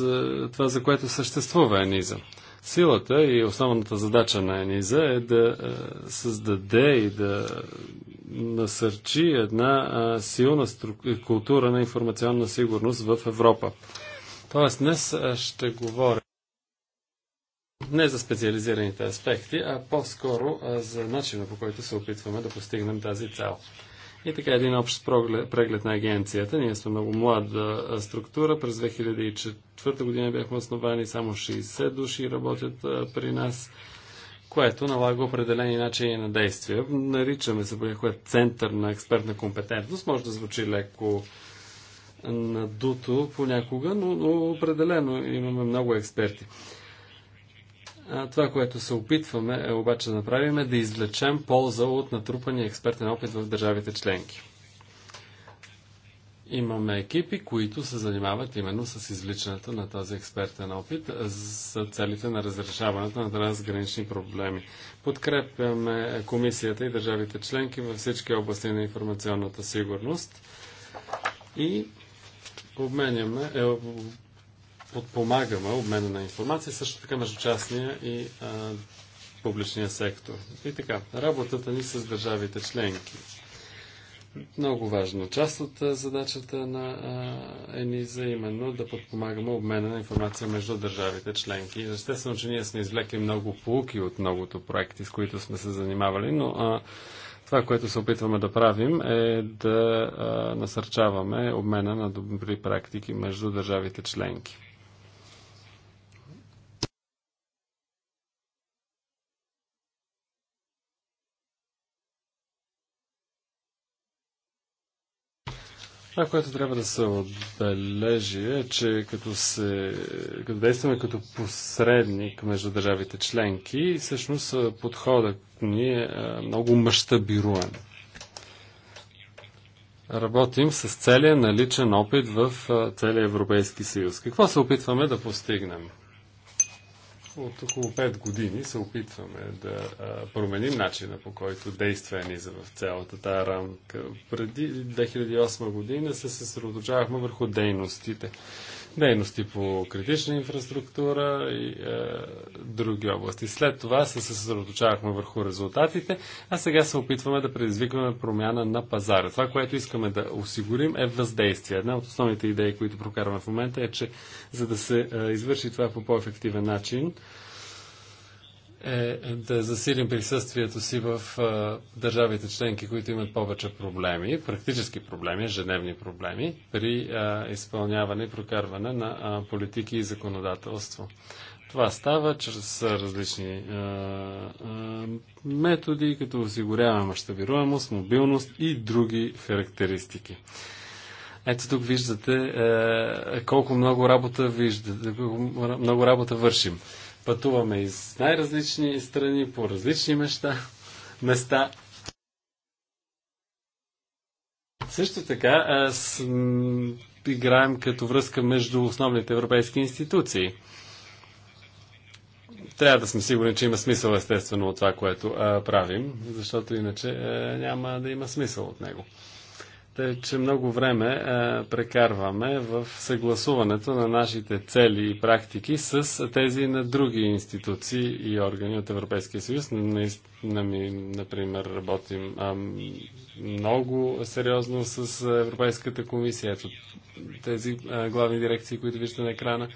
това, за което съществува Ениза. Силата и основната задача на Ениза е да създаде и да насърчи една силна култура на информационна сигурност в Европа. Тоест, днес ще говоря не за специализираните аспекти, а по-скоро за начина по който се опитваме да постигнем тази цел. И така един общ преглед на агенцията. Ние сме много млада структура. През 2004 година бяхме основани, само 60 души работят при нас, което налага определени начини на действие. Наричаме се понякога център на експертна компетентност. Може да звучи леко надуто понякога, но, но определено имаме много експерти. Това, което се опитваме е обаче да направим е да извлечем полза от натрупания експертен опит в държавите членки. Имаме екипи, които се занимават именно с извличането на този експертен опит за целите на разрешаването на трансгранични проблеми. Подкрепяме комисията и държавите членки във всички области на информационната сигурност и обменяме, е, подпомагаме обмена на информация, също така между частния и а, публичния сектор. И така, работата ни с държавите членки. Много важно. Част от задачата на ЕНИЗА е именно да подпомагаме обмена на информация между държавите членки. Естествено, че ние сме извлекли много полуки от многото проекти, с които сме се занимавали, но а, това, което се опитваме да правим е да а, насърчаваме обмена на добри практики между държавите членки. Това, което трябва да се отбележи е, че като, се, като действаме като посредник между държавите членки, всъщност подходът ни е много мащабируен. Работим с целия наличен опит в целия Европейски съюз. Какво се опитваме да постигнем? от около 5 години се опитваме да променим начина по който действа Ениза за в цялата тази рамка. Преди 2008 година се съсредоточавахме върху дейностите дейности по критична инфраструктура и е, други области. След това се съсредоточавахме върху резултатите, а сега се опитваме да предизвикваме промяна на пазара. Това, което искаме да осигурим е въздействие. Една от основните идеи, които прокарваме в момента е, че за да се е, извърши това по по-ефективен начин, е да засилим присъствието си в е, държавите членки, които имат повече проблеми, практически проблеми, ежедневни проблеми, при е, изпълняване и прокарване на е, политики и законодателство. Това става чрез различни методи, като осигуряваме мащабируемост, мобилност и други характеристики. Ето тук виждате е, колко много работа, виждате, много работа вършим. Пътуваме из най-различни страни, по различни места. места. Също така аз, играем като връзка между основните европейски институции трябва да сме сигурни, че има смисъл естествено от това, което а, правим, защото иначе а, няма да има смисъл от него. Тъй, е, че много време е, прекарваме в съгласуването на нашите цели и практики с тези на други институции и органи от Европейския съюз. Например, работим а, много сериозно с Европейската комисия. Ето тези а, главни дирекции, които виждате на екрана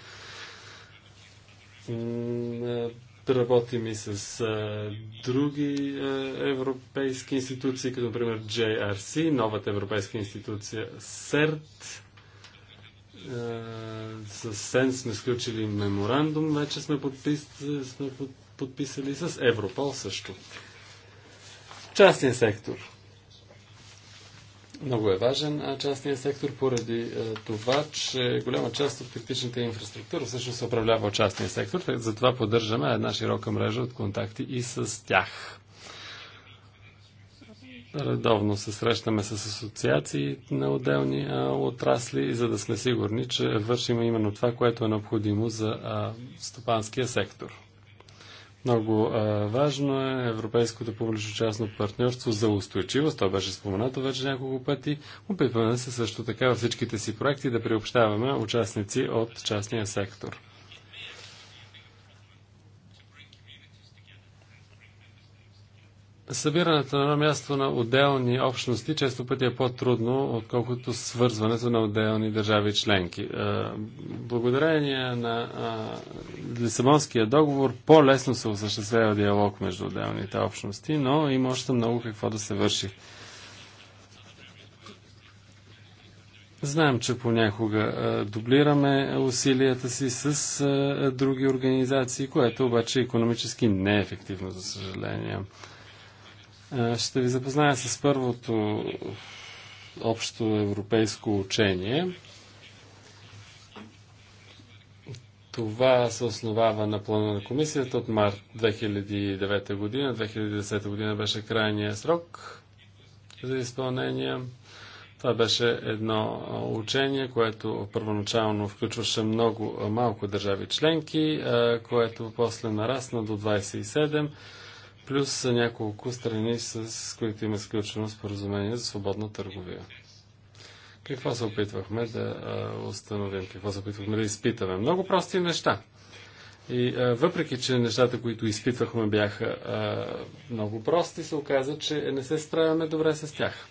е, Работим и с а, други а, европейски институции, като например JRC, новата европейска институция CERT. А, с СЕН сме сключили меморандум, вече сме, подпис, сме подписали с Европол също. Частен сектор много е важен частния сектор поради това, че голяма част от критичната инфраструктура всъщност се управлява от частния сектор, затова поддържаме една широка мрежа от контакти и с тях. Редовно се срещаме с асоциации на отделни а, отрасли, за да сме сигурни, че вършим именно това, което е необходимо за а, стопанския сектор. Много а, важно е европейското публично-частно партньорство за устойчивост. Това беше споменато вече няколко пъти. Опитваме се също така във всичките си проекти да приобщаваме участници от частния сектор. Събирането на място на отделни общности често пъти е по-трудно, отколкото свързването на отделни държави членки. Е, благодарение на е, Лисабонския договор по-лесно се осъществява диалог между отделните общности, но има още много какво да се върши. Знаем, че понякога е, дублираме усилията си с други организации, което обаче е економически неефективно, за съжаление. Ще ви запозная с първото общо европейско учение. Това се основава на плана на комисията от март 2009 година. 2010 година беше крайния срок за изпълнение. Това беше едно учение, което първоначално включваше много малко държави членки, което после нарасна до 27 плюс са няколко страни, с които има сключено споразумение за свободна търговия. Какво се опитвахме да установим? Какво се опитвахме да изпитаме? Много прости неща. И а, въпреки, че нещата, които изпитвахме, бяха а, много прости, се оказа, че не се справяме добре с тях.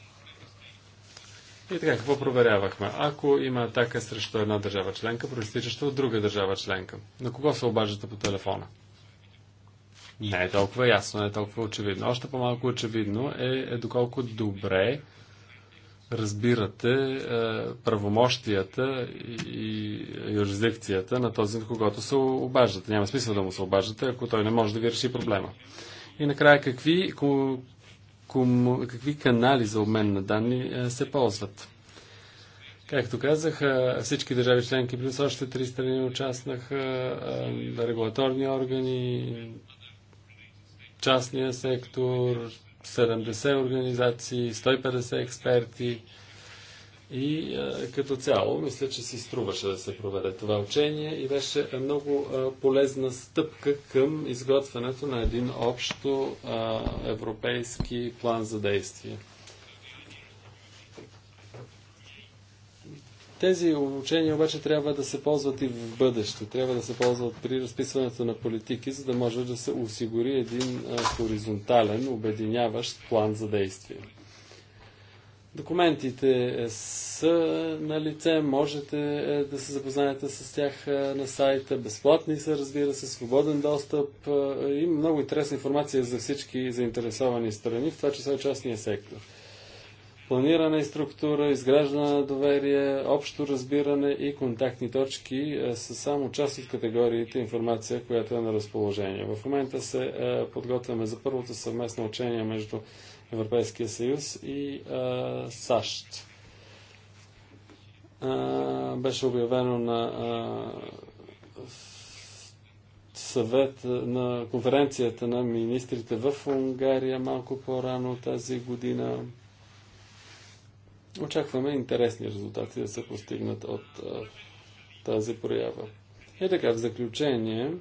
И така, какво проверявахме? Ако има атака срещу една държава членка, проистичаща от друга държава членка, на кого се обаждате по телефона? не е толкова ясно, не е толкова очевидно. Още по-малко очевидно е, е доколко добре разбирате е, правомощията и юрисдикцията на този, на когото се обаждате. Няма смисъл да му се обаждате, ако той не може да ви реши проблема. И накрая, какви, ком, ком, какви канали за обмен на данни е, се ползват? Както казах, е, всички държави членки, плюс още три страни участнаха, е, регулаторни органи, частния сектор, 70 организации, 150 експерти. И а, като цяло, мисля, че си струваше да се проведе това учение и беше много а, полезна стъпка към изготвянето на един общо а, европейски план за действие. Тези обучения обаче трябва да се ползват и в бъдеще. Трябва да се ползват при разписването на политики, за да може да се осигури един хоризонтален, обединяващ план за действие. Документите е, са на лице, можете е, да се запознаете с тях е, на сайта. Безплатни са, разбира се, свободен достъп. Има много интересна информация за всички заинтересовани страни, в това число и частния сектор планиране и структура, изграждане на доверие, общо разбиране и контактни точки е, са само част от категориите информация, която е на разположение. В момента се е, подготвяме за първото съвместно учение между Европейския съюз и е, САЩ. Беше обявено на съвет на конференцията на министрите в Унгария малко по-рано тази година. Очакваме интересни резултати да се постигнат от а, тази проява. И така, в заключение,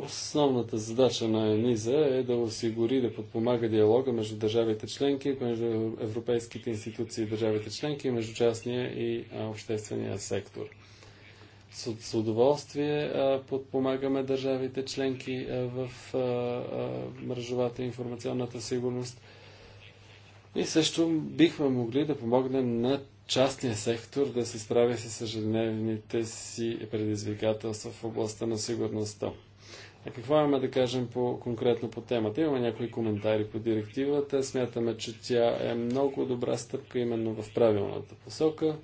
Основната задача на ЕНИЗА е да осигури да подпомага диалога между държавите членки, между европейските институции и държавите членки, между частния и обществения сектор. С, с удоволствие а, подпомагаме държавите членки а, в а, мрежовата информационната сигурност. И също бихме могли да помогнем на частния сектор да се справи с ежедневните си предизвикателства в областта на сигурността. А какво имаме да кажем по, конкретно по темата? Имаме някои коментари по директивата. Смятаме, че тя е много добра стъпка именно в правилната посока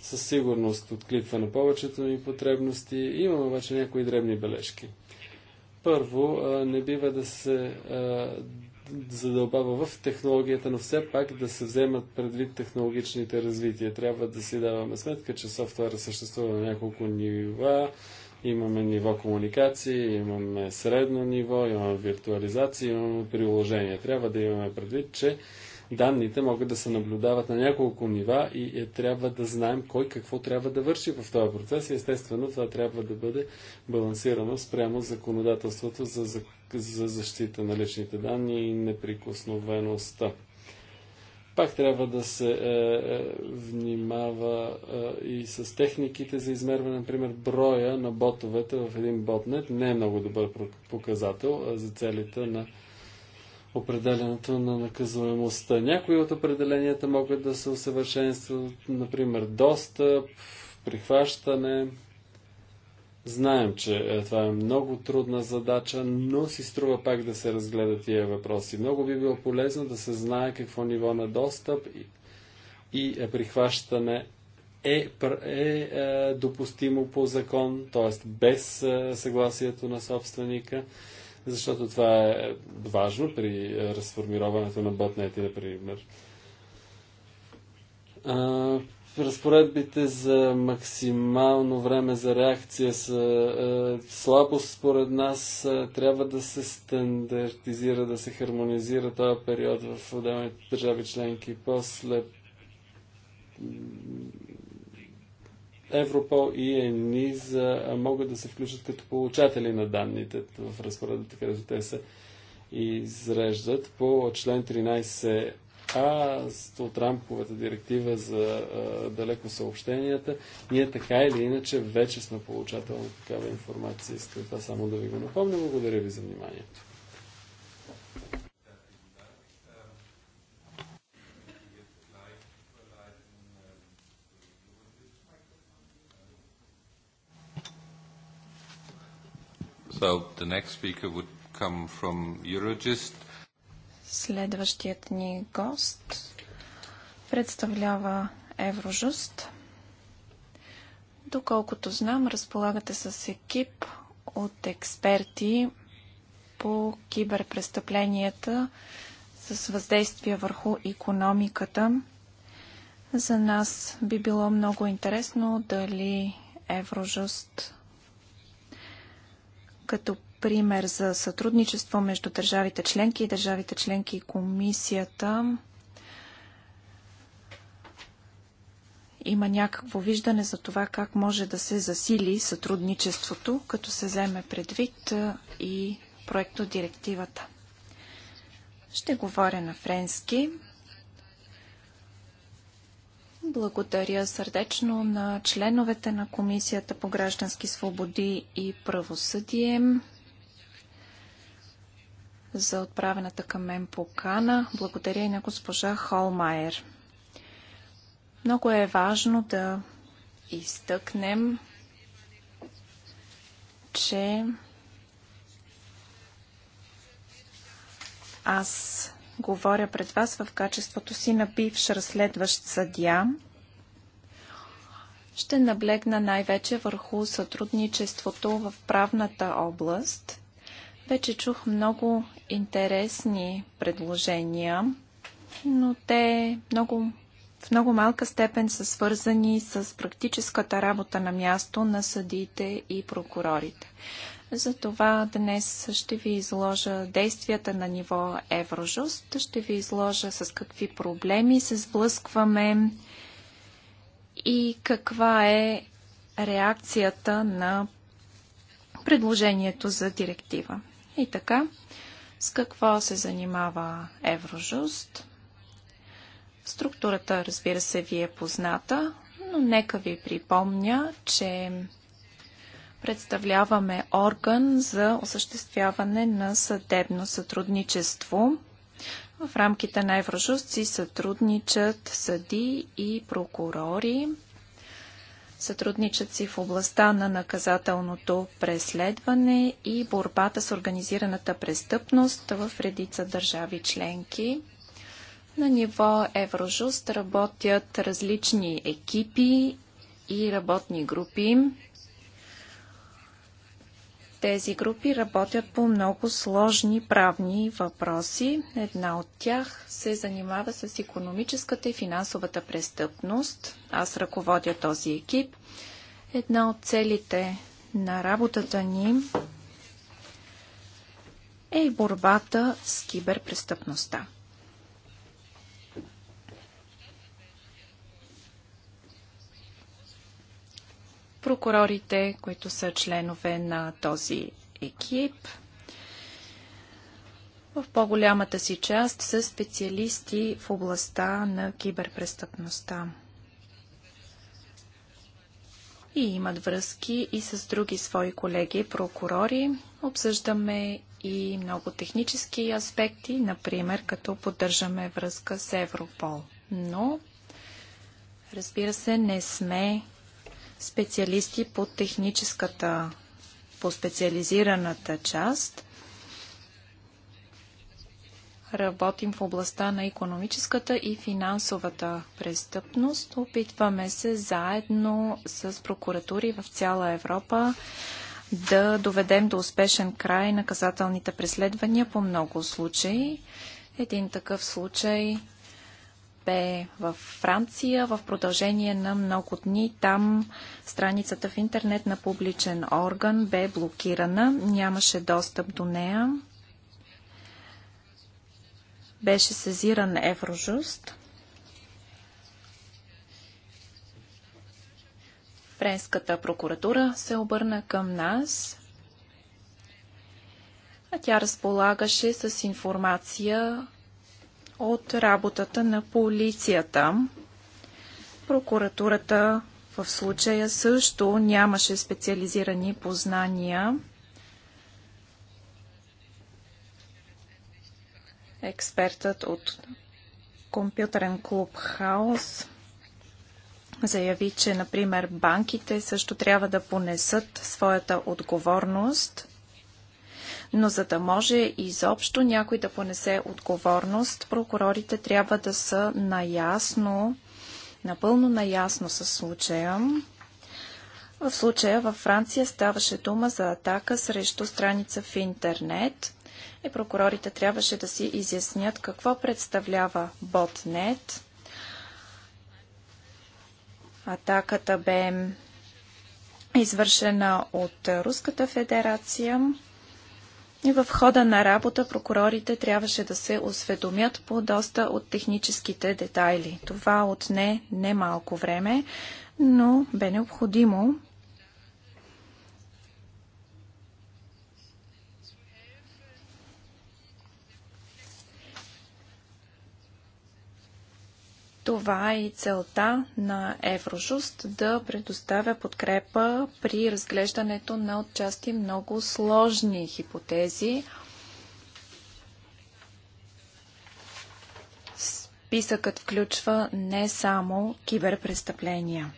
със сигурност отклипва на повечето ни потребности. имам обаче някои дребни бележки. Първо, не бива да се задълбава в технологията, но все пак да се вземат предвид технологичните развития. Трябва да си даваме сметка, че софтуера съществува на няколко нива. Имаме ниво комуникации, имаме средно ниво, имаме виртуализация, имаме приложение. Трябва да имаме предвид, че данните могат да се наблюдават на няколко нива и е, трябва да знаем кой какво трябва да върши в този процес. И естествено, това трябва да бъде балансирано спрямо законодателството за, за, за защита на личните данни и неприкосновеността пак трябва да се е, е, внимава е, и с техниките за измерване, например, броя на ботовете в един ботнет не е много добър показател е, за целите на определенето на наказуемостта. Някои от определенията могат да се усъвършенстват, например достъп, прихващане. Знаем, че е, това е много трудна задача, но си струва пак да се разгледат тия въпроси. Много би било полезно да се знае какво ниво на достъп и, и е, прихващане е, е, е допустимо по закон, т.е. без е, съгласието на собственика защото това е важно при е, разформироването на ботнети, например. разпоредбите за максимално време за реакция са е, слабост слабо според нас. Е, трябва да се стандартизира, да се хармонизира този период в отделните държави членки. После Европол и ЕНИЗ могат да се включат като получатели на данните в разпоредата, където те се изреждат по член 13 а от рамковата директива за далеко съобщенията, ние така или иначе вече сме получател на такава информация. Искам това само да ви го напомня. Благодаря ви за вниманието. So the next speaker would come from Eurogist.
Следващият ни гост представлява Еврожуст. Доколкото знам, разполагате с екип от експерти по киберпрестъпленията с въздействие върху економиката. За нас би било много интересно дали Еврожуст като пример за сътрудничество между държавите членки и държавите членки и комисията има някакво виждане за това как може да се засили сътрудничеството, като се вземе предвид и проекто директивата. Ще говоря на френски. Благодаря сърдечно на членовете на Комисията по граждански свободи и правосъдие за отправената към мен покана. Благодаря и на госпожа Холмайер. Много е важно да изтъкнем, че аз Говоря пред вас в качеството си на бивш разследващ съдия. Ще наблегна най-вече върху сътрудничеството в правната област. Вече чух много интересни предложения, но те много в много малка степен са свързани с практическата работа на място на съдиите и прокурорите. Затова днес ще ви изложа действията на ниво Еврожуст, ще ви изложа с какви проблеми се сблъскваме и каква е реакцията на предложението за директива. И така, с какво се занимава Еврожуст? Структурата, разбира се, ви е позната, но нека ви припомня, че Представляваме орган за осъществяване на съдебно сътрудничество. В рамките на Еврожуст си сътрудничат съди и прокурори. Сътрудничат си в областта на наказателното преследване и борбата с организираната престъпност в редица държави членки. На ниво Еврожуст работят различни екипи и работни групи тези групи работят по много сложни правни въпроси. Една от тях се занимава с економическата и финансовата престъпност. Аз ръководя този екип. Една от целите на работата ни е борбата с киберпрестъпността. прокурорите, които са членове на този екип. В по-голямата си част са специалисти в областта на киберпрестъпността. И имат връзки и с други свои колеги прокурори. Обсъждаме и много технически аспекти, например като поддържаме връзка с Европол. Но, разбира се, не сме специалисти по техническата, по специализираната част. Работим в областта на економическата и финансовата престъпност. Опитваме се заедно с прокуратури в цяла Европа да доведем до успешен край наказателните преследвания по много случаи. Един такъв случай бе в Франция в продължение на много дни. Там страницата в интернет на публичен орган бе блокирана, нямаше достъп до нея. Беше сезиран Еврожуст. Френската прокуратура се обърна към нас а тя разполагаше с информация, от работата на полицията. Прокуратурата в случая също нямаше специализирани познания. Експертът от компютърен клуб Хаос заяви, че, например, банките също трябва да понесат своята отговорност но за да може изобщо някой да понесе отговорност, прокурорите трябва да са наясно, напълно наясно със случая. В случая във Франция ставаше дума за атака срещу страница в интернет и прокурорите трябваше да си изяснят какво представлява ботнет. Атаката бе извършена от Руската федерация. И в хода на работа прокурорите трябваше да се осведомят по доста от техническите детайли. Това отне немалко време, но бе необходимо Това е и целта на Еврожуст да предоставя подкрепа при разглеждането на отчасти много сложни хипотези. Списъкът включва не само киберпрестъпления.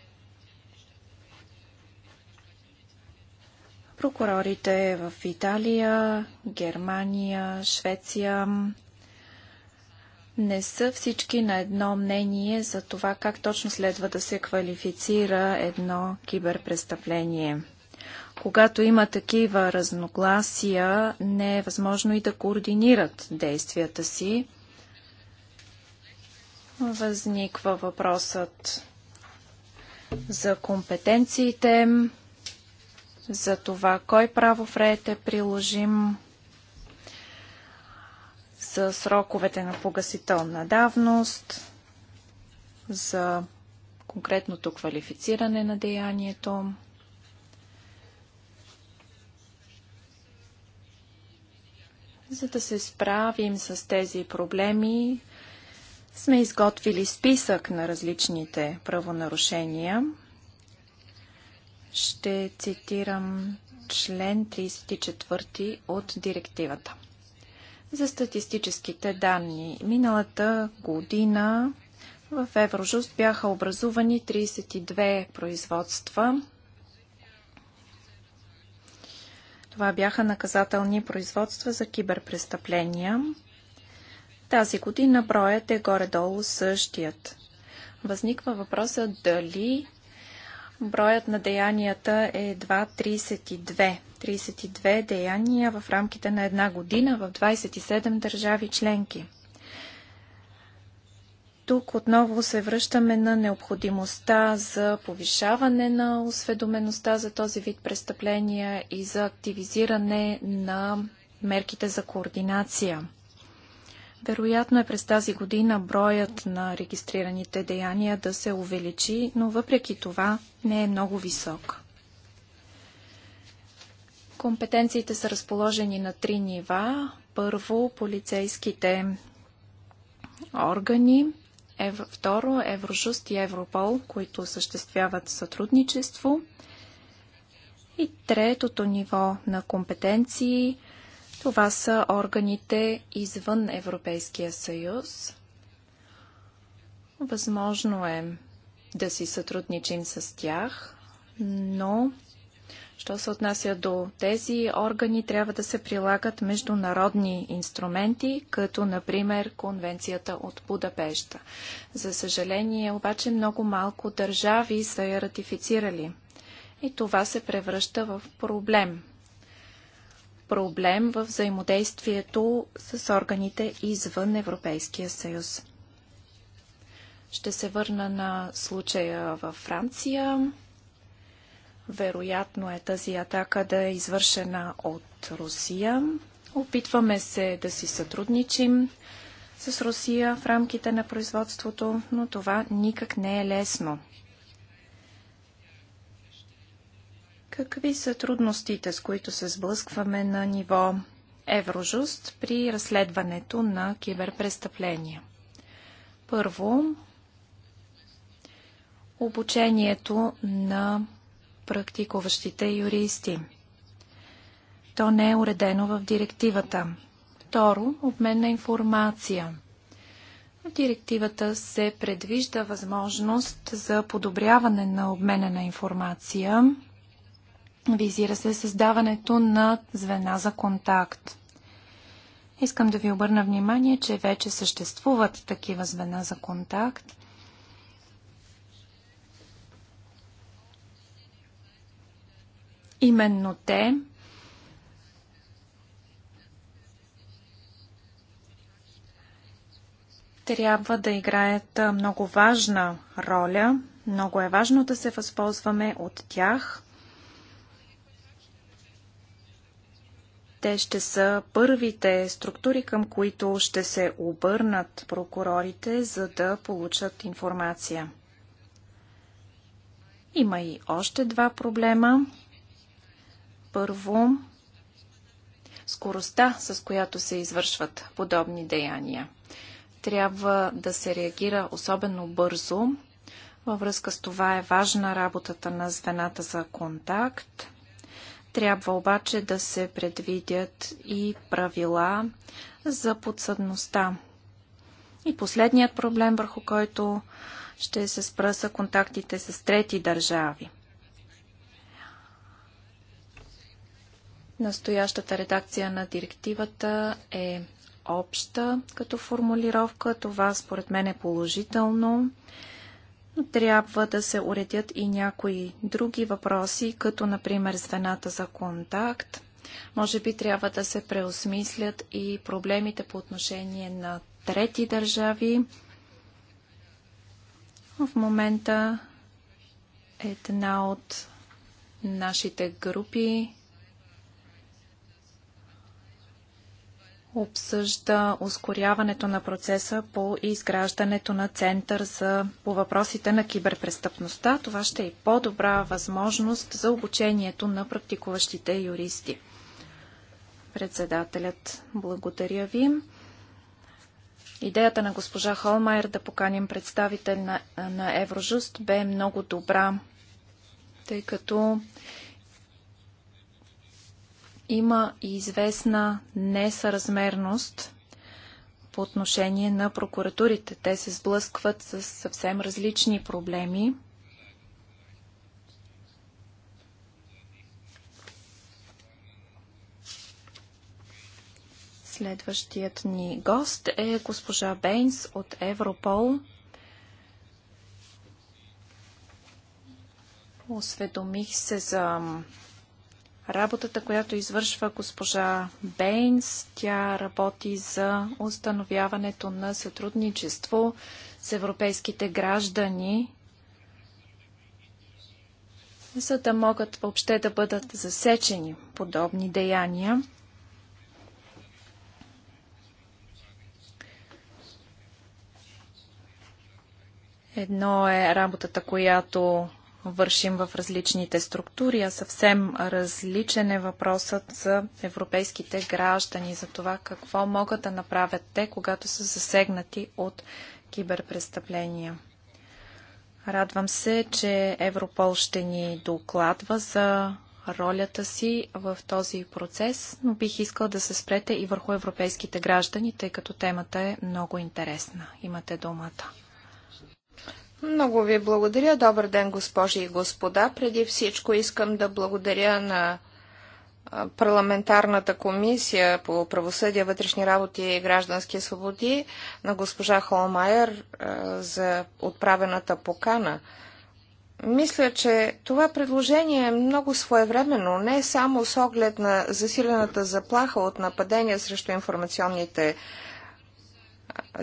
Прокурорите в Италия, Германия, Швеция, не са всички на едно мнение за това как точно следва да се квалифицира едно киберпрестъпление. Когато има такива разногласия, не е възможно и да координират действията си. Възниква въпросът за компетенциите, за това кой правов ред е приложим за сроковете на погасителна давност, за конкретното квалифициране на деянието. За да се справим с тези проблеми, сме изготвили списък на различните правонарушения. Ще цитирам член 34 от директивата – за статистическите данни. Миналата година в Еврожуст бяха образувани 32 производства. Това бяха наказателни производства за киберпрестъпления. Тази година броят е горе-долу същият. Възниква въпроса дали броят на деянията е едва 32. 32 деяния в рамките на една година в 27 държави членки. Тук отново се връщаме на необходимостта за повишаване на осведомеността за този вид престъпления и за активизиране на мерките за координация. Вероятно е през тази година броят на регистрираните деяния да се увеличи, но въпреки това не е много висок. Компетенциите са разположени на три нива. Първо, полицейските органи, второ, Еврожуст и Европол, които осъществяват сътрудничество. И третото ниво на компетенции, това са органите извън Европейския съюз. Възможно е да си сътрудничим с тях, но Що се отнася до тези органи, трябва да се прилагат международни инструменти, като например конвенцията от Будапешта. За съжаление, обаче много малко държави са я ратифицирали. И това се превръща в проблем. Проблем в взаимодействието с органите извън Европейския съюз. Ще се върна на случая във Франция. Вероятно е тази атака да е извършена от Русия. Опитваме се да си сътрудничим с Русия в рамките на производството, но това никак не е лесно. Какви са трудностите, с които се сблъскваме на ниво Еврожуст при разследването на киберпрестъпления? Първо, обучението на практикуващите юристи. То не е уредено в директивата. Второ, обмен на информация. В директивата се предвижда възможност за подобряване на обмена на информация. Визира се създаването на звена за контакт. Искам да ви обърна внимание, че вече съществуват такива звена за контакт. Именно те трябва да играят много важна роля. Много е важно да се възползваме от тях. Те ще са първите структури, към които ще се обърнат прокурорите, за да получат информация. Има и още два проблема. Първо, скоростта, с която се извършват подобни деяния. Трябва да се реагира особено бързо. Във връзка с това е важна работата на звената за контакт. Трябва обаче да се предвидят и правила за подсъдността. И последният проблем, върху който ще се спра, са контактите с трети държави. Настоящата редакция на директивата е обща като формулировка. Това според мен е положително. Но трябва да се уредят и някои други въпроси, като например звената за контакт. Може би трябва да се преосмислят и проблемите по отношение на трети държави. В момента една от нашите групи обсъжда ускоряването на процеса по изграждането на център за, по въпросите на киберпрестъпността. Това ще е по-добра възможност за обучението на практикуващите юристи. Председателят, благодаря ви. Идеята на госпожа Холмайер да поканим представител на, на Еврожуст бе много добра, тъй като има и известна несъразмерност по отношение на прокуратурите. Те се сблъскват с съвсем различни проблеми. Следващият ни гост е госпожа Бейнс от Европол. Осведомих се за Работата, която извършва госпожа Бейнс, тя работи за установяването на сътрудничество с европейските граждани, за да могат въобще да бъдат засечени подобни деяния. Едно е работата, която вършим в различните структури, а съвсем различен е въпросът за европейските граждани, за това какво могат да направят те, когато са засегнати от киберпрестъпления. Радвам се, че Европол ще ни докладва за ролята си в този процес, но бих искал да се спрете и върху европейските граждани, тъй като темата е много интересна. Имате думата.
Много ви благодаря. Добър ден, госпожи и господа. Преди всичко искам да благодаря на парламентарната комисия по правосъдие, вътрешни работи и граждански свободи на госпожа Холмайер за отправената покана. Мисля, че това предложение е много своевременно, не само с оглед на засилената заплаха от нападения срещу информационните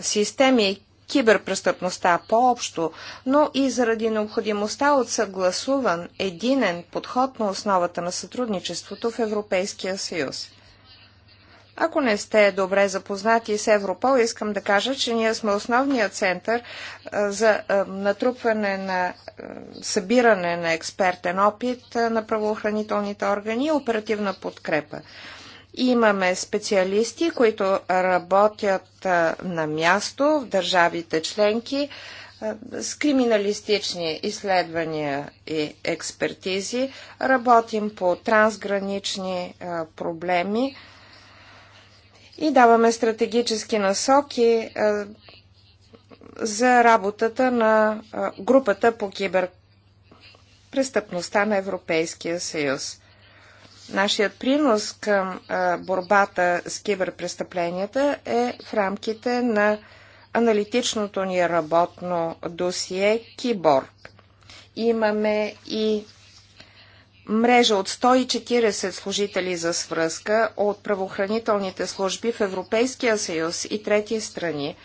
системи киберпрестъпността по-общо, но и заради необходимостта от съгласуван, единен подход на основата на сътрудничеството в Европейския съюз. Ако не сте добре запознати с Европол, искам да кажа, че ние сме основният център за натрупване на събиране на експертен опит на правоохранителните органи и оперативна подкрепа. Имаме специалисти, които работят на място в държавите членки с криминалистични изследвания и експертизи. Работим по трансгранични проблеми и даваме стратегически насоки за работата на групата по киберпрестъпността на Европейския съюз. Нашият принос към борбата с киберпрестъпленията е в рамките на аналитичното ни работно досие Киборг. Имаме и мрежа от 140 служители за свръзка от правоохранителните служби в Европейския съюз и трети страни,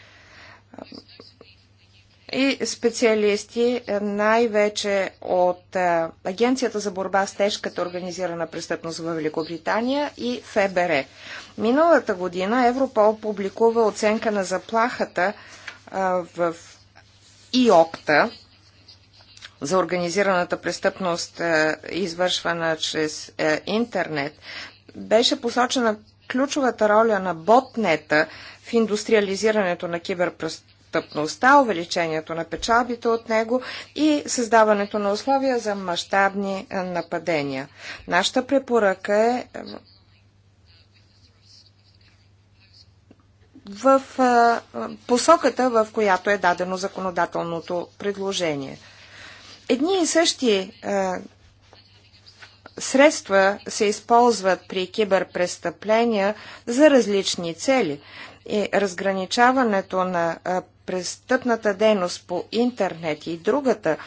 и специалисти, е, най-вече от е, Агенцията за борба с тежката организирана престъпност в Великобритания и ФБР. Миналата година Европол публикува оценка на заплахата е, в ИОПТА за организираната престъпност, извършвана чрез интернет. Беше посочена ключовата роля на ботнета в индустриализирането на киберпрест престъпността, увеличението на печалбите от него и създаването на условия за мащабни е, нападения. Нашата препоръка е, е в е, посоката, в която е дадено законодателното предложение. Едни и същи средства се използват при киберпрестъпления за различни цели. И разграничаването на престъпната дейност по интернет и другата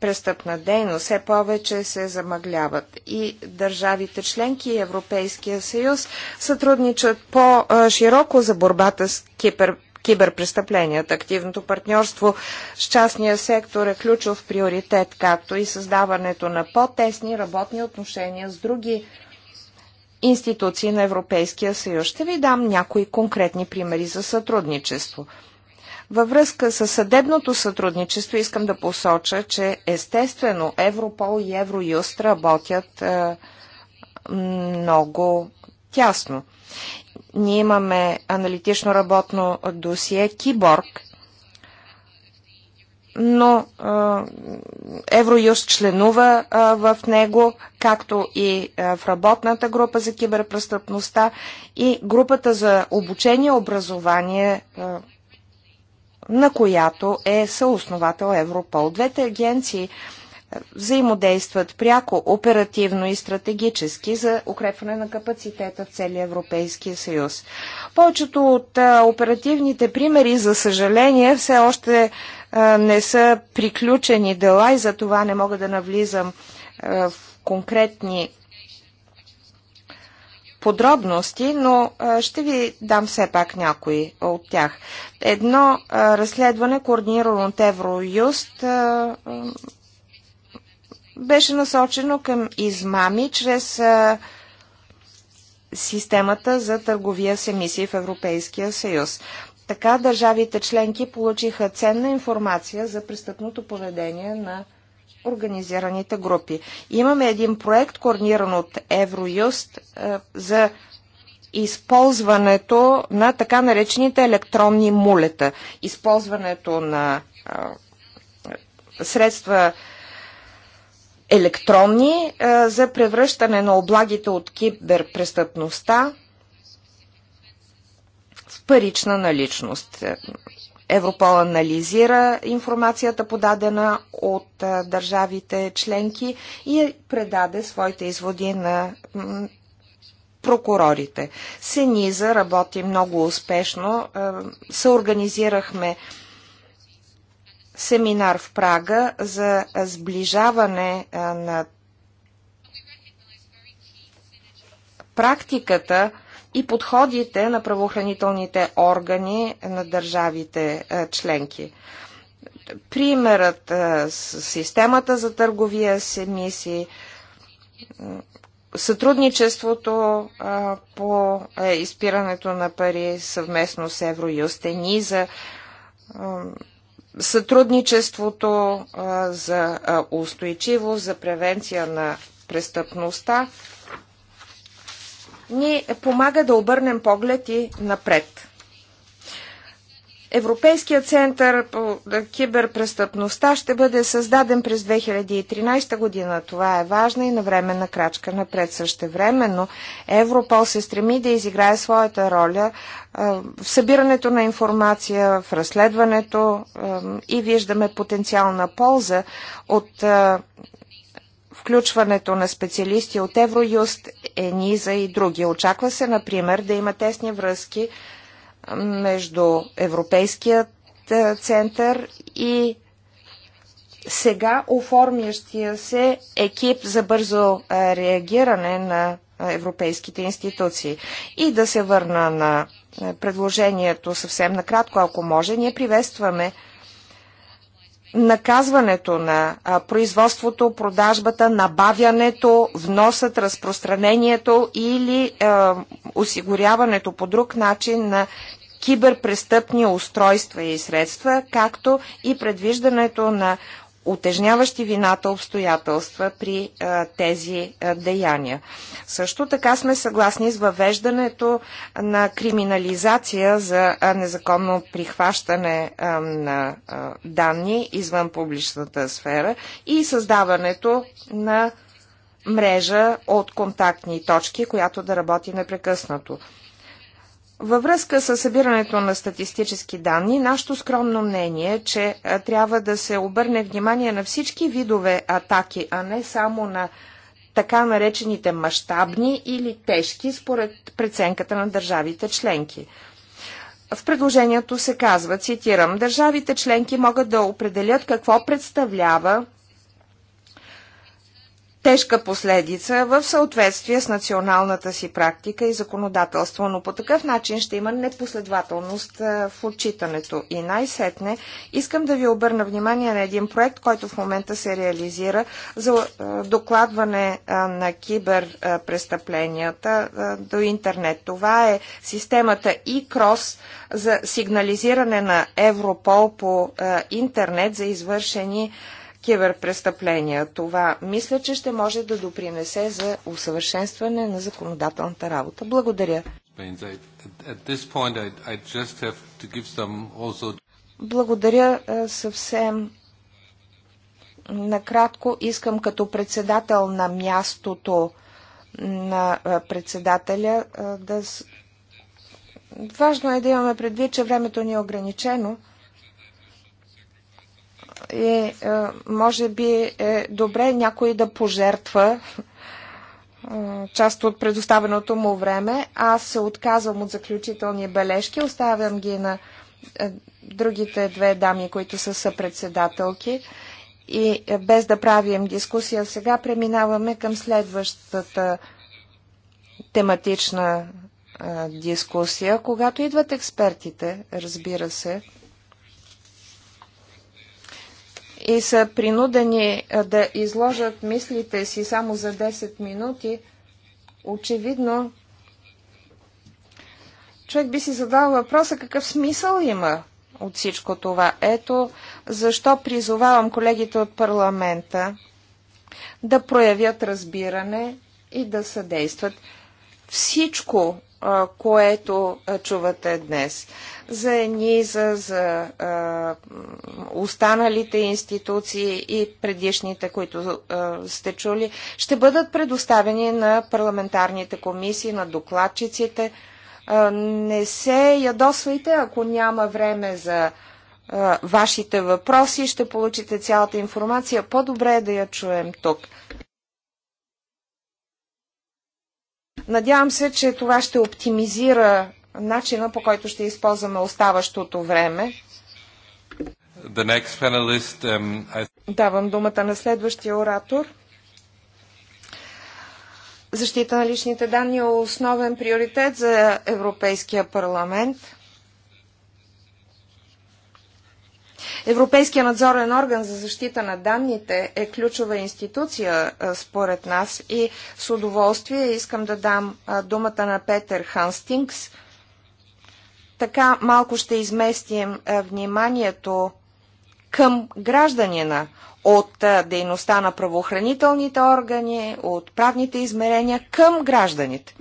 престъпна дейност все повече се замъгляват и държавите членки и Европейския съюз сътрудничат по-широко за борбата с кипер киберпрестъпленията. Активното партньорство с частния сектор е ключов приоритет, както и създаването на по-тесни работни отношения с други институции на Европейския съюз. Ще ви дам някои конкретни примери за сътрудничество – във връзка с съдебното сътрудничество искам да посоча, че естествено Европол и Евроюст работят е, много тясно. Ние имаме аналитично работно досие Киборг, но е, Евроюст членува а, е, в него, както и а, в работната група за киберпрестъпността и групата за обучение и образование а, на която е съосновател Европол. Двете агенции е, взаимодействат пряко, оперативно и стратегически за укрепване на капацитета в целия Европейския съюз. Повечето от е, оперативните примери, за съжаление, все още е, не са приключени дела и за това не мога да навлизам в конкретни подробности, но ще ви дам все пак някои от тях. Едно разследване, координирано от Евроюст, беше насочено към измами чрез системата за търговия с емисии в Европейския съюз. Така държавите членки получиха ценна информация за престъпното поведение на организираните групи. Имаме един проект, координиран от Евроюст, е, за използването на така наречените електронни мулета. Използването на е, средства електронни е, за превръщане на облагите от киберпрестъпността в парична наличност. Европол анализира информацията подадена от държавите членки и предаде своите изводи на прокурорите. Сениза работи много успешно. Съорганизирахме семинар в Прага за сближаване на практиката и подходите на правоохранителните органи на държавите е, членки. Примерът е, с системата за търговия с емисии, сътрудничеството е, по изпирането на пари съвместно с Евроюст, ЕНИЗА, сътрудничеството за устойчивост за превенция на престъпността ни помага да обърнем поглед и напред. Европейският център по киберпрестъпността ще бъде създаден през 2013 година. Това е важна и навременна крачка напред. също но Европол се стреми да изиграе своята роля в събирането на информация, в разследването и виждаме потенциална полза от включването на специалисти от Евроюст, ЕНИЗА и други. Очаква се, например, да има тесни връзки между Европейският център и сега оформящия се екип за бързо реагиране на европейските институции. И да се върна на предложението съвсем накратко, ако може, ние приветстваме наказването на производството, продажбата, набавянето, вносът, разпространението или е, осигуряването по друг начин на киберпрестъпни устройства и средства, както и предвиждането на утежняващи вината обстоятелства при а, тези а, деяния. Също така сме съгласни с въвеждането на криминализация за а, незаконно прихващане а, на а, данни извън публичната сфера и създаването на мрежа от контактни точки, която да работи непрекъснато. Във връзка с събирането на статистически данни, нашето скромно мнение е, че трябва да се обърне внимание на всички видове атаки, а не само на така наречените мащабни или тежки, според преценката на държавите членки. В предложението се казва, цитирам, държавите членки могат да определят какво представлява тежка последица в съответствие с националната си практика и законодателство, но по такъв начин ще има непоследователност в отчитането. И най-сетне искам да ви обърна внимание на един проект, който в момента се реализира за докладване на киберпрестъпленията до интернет. Това е системата e-cross за сигнализиране на Европол по интернет за извършени киберпрестъпления. Това мисля, че ще може да допринесе за усъвършенстване на законодателната работа. Благодаря. Благодаря съвсем накратко. Искам като председател на мястото на председателя да. Важно е да имаме предвид, че времето ни е ограничено. Е, е, може би е добре някой да пожертва е, част от предоставеното му време. Аз се отказвам от заключителни бележки, оставям ги на е, другите две дами, които са съпредседателки. И без да правим дискусия сега, преминаваме към следващата тематична дискусия, когато идват експертите, разбира се. и са принудени да изложат мислите си само за 10 минути, очевидно човек би си задал въпроса какъв смисъл има от всичко това. Ето защо призовавам колегите от парламента да проявят разбиране и да съдействат. Всичко което чувате днес. За ЕНИЗА, за останалите институции и предишните, които сте чули, ще бъдат предоставени на парламентарните комисии, на докладчиците. Не се ядосвайте, ако няма време за вашите въпроси, ще получите цялата информация. По-добре е да я чуем тук. Надявам се, че това ще оптимизира начина по който ще използваме оставащото време.
Panelist, um, I...
Давам думата на следващия оратор. Защита на личните данни е основен приоритет за Европейския парламент – Европейския надзорен орган за защита на данните е ключова институция според нас и с удоволствие искам да дам думата на Петър Ханстингс. Така малко ще изместим вниманието към гражданина от дейността на правоохранителните органи, от правните измерения към гражданите.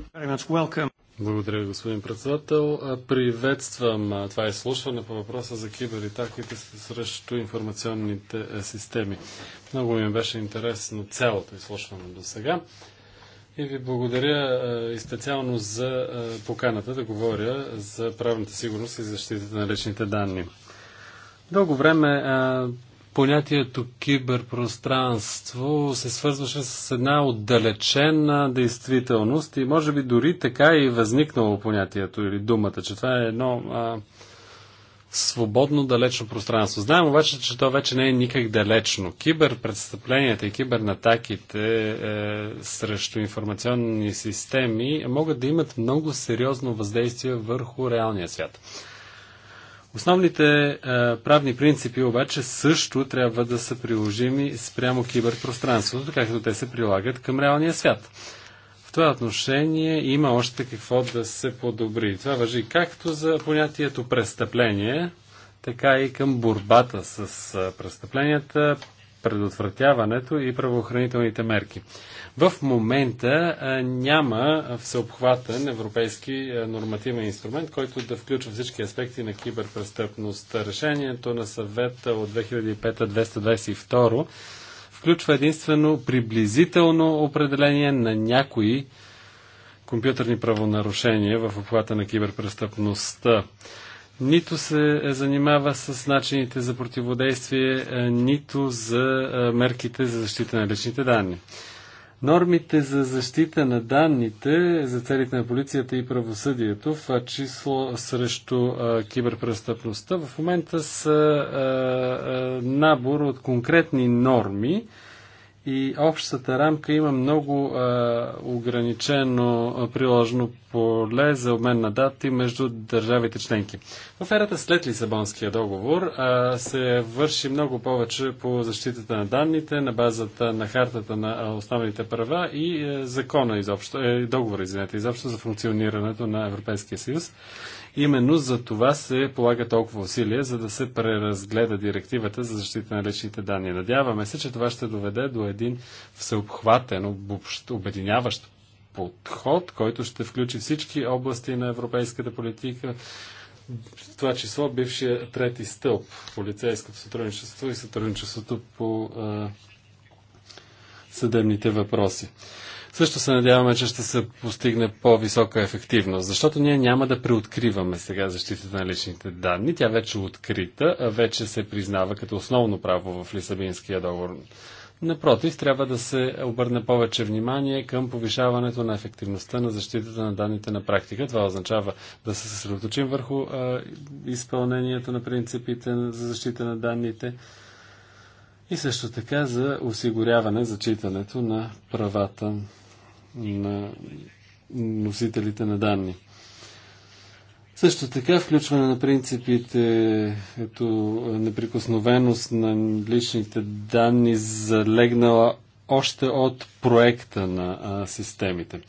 Благодаря, господин председател. Приветствам това изслушване по въпроса за кибератаките срещу информационните е, системи. Много ми беше интересно цялото изслушване до сега. И ви благодаря и специално за поканата да говоря за правната сигурност и защитата на личните данни. Дълго време понятието киберпространство се свързваше с една отдалечена действителност и може би дори така е и възникнало понятието или думата, че това е едно а, свободно далечно пространство. Знаем обаче, че то вече не е никак далечно. Киберпредстъпленията и кибернатаките е, срещу информационни системи могат да имат много сериозно въздействие върху реалния свят. Основните е, правни принципи обаче също трябва да са приложими спрямо киберпространството, както те се прилагат към реалния свят. В това отношение има още какво да се подобри. Това въжи както за понятието престъпление, така и към борбата с престъпленията, предотвратяването и правоохранителните мерки. В момента няма всеобхватен европейски нормативен инструмент, който да включва всички аспекти на киберпрестъпност. Решението на съвета от 2005-222 включва единствено приблизително определение на някои компютърни правонарушения в обхвата на киберпрестъпността нито се е, занимава с начините за противодействие, е, нито за е, мерките за защита на личните данни. Нормите за защита на данните за целите на полицията и правосъдието, в число срещу киберпрестъпността, в момента са набор от конкретни норми, и общата рамка има много а, ограничено приложено поле за обмен на дати между държавите членки. В ерата след Лисабонския договор а, се върши много повече по защитата на данните на базата на хартата на основните права и е, закона изобщо, е, договора, извинете, изобщо за функционирането на Европейския съюз. Именно за това се полага толкова усилия, за да се преразгледа директивата за защита на личните данни. Надяваме се, че това ще доведе до един всеобхватен, обединяващ подход, който ще включи всички области на европейската политика, в това число бившия трети стълб, полицейското сътрудничество и сътрудничеството по а, съдебните въпроси също се надяваме, че ще се постигне по-висока ефективност, защото ние няма да преоткриваме сега защитата на личните данни. Тя вече е открита, а вече се признава като основно право в Лисабинския договор. Напротив, трябва да се обърне повече внимание към повишаването на ефективността на защитата на данните на практика. Това означава да се съсредоточим върху а, изпълнението на принципите за защита на данните и също така за осигуряване зачитането на правата на носителите на данни. Също така включване на принципите ето, неприкосновеност на личните данни залегнала още от проекта на а, системите.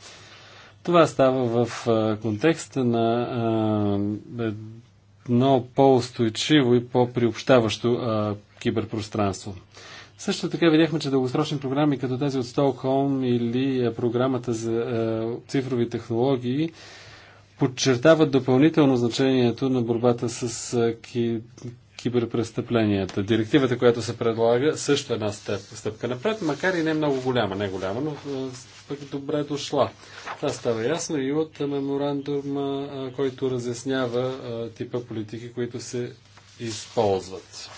Това става в а, контекста на а, едно по-устойчиво и по-приобщаващо киберпространство. Също така видяхме, че дългосрочни програми като тази от Стокхолм или е, програмата за е, цифрови технологии подчертават допълнително значението на борбата с е, ки, киберпрестъпленията. Директивата, която се предлага, също е една стъпка напред, макар и не много голяма, не голяма, но пък добре дошла. Това става ясно и от меморандума, който разяснява типа политики, които се използват.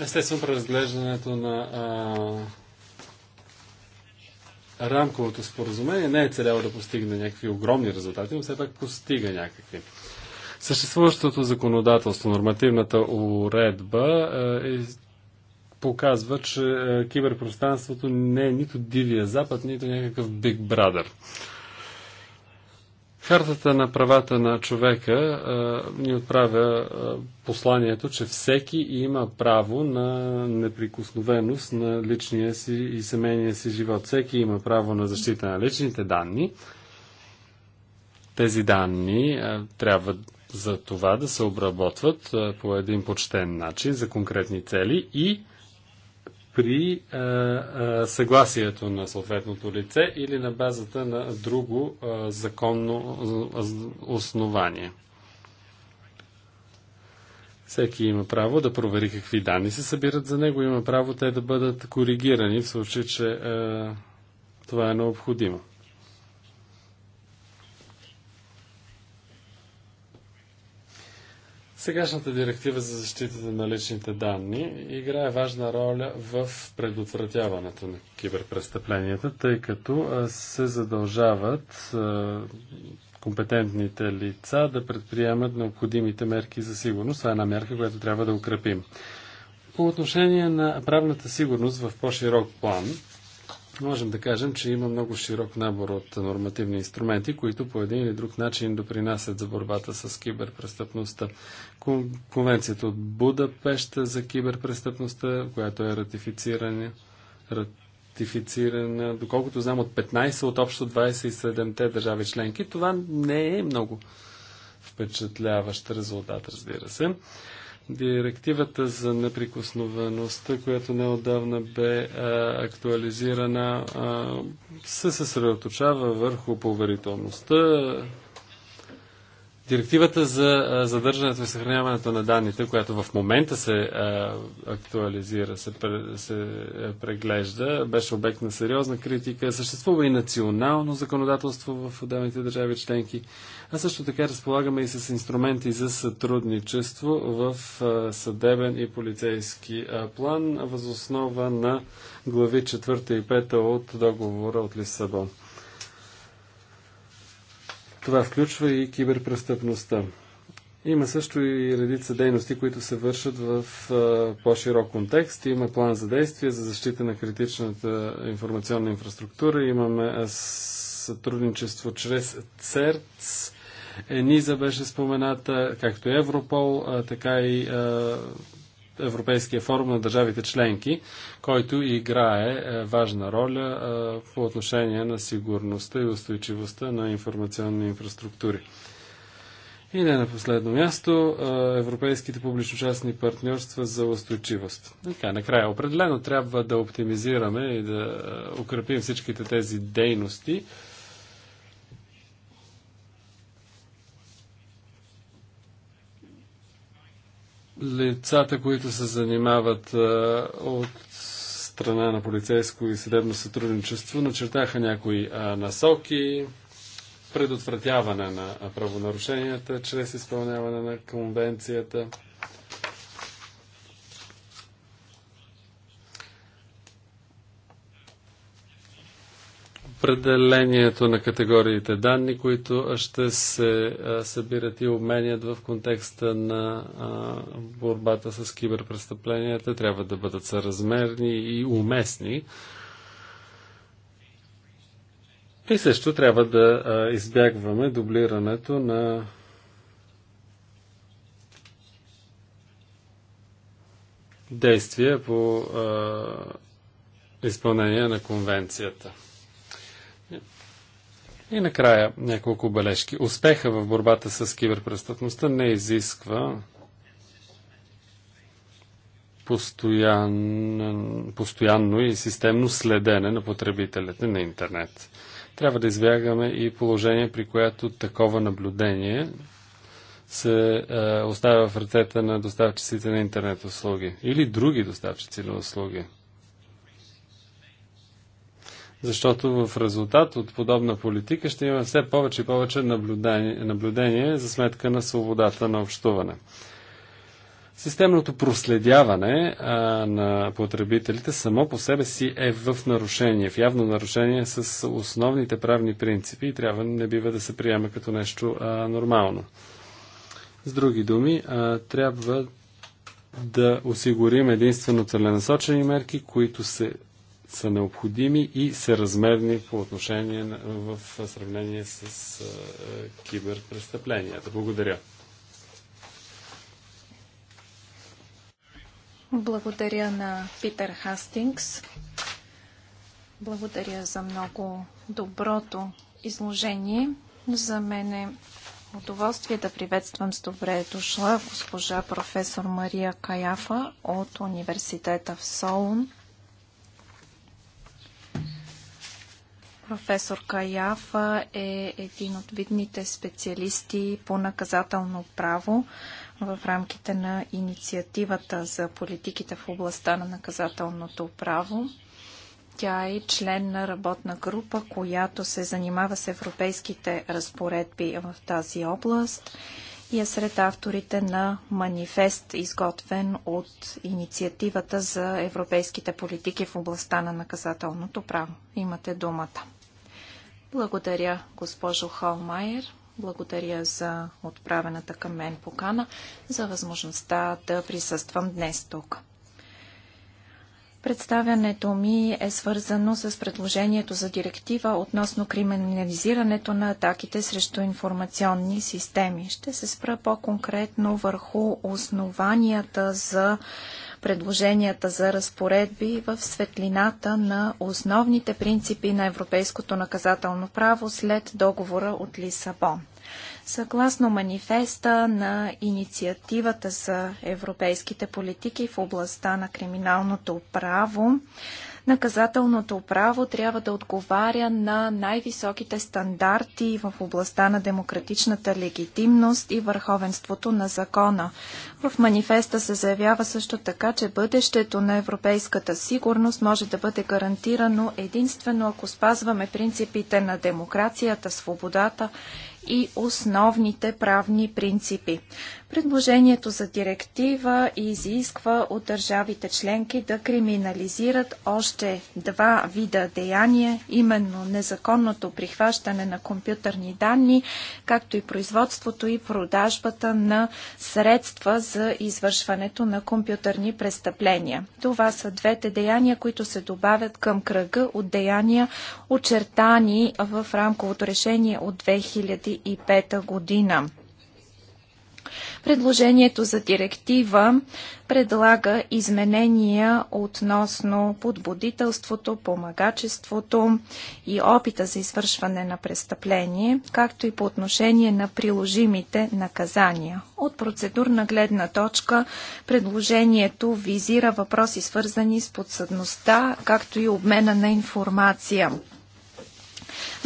Естествено, преразглеждането на а, рамковото споразумение не е целяло да постигне някакви огромни резултати, но все пак постига някакви. Съществуващото законодателство, нормативната уредба е, показва, че киберпространството не е нито дивия запад, нито някакъв Биг Брадър. Хартата на правата на човека а, ни отправя а, посланието, че всеки има право на неприкосновеност на личния си и семейния си живот. Всеки има право на защита на личните данни. Тези данни а, трябва за това да се обработват а, по един почтен начин за конкретни цели и при а, е, а, е, съгласието на съответното лице или на базата на друго а, е, законно основание. Всеки има право да провери какви данни се събират за него, има право те да бъдат коригирани в случай, че а, това е необходимо. Сегашната директива за защитата на личните данни играе важна роля в предотвратяването на киберпрестъпленията, тъй като се задължават компетентните лица да предприемат необходимите мерки за сигурност. Това е една мерка, която трябва да укрепим. По отношение на правната сигурност в по-широк план, можем да кажем, че има много широк набор от нормативни инструменти, които по един или друг начин допринасят за борбата с киберпрестъпността. Конвенцията от Будапеща за киберпрестъпността, която е ратифицирана, ратифицирана, доколкото знам, от 15 от общо 27-те държави членки. Това не е много впечатляващ резултат, разбира се. Директивата за неприкосновеността, която неодавна бе а, е, актуализирана, а, е, се съсредоточава върху поверителността. Директивата за е, задържането и съхраняването на данните, която в момента се а, актуализира, се, се преглежда, беше обект на сериозна критика. Съществува и национално законодателство в отделните държави членки. А също така разполагаме и с инструменти за сътрудничество в съдебен и полицейски план, възоснова на глави 4 и 5 от договора от Лиссабон. Това включва и киберпрестъпността. Има също и редица дейности, които се вършат в по-широк контекст. Има план за действие за защита на критичната информационна инфраструктура. Имаме сътрудничество чрез ЦЕРЦ Ениза беше спомената, както Европол, така и Европейския форум на държавите членки, който играе важна роля по отношение на сигурността и устойчивостта на информационни инфраструктури. И не на последно място, европейските публично-частни партньорства за устойчивост. Така, накрая, определено трябва да оптимизираме и да укрепим всичките тези дейности, лицата, които се занимават а, от страна на полицейско и съдебно сътрудничество, начертаха някои а, насоки, предотвратяване на правонарушенията чрез изпълняване на конвенцията – определението на категориите данни, които ще се събират и обменят в контекста на борбата с киберпрестъпленията, трябва да бъдат съразмерни и уместни. И също трябва да избягваме дублирането на действия по изпълнение на конвенцията. И накрая няколко бележки. Успеха в борбата с киберпрестъпността не изисква постоянно, постоянно и системно следене на потребителите на интернет. Трябва да избягаме и положение, при което такова наблюдение се е, оставя в ръцете на доставчиците на интернет услуги или други доставчици на услуги – защото в резултат от подобна политика ще имаме все повече и повече наблюдение, наблюдение за сметка на свободата на общуване. Системното проследяване а, на потребителите само по себе си е в нарушение, в явно нарушение с основните правни принципи и трябва не бива да се приема като нещо а, нормално. С други думи, а, трябва да осигурим единствено целенасочени мерки, които се са необходими и съразмерни по отношение на, в сравнение с киберпрестъпленията. Благодаря.
Благодаря на Питер Хастингс. Благодаря за много доброто изложение. За мен е удоволствие да приветствам с добре дошла госпожа професор Мария Каяфа от университета в Солун – Професор Каяфа е един от видните специалисти по наказателно право в рамките на инициативата за политиките в областта на наказателното право. Тя е член на работна група, която се занимава с европейските разпоредби в тази област и е сред авторите на манифест, изготвен от инициативата за европейските политики в областта на наказателното право. Имате думата. Благодаря, госпожо Холмайер. Благодаря за отправената към мен покана, за възможността да присъствам днес тук. Представянето ми е свързано с предложението за директива относно криминализирането на атаките срещу информационни системи. Ще се спра по-конкретно върху основанията за предложенията за разпоредби в светлината на основните принципи на европейското наказателно право след договора от Лисабон. Съгласно манифеста на инициативата за европейските политики в областта на криминалното право, Наказателното право трябва да отговаря на най-високите стандарти в областта на демократичната легитимност и върховенството на закона. В манифеста се заявява също така, че бъдещето на европейската сигурност може да бъде гарантирано единствено ако спазваме принципите на демокрацията, свободата и основните правни принципи. Предложението за директива изисква от държавите членки да криминализират още два вида деяния, именно незаконното прихващане на компютърни данни, както и производството и продажбата на средства за извършването на компютърни престъпления. Това са двете деяния, които се добавят към кръга от деяния, очертани в рамковото решение от 2005 година. Предложението за директива предлага изменения относно подбудителството, помагачеството и опита за извършване на престъпление, както и по отношение на приложимите наказания. От процедурна гледна точка предложението визира въпроси свързани с подсъдността, както и обмена на информация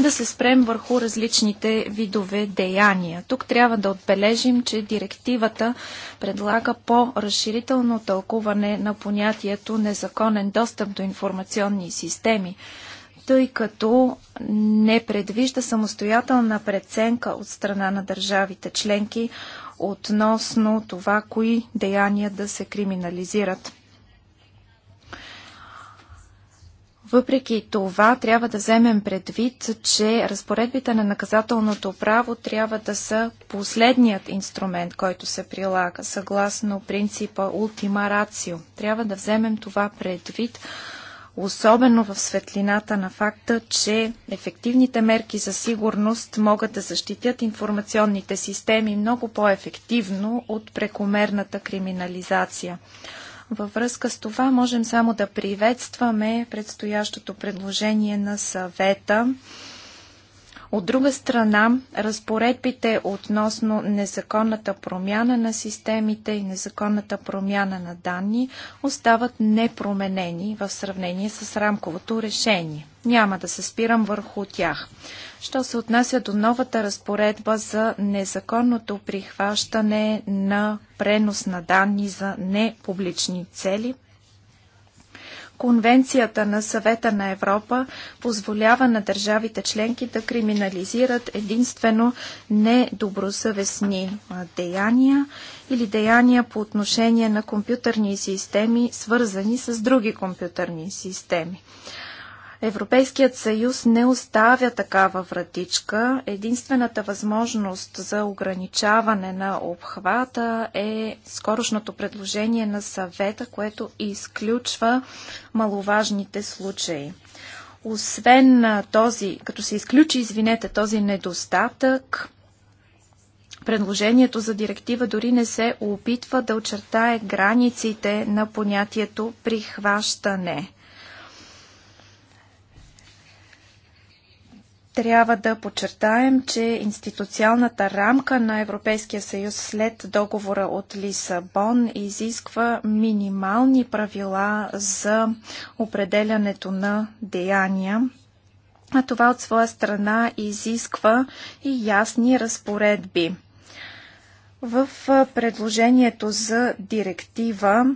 да се спрем върху различните видове деяния. Тук трябва да отбележим, че директивата предлага по-разширително тълкуване на понятието незаконен достъп до информационни системи тъй като не предвижда самостоятелна преценка от страна на държавите членки относно това, кои деяния да се криминализират. Въпреки това, трябва да вземем предвид, че разпоредбите на наказателното право трябва да са последният инструмент, който се прилага, съгласно принципа ултима рацио. Трябва да вземем това предвид, особено в светлината на факта, че ефективните мерки за сигурност могат да защитят информационните системи много по-ефективно от прекомерната криминализация. Във връзка с това можем само да приветстваме предстоящото предложение на съвета. От друга страна, разпоредбите относно незаконната промяна на системите и незаконната промяна на данни остават непроменени в сравнение с рамковото решение. Няма да се спирам върху тях. Що се отнася до новата разпоредба за незаконното прихващане на пренос на данни за непублични цели, Конвенцията на Съвета на Европа позволява на държавите членки да криминализират единствено недобросъвестни деяния или деяния по отношение на компютърни системи, свързани с други компютърни системи. Европейският съюз не оставя такава вратичка. Единствената възможност за ограничаване на обхвата е скорошното предложение на съвета, което изключва маловажните случаи. Освен този, като се изключи, извинете, този недостатък, Предложението за директива дори не се опитва да очертае границите на понятието прихващане. трябва да подчертаем, че институционалната рамка на Европейския съюз след договора от Лисабон изисква минимални правила за определянето на деяния, а това от своя страна изисква и ясни разпоредби. В предложението за директива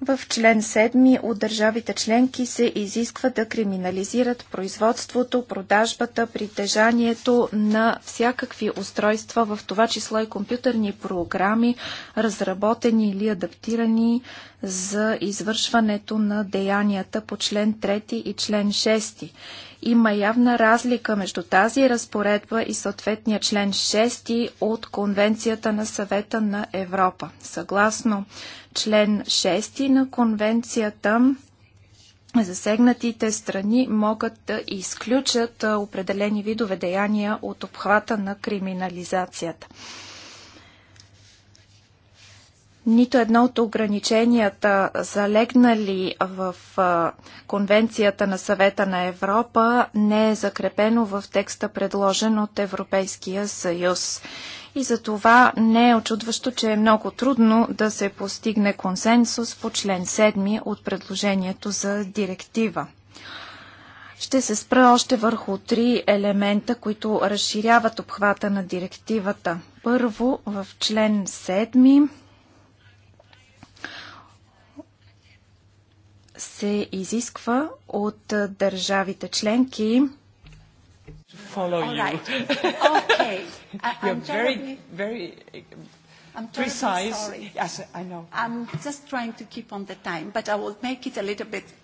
в член 7 от държавите членки се изисква да криминализират производството, продажбата, притежанието на всякакви устройства, в това число и компютърни програми, разработени или адаптирани за извършването на деянията по член 3 и член 6. Има явна разлика между тази разпоредба и съответния член 6 от Конвенцията на съвета на Европа. Съгласно член 6 на Конвенцията, засегнатите страни могат да изключат определени видове деяния от обхвата на криминализацията. Нито едно от ограниченията, залегнали в Конвенцията на съвета на Европа, не е закрепено в текста, предложен от Европейския съюз. И за това не е очудващо, че е много трудно да се постигне консенсус по член 7 от предложението за директива. Ще се спра още върху три елемента, които разширяват обхвата на директивата. Първо, в член 7 се изисква от държавите членки
I'm precise. Sorry. Yes,
I know. I'm just trying to keep on the time, but I will make it a little bit. Uh,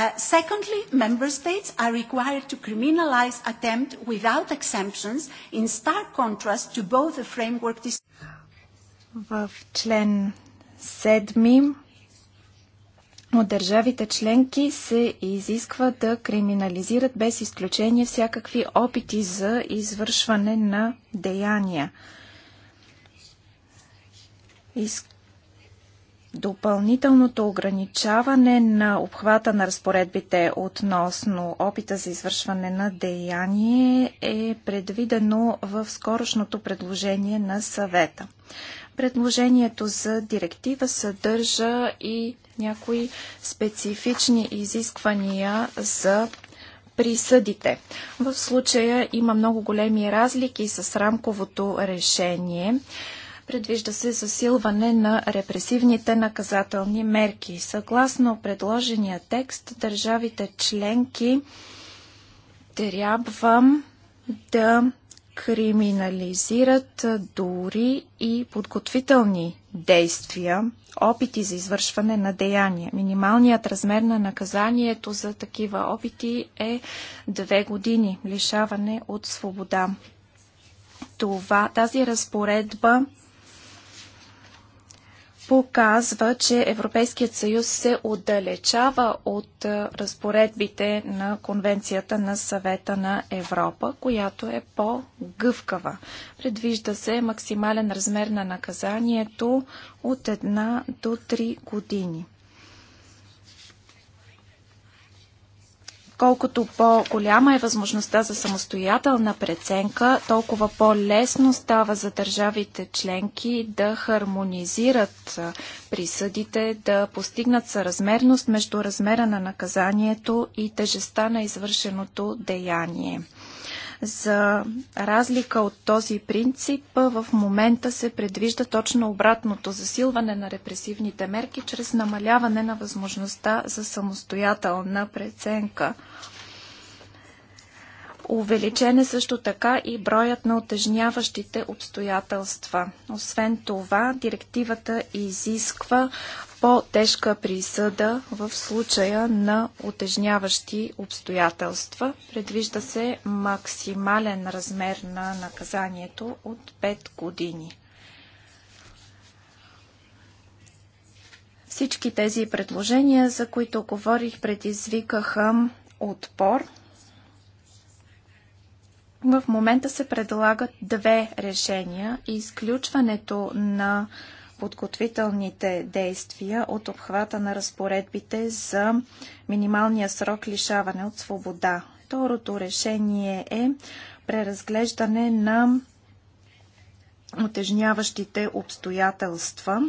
uh, secondly, member states are required to criminalize attempt without exemptions, in stark contrast to both the framework. В член 7 от държавите членки се изисква да криминализират без изключение всякакви опити за извършване на деяния. Допълнителното ограничаване на обхвата на разпоредбите относно опита за извършване на деяние е предвидено в скорошното предложение на съвета. Предложението за директива съдържа и някои специфични изисквания за присъдите. В случая има много големи разлики с рамковото решение. Предвижда се засилване на репресивните наказателни мерки. Съгласно предложения текст, държавите членки трябва да криминализират дори и подготвителни действия, опити за извършване на деяния. Минималният размер на наказанието за такива опити е две години лишаване от свобода. Това, тази разпоредба показва, че Европейският съюз се отдалечава от разпоредбите на Конвенцията на съвета на Европа, която е по-гъвкава. Предвижда се максимален размер на наказанието от една до три години. Колкото по-голяма е възможността за самостоятелна преценка, толкова по-лесно става за държавите членки да хармонизират присъдите, да постигнат съразмерност между размера на наказанието и тежестта на извършеното деяние. За разлика от този принцип, в момента се предвижда точно обратното засилване на репресивните мерки чрез намаляване на възможността за самостоятелна преценка. Увеличен е също така и броят на отежняващите обстоятелства. Освен това, директивата изисква по-тежка присъда в случая на отежняващи обстоятелства. Предвижда се максимален размер на наказанието от 5 години. Всички тези предложения, за които говорих, предизвикаха отпор. В момента се предлагат две решения. Изключването на подготвителните действия от обхвата на разпоредбите за минималния срок лишаване от свобода. Второто решение е преразглеждане на отежняващите обстоятелства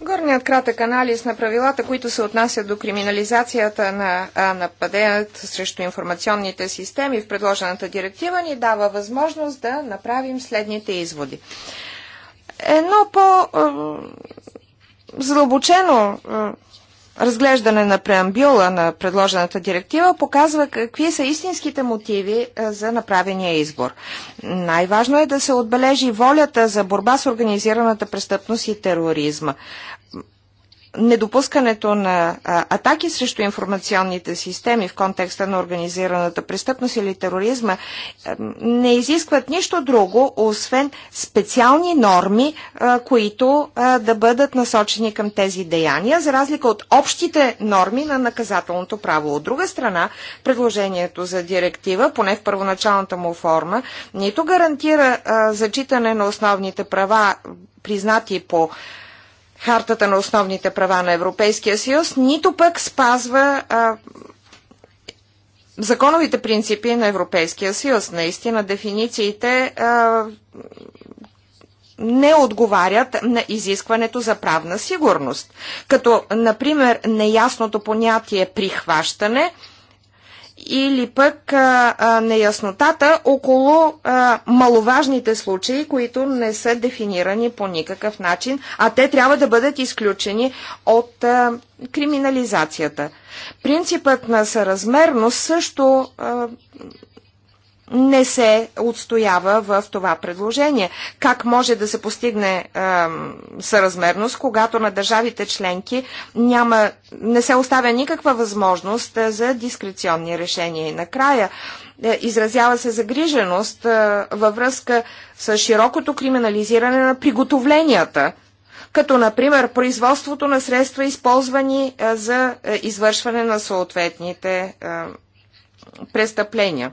Горният кратък анализ на правилата, които се отнасят до криминализацията на нападението срещу информационните системи в предложената директива ни дава възможност да направим следните изводи. Едно по-злобочено разглеждане на преамбюла на предложената директива показва какви са истинските мотиви е, за направения избор. Най-важно е да се отбележи волята за борба с организираната престъпност и тероризма недопускането на атаки срещу информационните системи в контекста на организираната престъпност или тероризма не изискват нищо друго, освен специални норми, които да бъдат насочени към тези деяния, за разлика от общите норми на наказателното право. От друга страна, предложението за директива, поне в първоначалната му форма, нито гарантира зачитане на основните права, признати по хартата на основните права на Европейския съюз, нито пък спазва а, законовите принципи на Европейския съюз. Наистина дефинициите а, не отговарят на изискването за правна сигурност. Като, например, неясното понятие прихващане – или пък а, а, неяснотата около а, маловажните случаи, които не са дефинирани по никакъв начин, а те трябва да бъдат изключени от а, криминализацията. Принципът на съразмерност също а, не се отстоява в това предложение. Как може да се постигне е, съразмерност, когато на държавите членки няма, не се оставя никаква възможност за дискреционни решения? И накрая е, изразява се загриженост е, във връзка с широкото криминализиране на приготовленията като например производството на средства, използвани е, за е, извършване на съответните е, престъпления.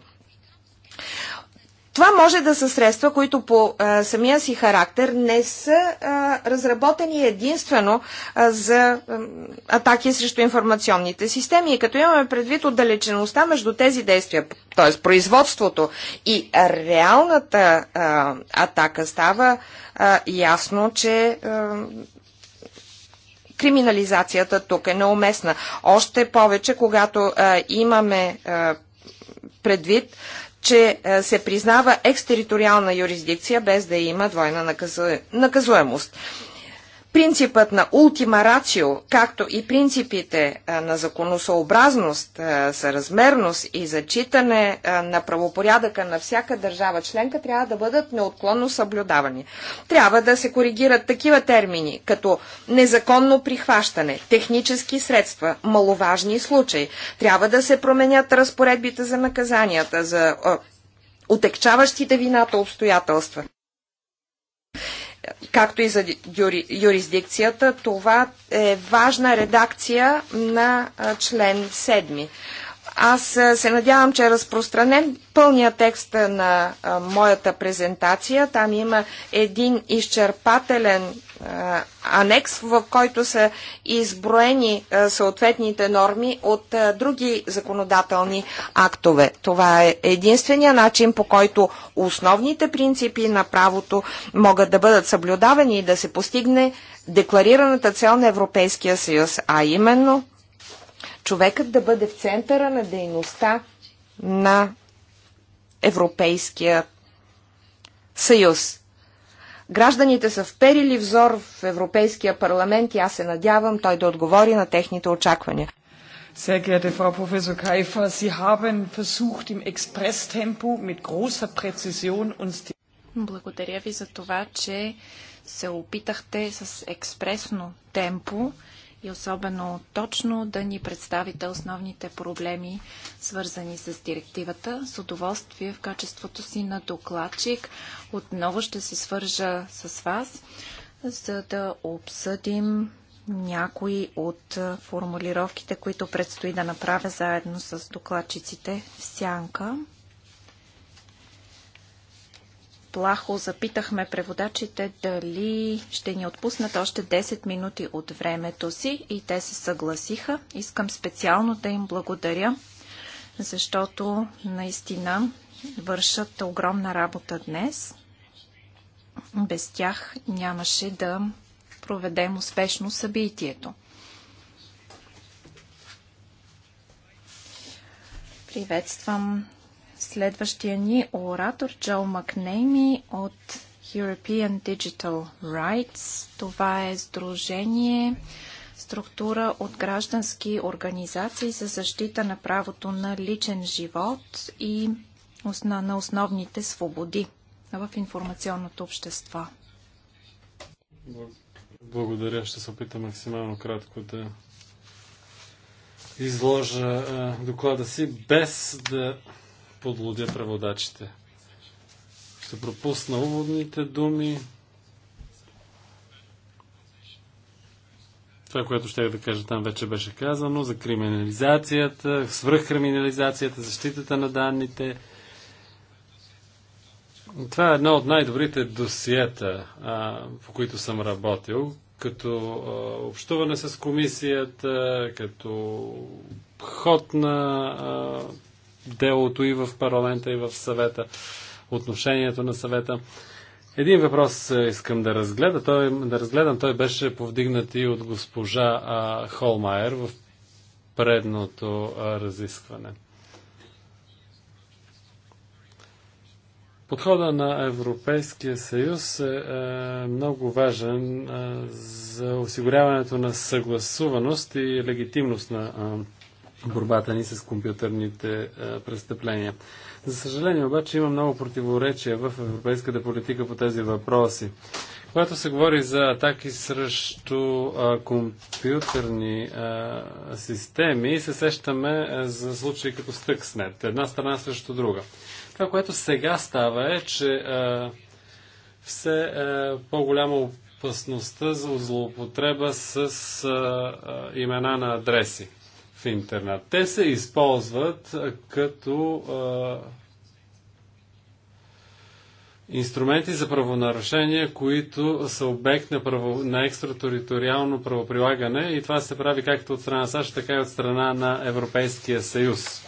Това може да са средства, които по а, самия си характер не са а, разработени единствено а, за а, атаки срещу информационните системи. И като имаме предвид отдалечеността между тези действия, т.е. производството и реалната а, атака, става а, ясно, че. А, Криминализацията тук е неуместна. Още повече, когато а, имаме а, предвид, а, че е, се признава екстериториална юрисдикция без да има двойна наказуемост. Принципът на ултима рацио, както и принципите на законосъобразност, съразмерност и зачитане на правопорядъка на всяка държава членка трябва да бъдат неотклонно съблюдавани. Трябва да се коригират такива термини, като незаконно прихващане, технически средства, маловажни случаи. Трябва да се променят разпоредбите за наказанията, за отекчаващите вината обстоятелства както и за юрисдикцията. Това е важна редакция на член 7. Аз се надявам, че е разпространен пълния текст на моята презентация. Там има един изчерпателен анекс, в който са изброени съответните норми от други законодателни актове. Това е единствения начин, по който основните принципи на правото могат да бъдат съблюдавани и да се постигне декларираната цел на Европейския съюз, а именно човекът да бъде в центъра на дейността на Европейския съюз Гражданите са вперили взор в Европейския парламент и аз се надявам той да отговори на техните очаквания. Sehr geehrte
Frau Professor Kaifer, Sie haben versucht, im Expresstempo mit großer Präzision uns die
Благодаря ви за това, че се опитахте с експресно темпо и особено точно да ни представите основните проблеми, свързани с директивата. С удоволствие в качеството си на докладчик отново ще се свържа с вас, за да обсъдим някои от формулировките, които предстои да направя заедно с докладчиците в сянка плахо запитахме преводачите дали ще ни отпуснат още 10 минути от времето си и те се съгласиха. Искам специално да им благодаря, защото наистина вършат огромна работа днес. Без тях нямаше да проведем успешно събитието. Приветствам Следващия ни оратор Джо Макнейми от European Digital Rights. Това е сдружение, структура от граждански организации за защита на правото на личен живот и на основните свободи в информационното общество.
Благодаря. Ще се опитам максимално кратко да изложа доклада си, без да подлудя преводачите. Ще пропусна уводните думи. Това, което ще да кажа там вече беше казано за криминализацията, свръхкриминализацията, защитата на данните. Това е едно от най-добрите досиета, а, по които съм работил, като а, общуване с комисията, като ход на а, делото и в парламента, и в съвета, отношението на съвета. Един въпрос е, искам да разгледа. Той, да разгледам. Той беше повдигнат и от госпожа а, Холмайер в предното а, разискване. Подхода на Европейския съюз е, е много важен е, за осигуряването на съгласуваност и легитимност на е, борбата ни с компютърните е, престъпления. За съжаление обаче има много противоречия в европейската политика по тези въпроси. Когато се говори за атаки срещу а, е, компютърни а, е, системи, се сещаме а, за случаи като Стъкснет, една страна срещу друга. Това, което сега става е, че а, все а, по-голяма опасността за злоупотреба с а, а, имена на адреси интернат. Те се използват като инструменти за правонарушения, които са обект на, право, на екстратериториално правоприлагане и това се прави както от страна на САЩ, така и от страна на Европейския съюз.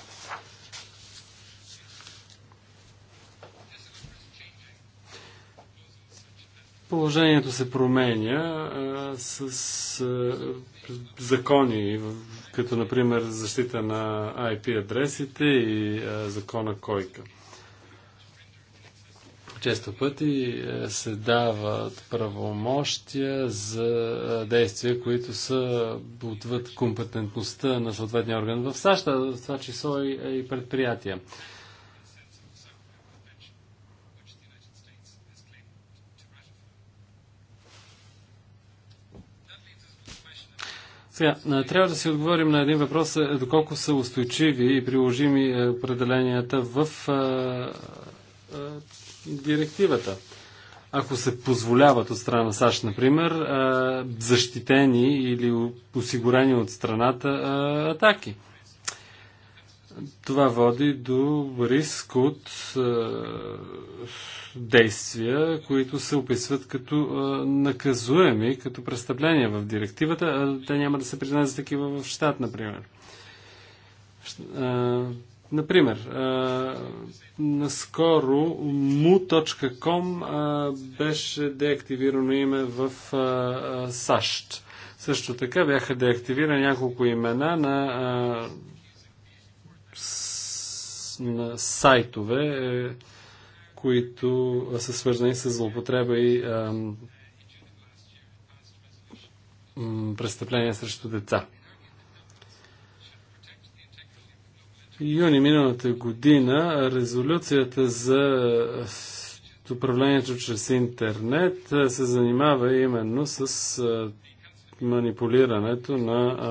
Положението се променя а, с а, закони, като например защита на IP адресите и а, закона Койка. Често пъти е, се дават правомощия за действия, които са отвъд компетентността на съответния орган в САЩ, в това число и, и предприятия. Сега, е, трябва да си отговорим на един въпрос, е, доколко са устойчиви и приложими е, определенията в а, а, директивата. Ако се позволяват от страна САЩ, например, а, защитени или осигурени от страната атаки. Това води до риск от е, действия, които се описват като е, наказуеми, като престъпления в директивата, а те няма да се признаят за такива в щат, например. Е, например, наскоро mu.com беше деактивирано име в САЩ. Също така бяха деактивирани няколко имена на на сайтове, е, които са свързани с злоупотреба и престъпления срещу деца. Юни миналата година резолюцията за управлението чрез интернет е, се занимава именно с е, манипулирането на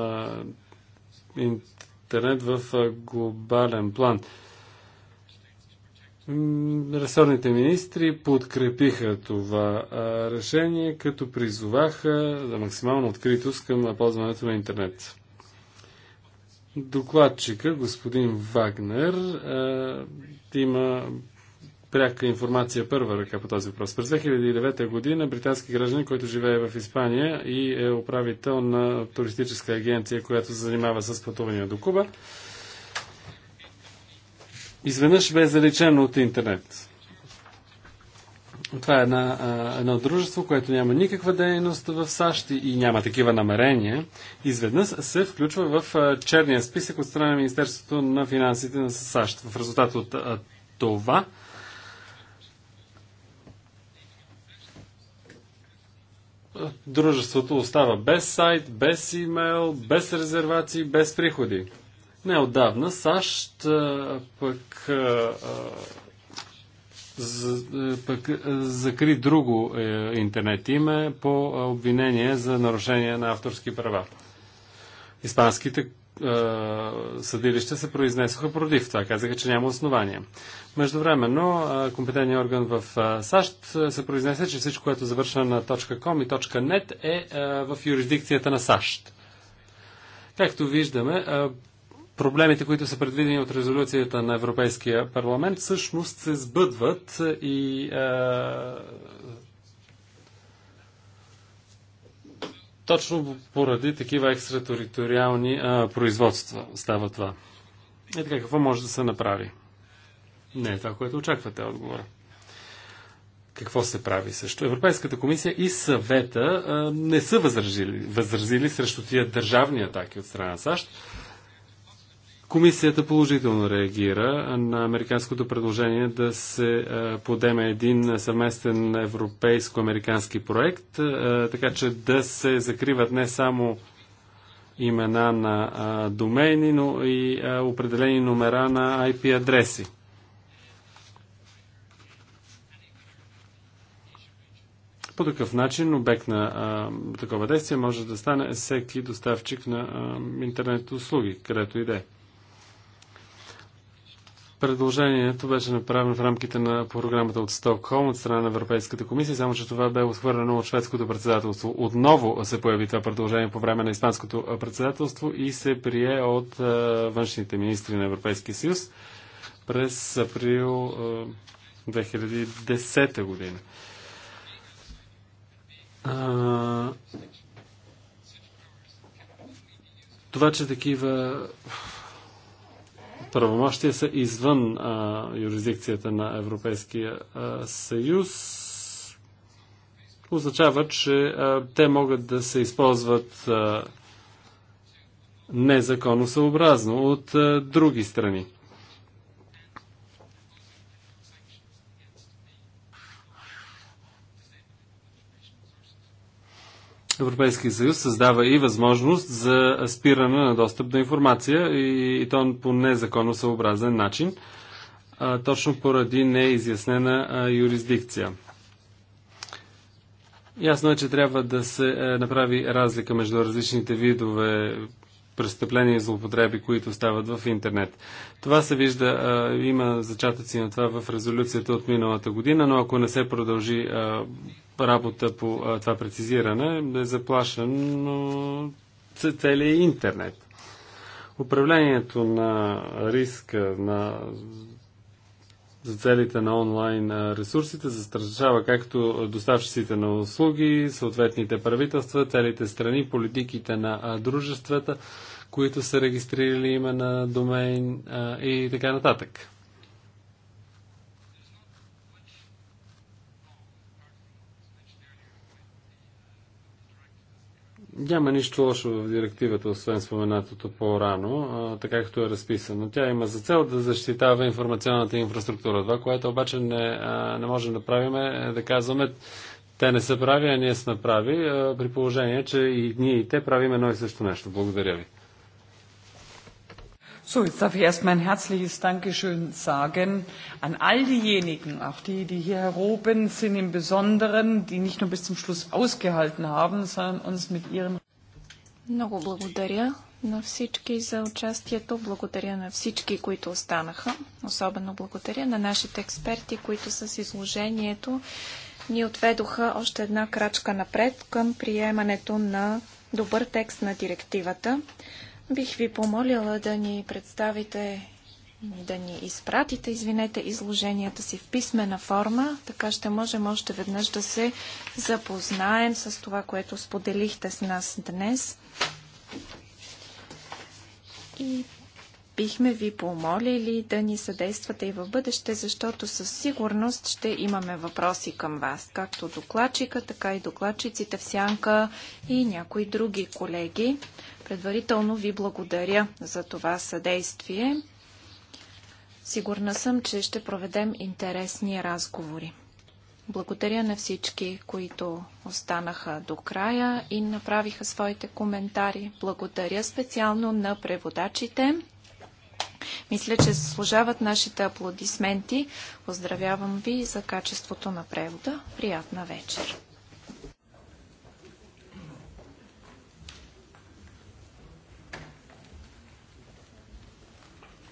интернет в глобален план. Ресорните министри подкрепиха това решение, като призоваха за максимална откритост към ползването на интернет. Докладчика, господин Вагнер, има пряка информация първа ръка по този въпрос. През 2009 година британски граждан, който живее в Испания и е управител на туристическа агенция, която се занимава с пътувания до Куба, изведнъж бе заличен от интернет. Това е една, едно дружество, което няма никаква дейност в САЩ и няма такива намерения. Изведнъж се включва в черния списък от страна на Министерството на финансите на САЩ. В резултат от това дружеството остава без сайт, без имейл, без резервации, без приходи. Не отдавна САЩ пък, пък закри друго е, интернет име по обвинение за нарушение на авторски права. Испанските съдилища се произнесоха против това. Казаха, че няма основания. Междувременно, компетентният орган в САЩ се произнесе, че всичко, което е завършва на .com и .net е в юрисдикцията на САЩ. Както виждаме, проблемите, които са предвидени от резолюцията на Европейския парламент, всъщност се сбъдват и Точно поради такива екстратериториални а, производства става това. И така, какво може да се направи? Не е това, което очаквате е отговора. Какво се прави също? Европейската комисия и съвета а, не са възразили, възразили срещу тия държавни атаки от страна на САЩ Комисията положително реагира на американското предложение да се подеме един съвместен европейско-американски проект, така че да се закриват не само имена на домейни, но и определени номера на IP адреси. По такъв начин обект на а, такова действие може да стане всеки доставчик на а, интернет услуги, където и да е. Предложението беше направено в рамките на програмата от Стокхолм от страна на Европейската комисия, само че това бе отхвърлено от шведското председателство. Отново се появи това предложение по време на испанското председателство и се прие от външните министри на Европейския съюз през април 2010 година. Това, че такива правомощия са извън а, юрисдикцията на Европейския а, съюз, означава, че а, те могат да се използват а, незаконосъобразно от а, други страни. Европейския съюз създава и възможност за спиране на достъп до информация и, и то по незаконосъобразен начин, а, точно поради неизяснена а, юрисдикция. Ясно е, че трябва да се е, направи разлика между различните видове престъпления и злоупотреби, които стават в интернет. Това се вижда, има зачатъци на това в резолюцията от миналата година, но ако не се продължи работа по това прецизиране, е заплашен но целият интернет. Управлението на риска, на за целите на онлайн ресурсите застрашава както доставчиците на услуги, съответните правителства, целите страни, политиките на дружествата, които са регистрирали име на домейн и така нататък. Няма нищо лошо в директивата, освен споменатото по-рано, така както е разписано. Тя има за цел да защитава информационната инфраструктура. Това, което обаче не, а, не можем да правим е да казваме те не са прави, а ние сме прави, а, при положение, че и ние и те правим едно и също нещо. Благодаря ви. So, jetzt
darf ich erst mein herzliches Dankeschön sagen an all diejenigen, auch die, die hier heroben sind im Besonderen, die nicht nur bis zum Schluss ausgehalten haben, sondern uns mit ihren.
Много благодаря на всички за участието. Благодаря на всички, които останаха. Особено благодаря на нашите експерти, които с изложението ни отведоха още една крачка напред към приемането на добър текст на директивата. Бих ви помолила да ни представите да ни изпратите, извинете, изложенията си в писмена форма, така ще можем още веднъж да се запознаем с това, което споделихте с нас днес. И бихме ви помолили да ни съдействате и в бъдеще, защото със сигурност ще имаме въпроси към вас, както докладчика, така и докладчиците в сянка и някои други колеги. Предварително ви благодаря за това съдействие. Сигурна съм, че ще проведем интересни разговори. Благодаря на всички, които останаха до края и направиха своите коментари. Благодаря специално на преводачите. Мисля, че заслужават нашите аплодисменти. Поздравявам ви за качеството на превода. Приятна вечер!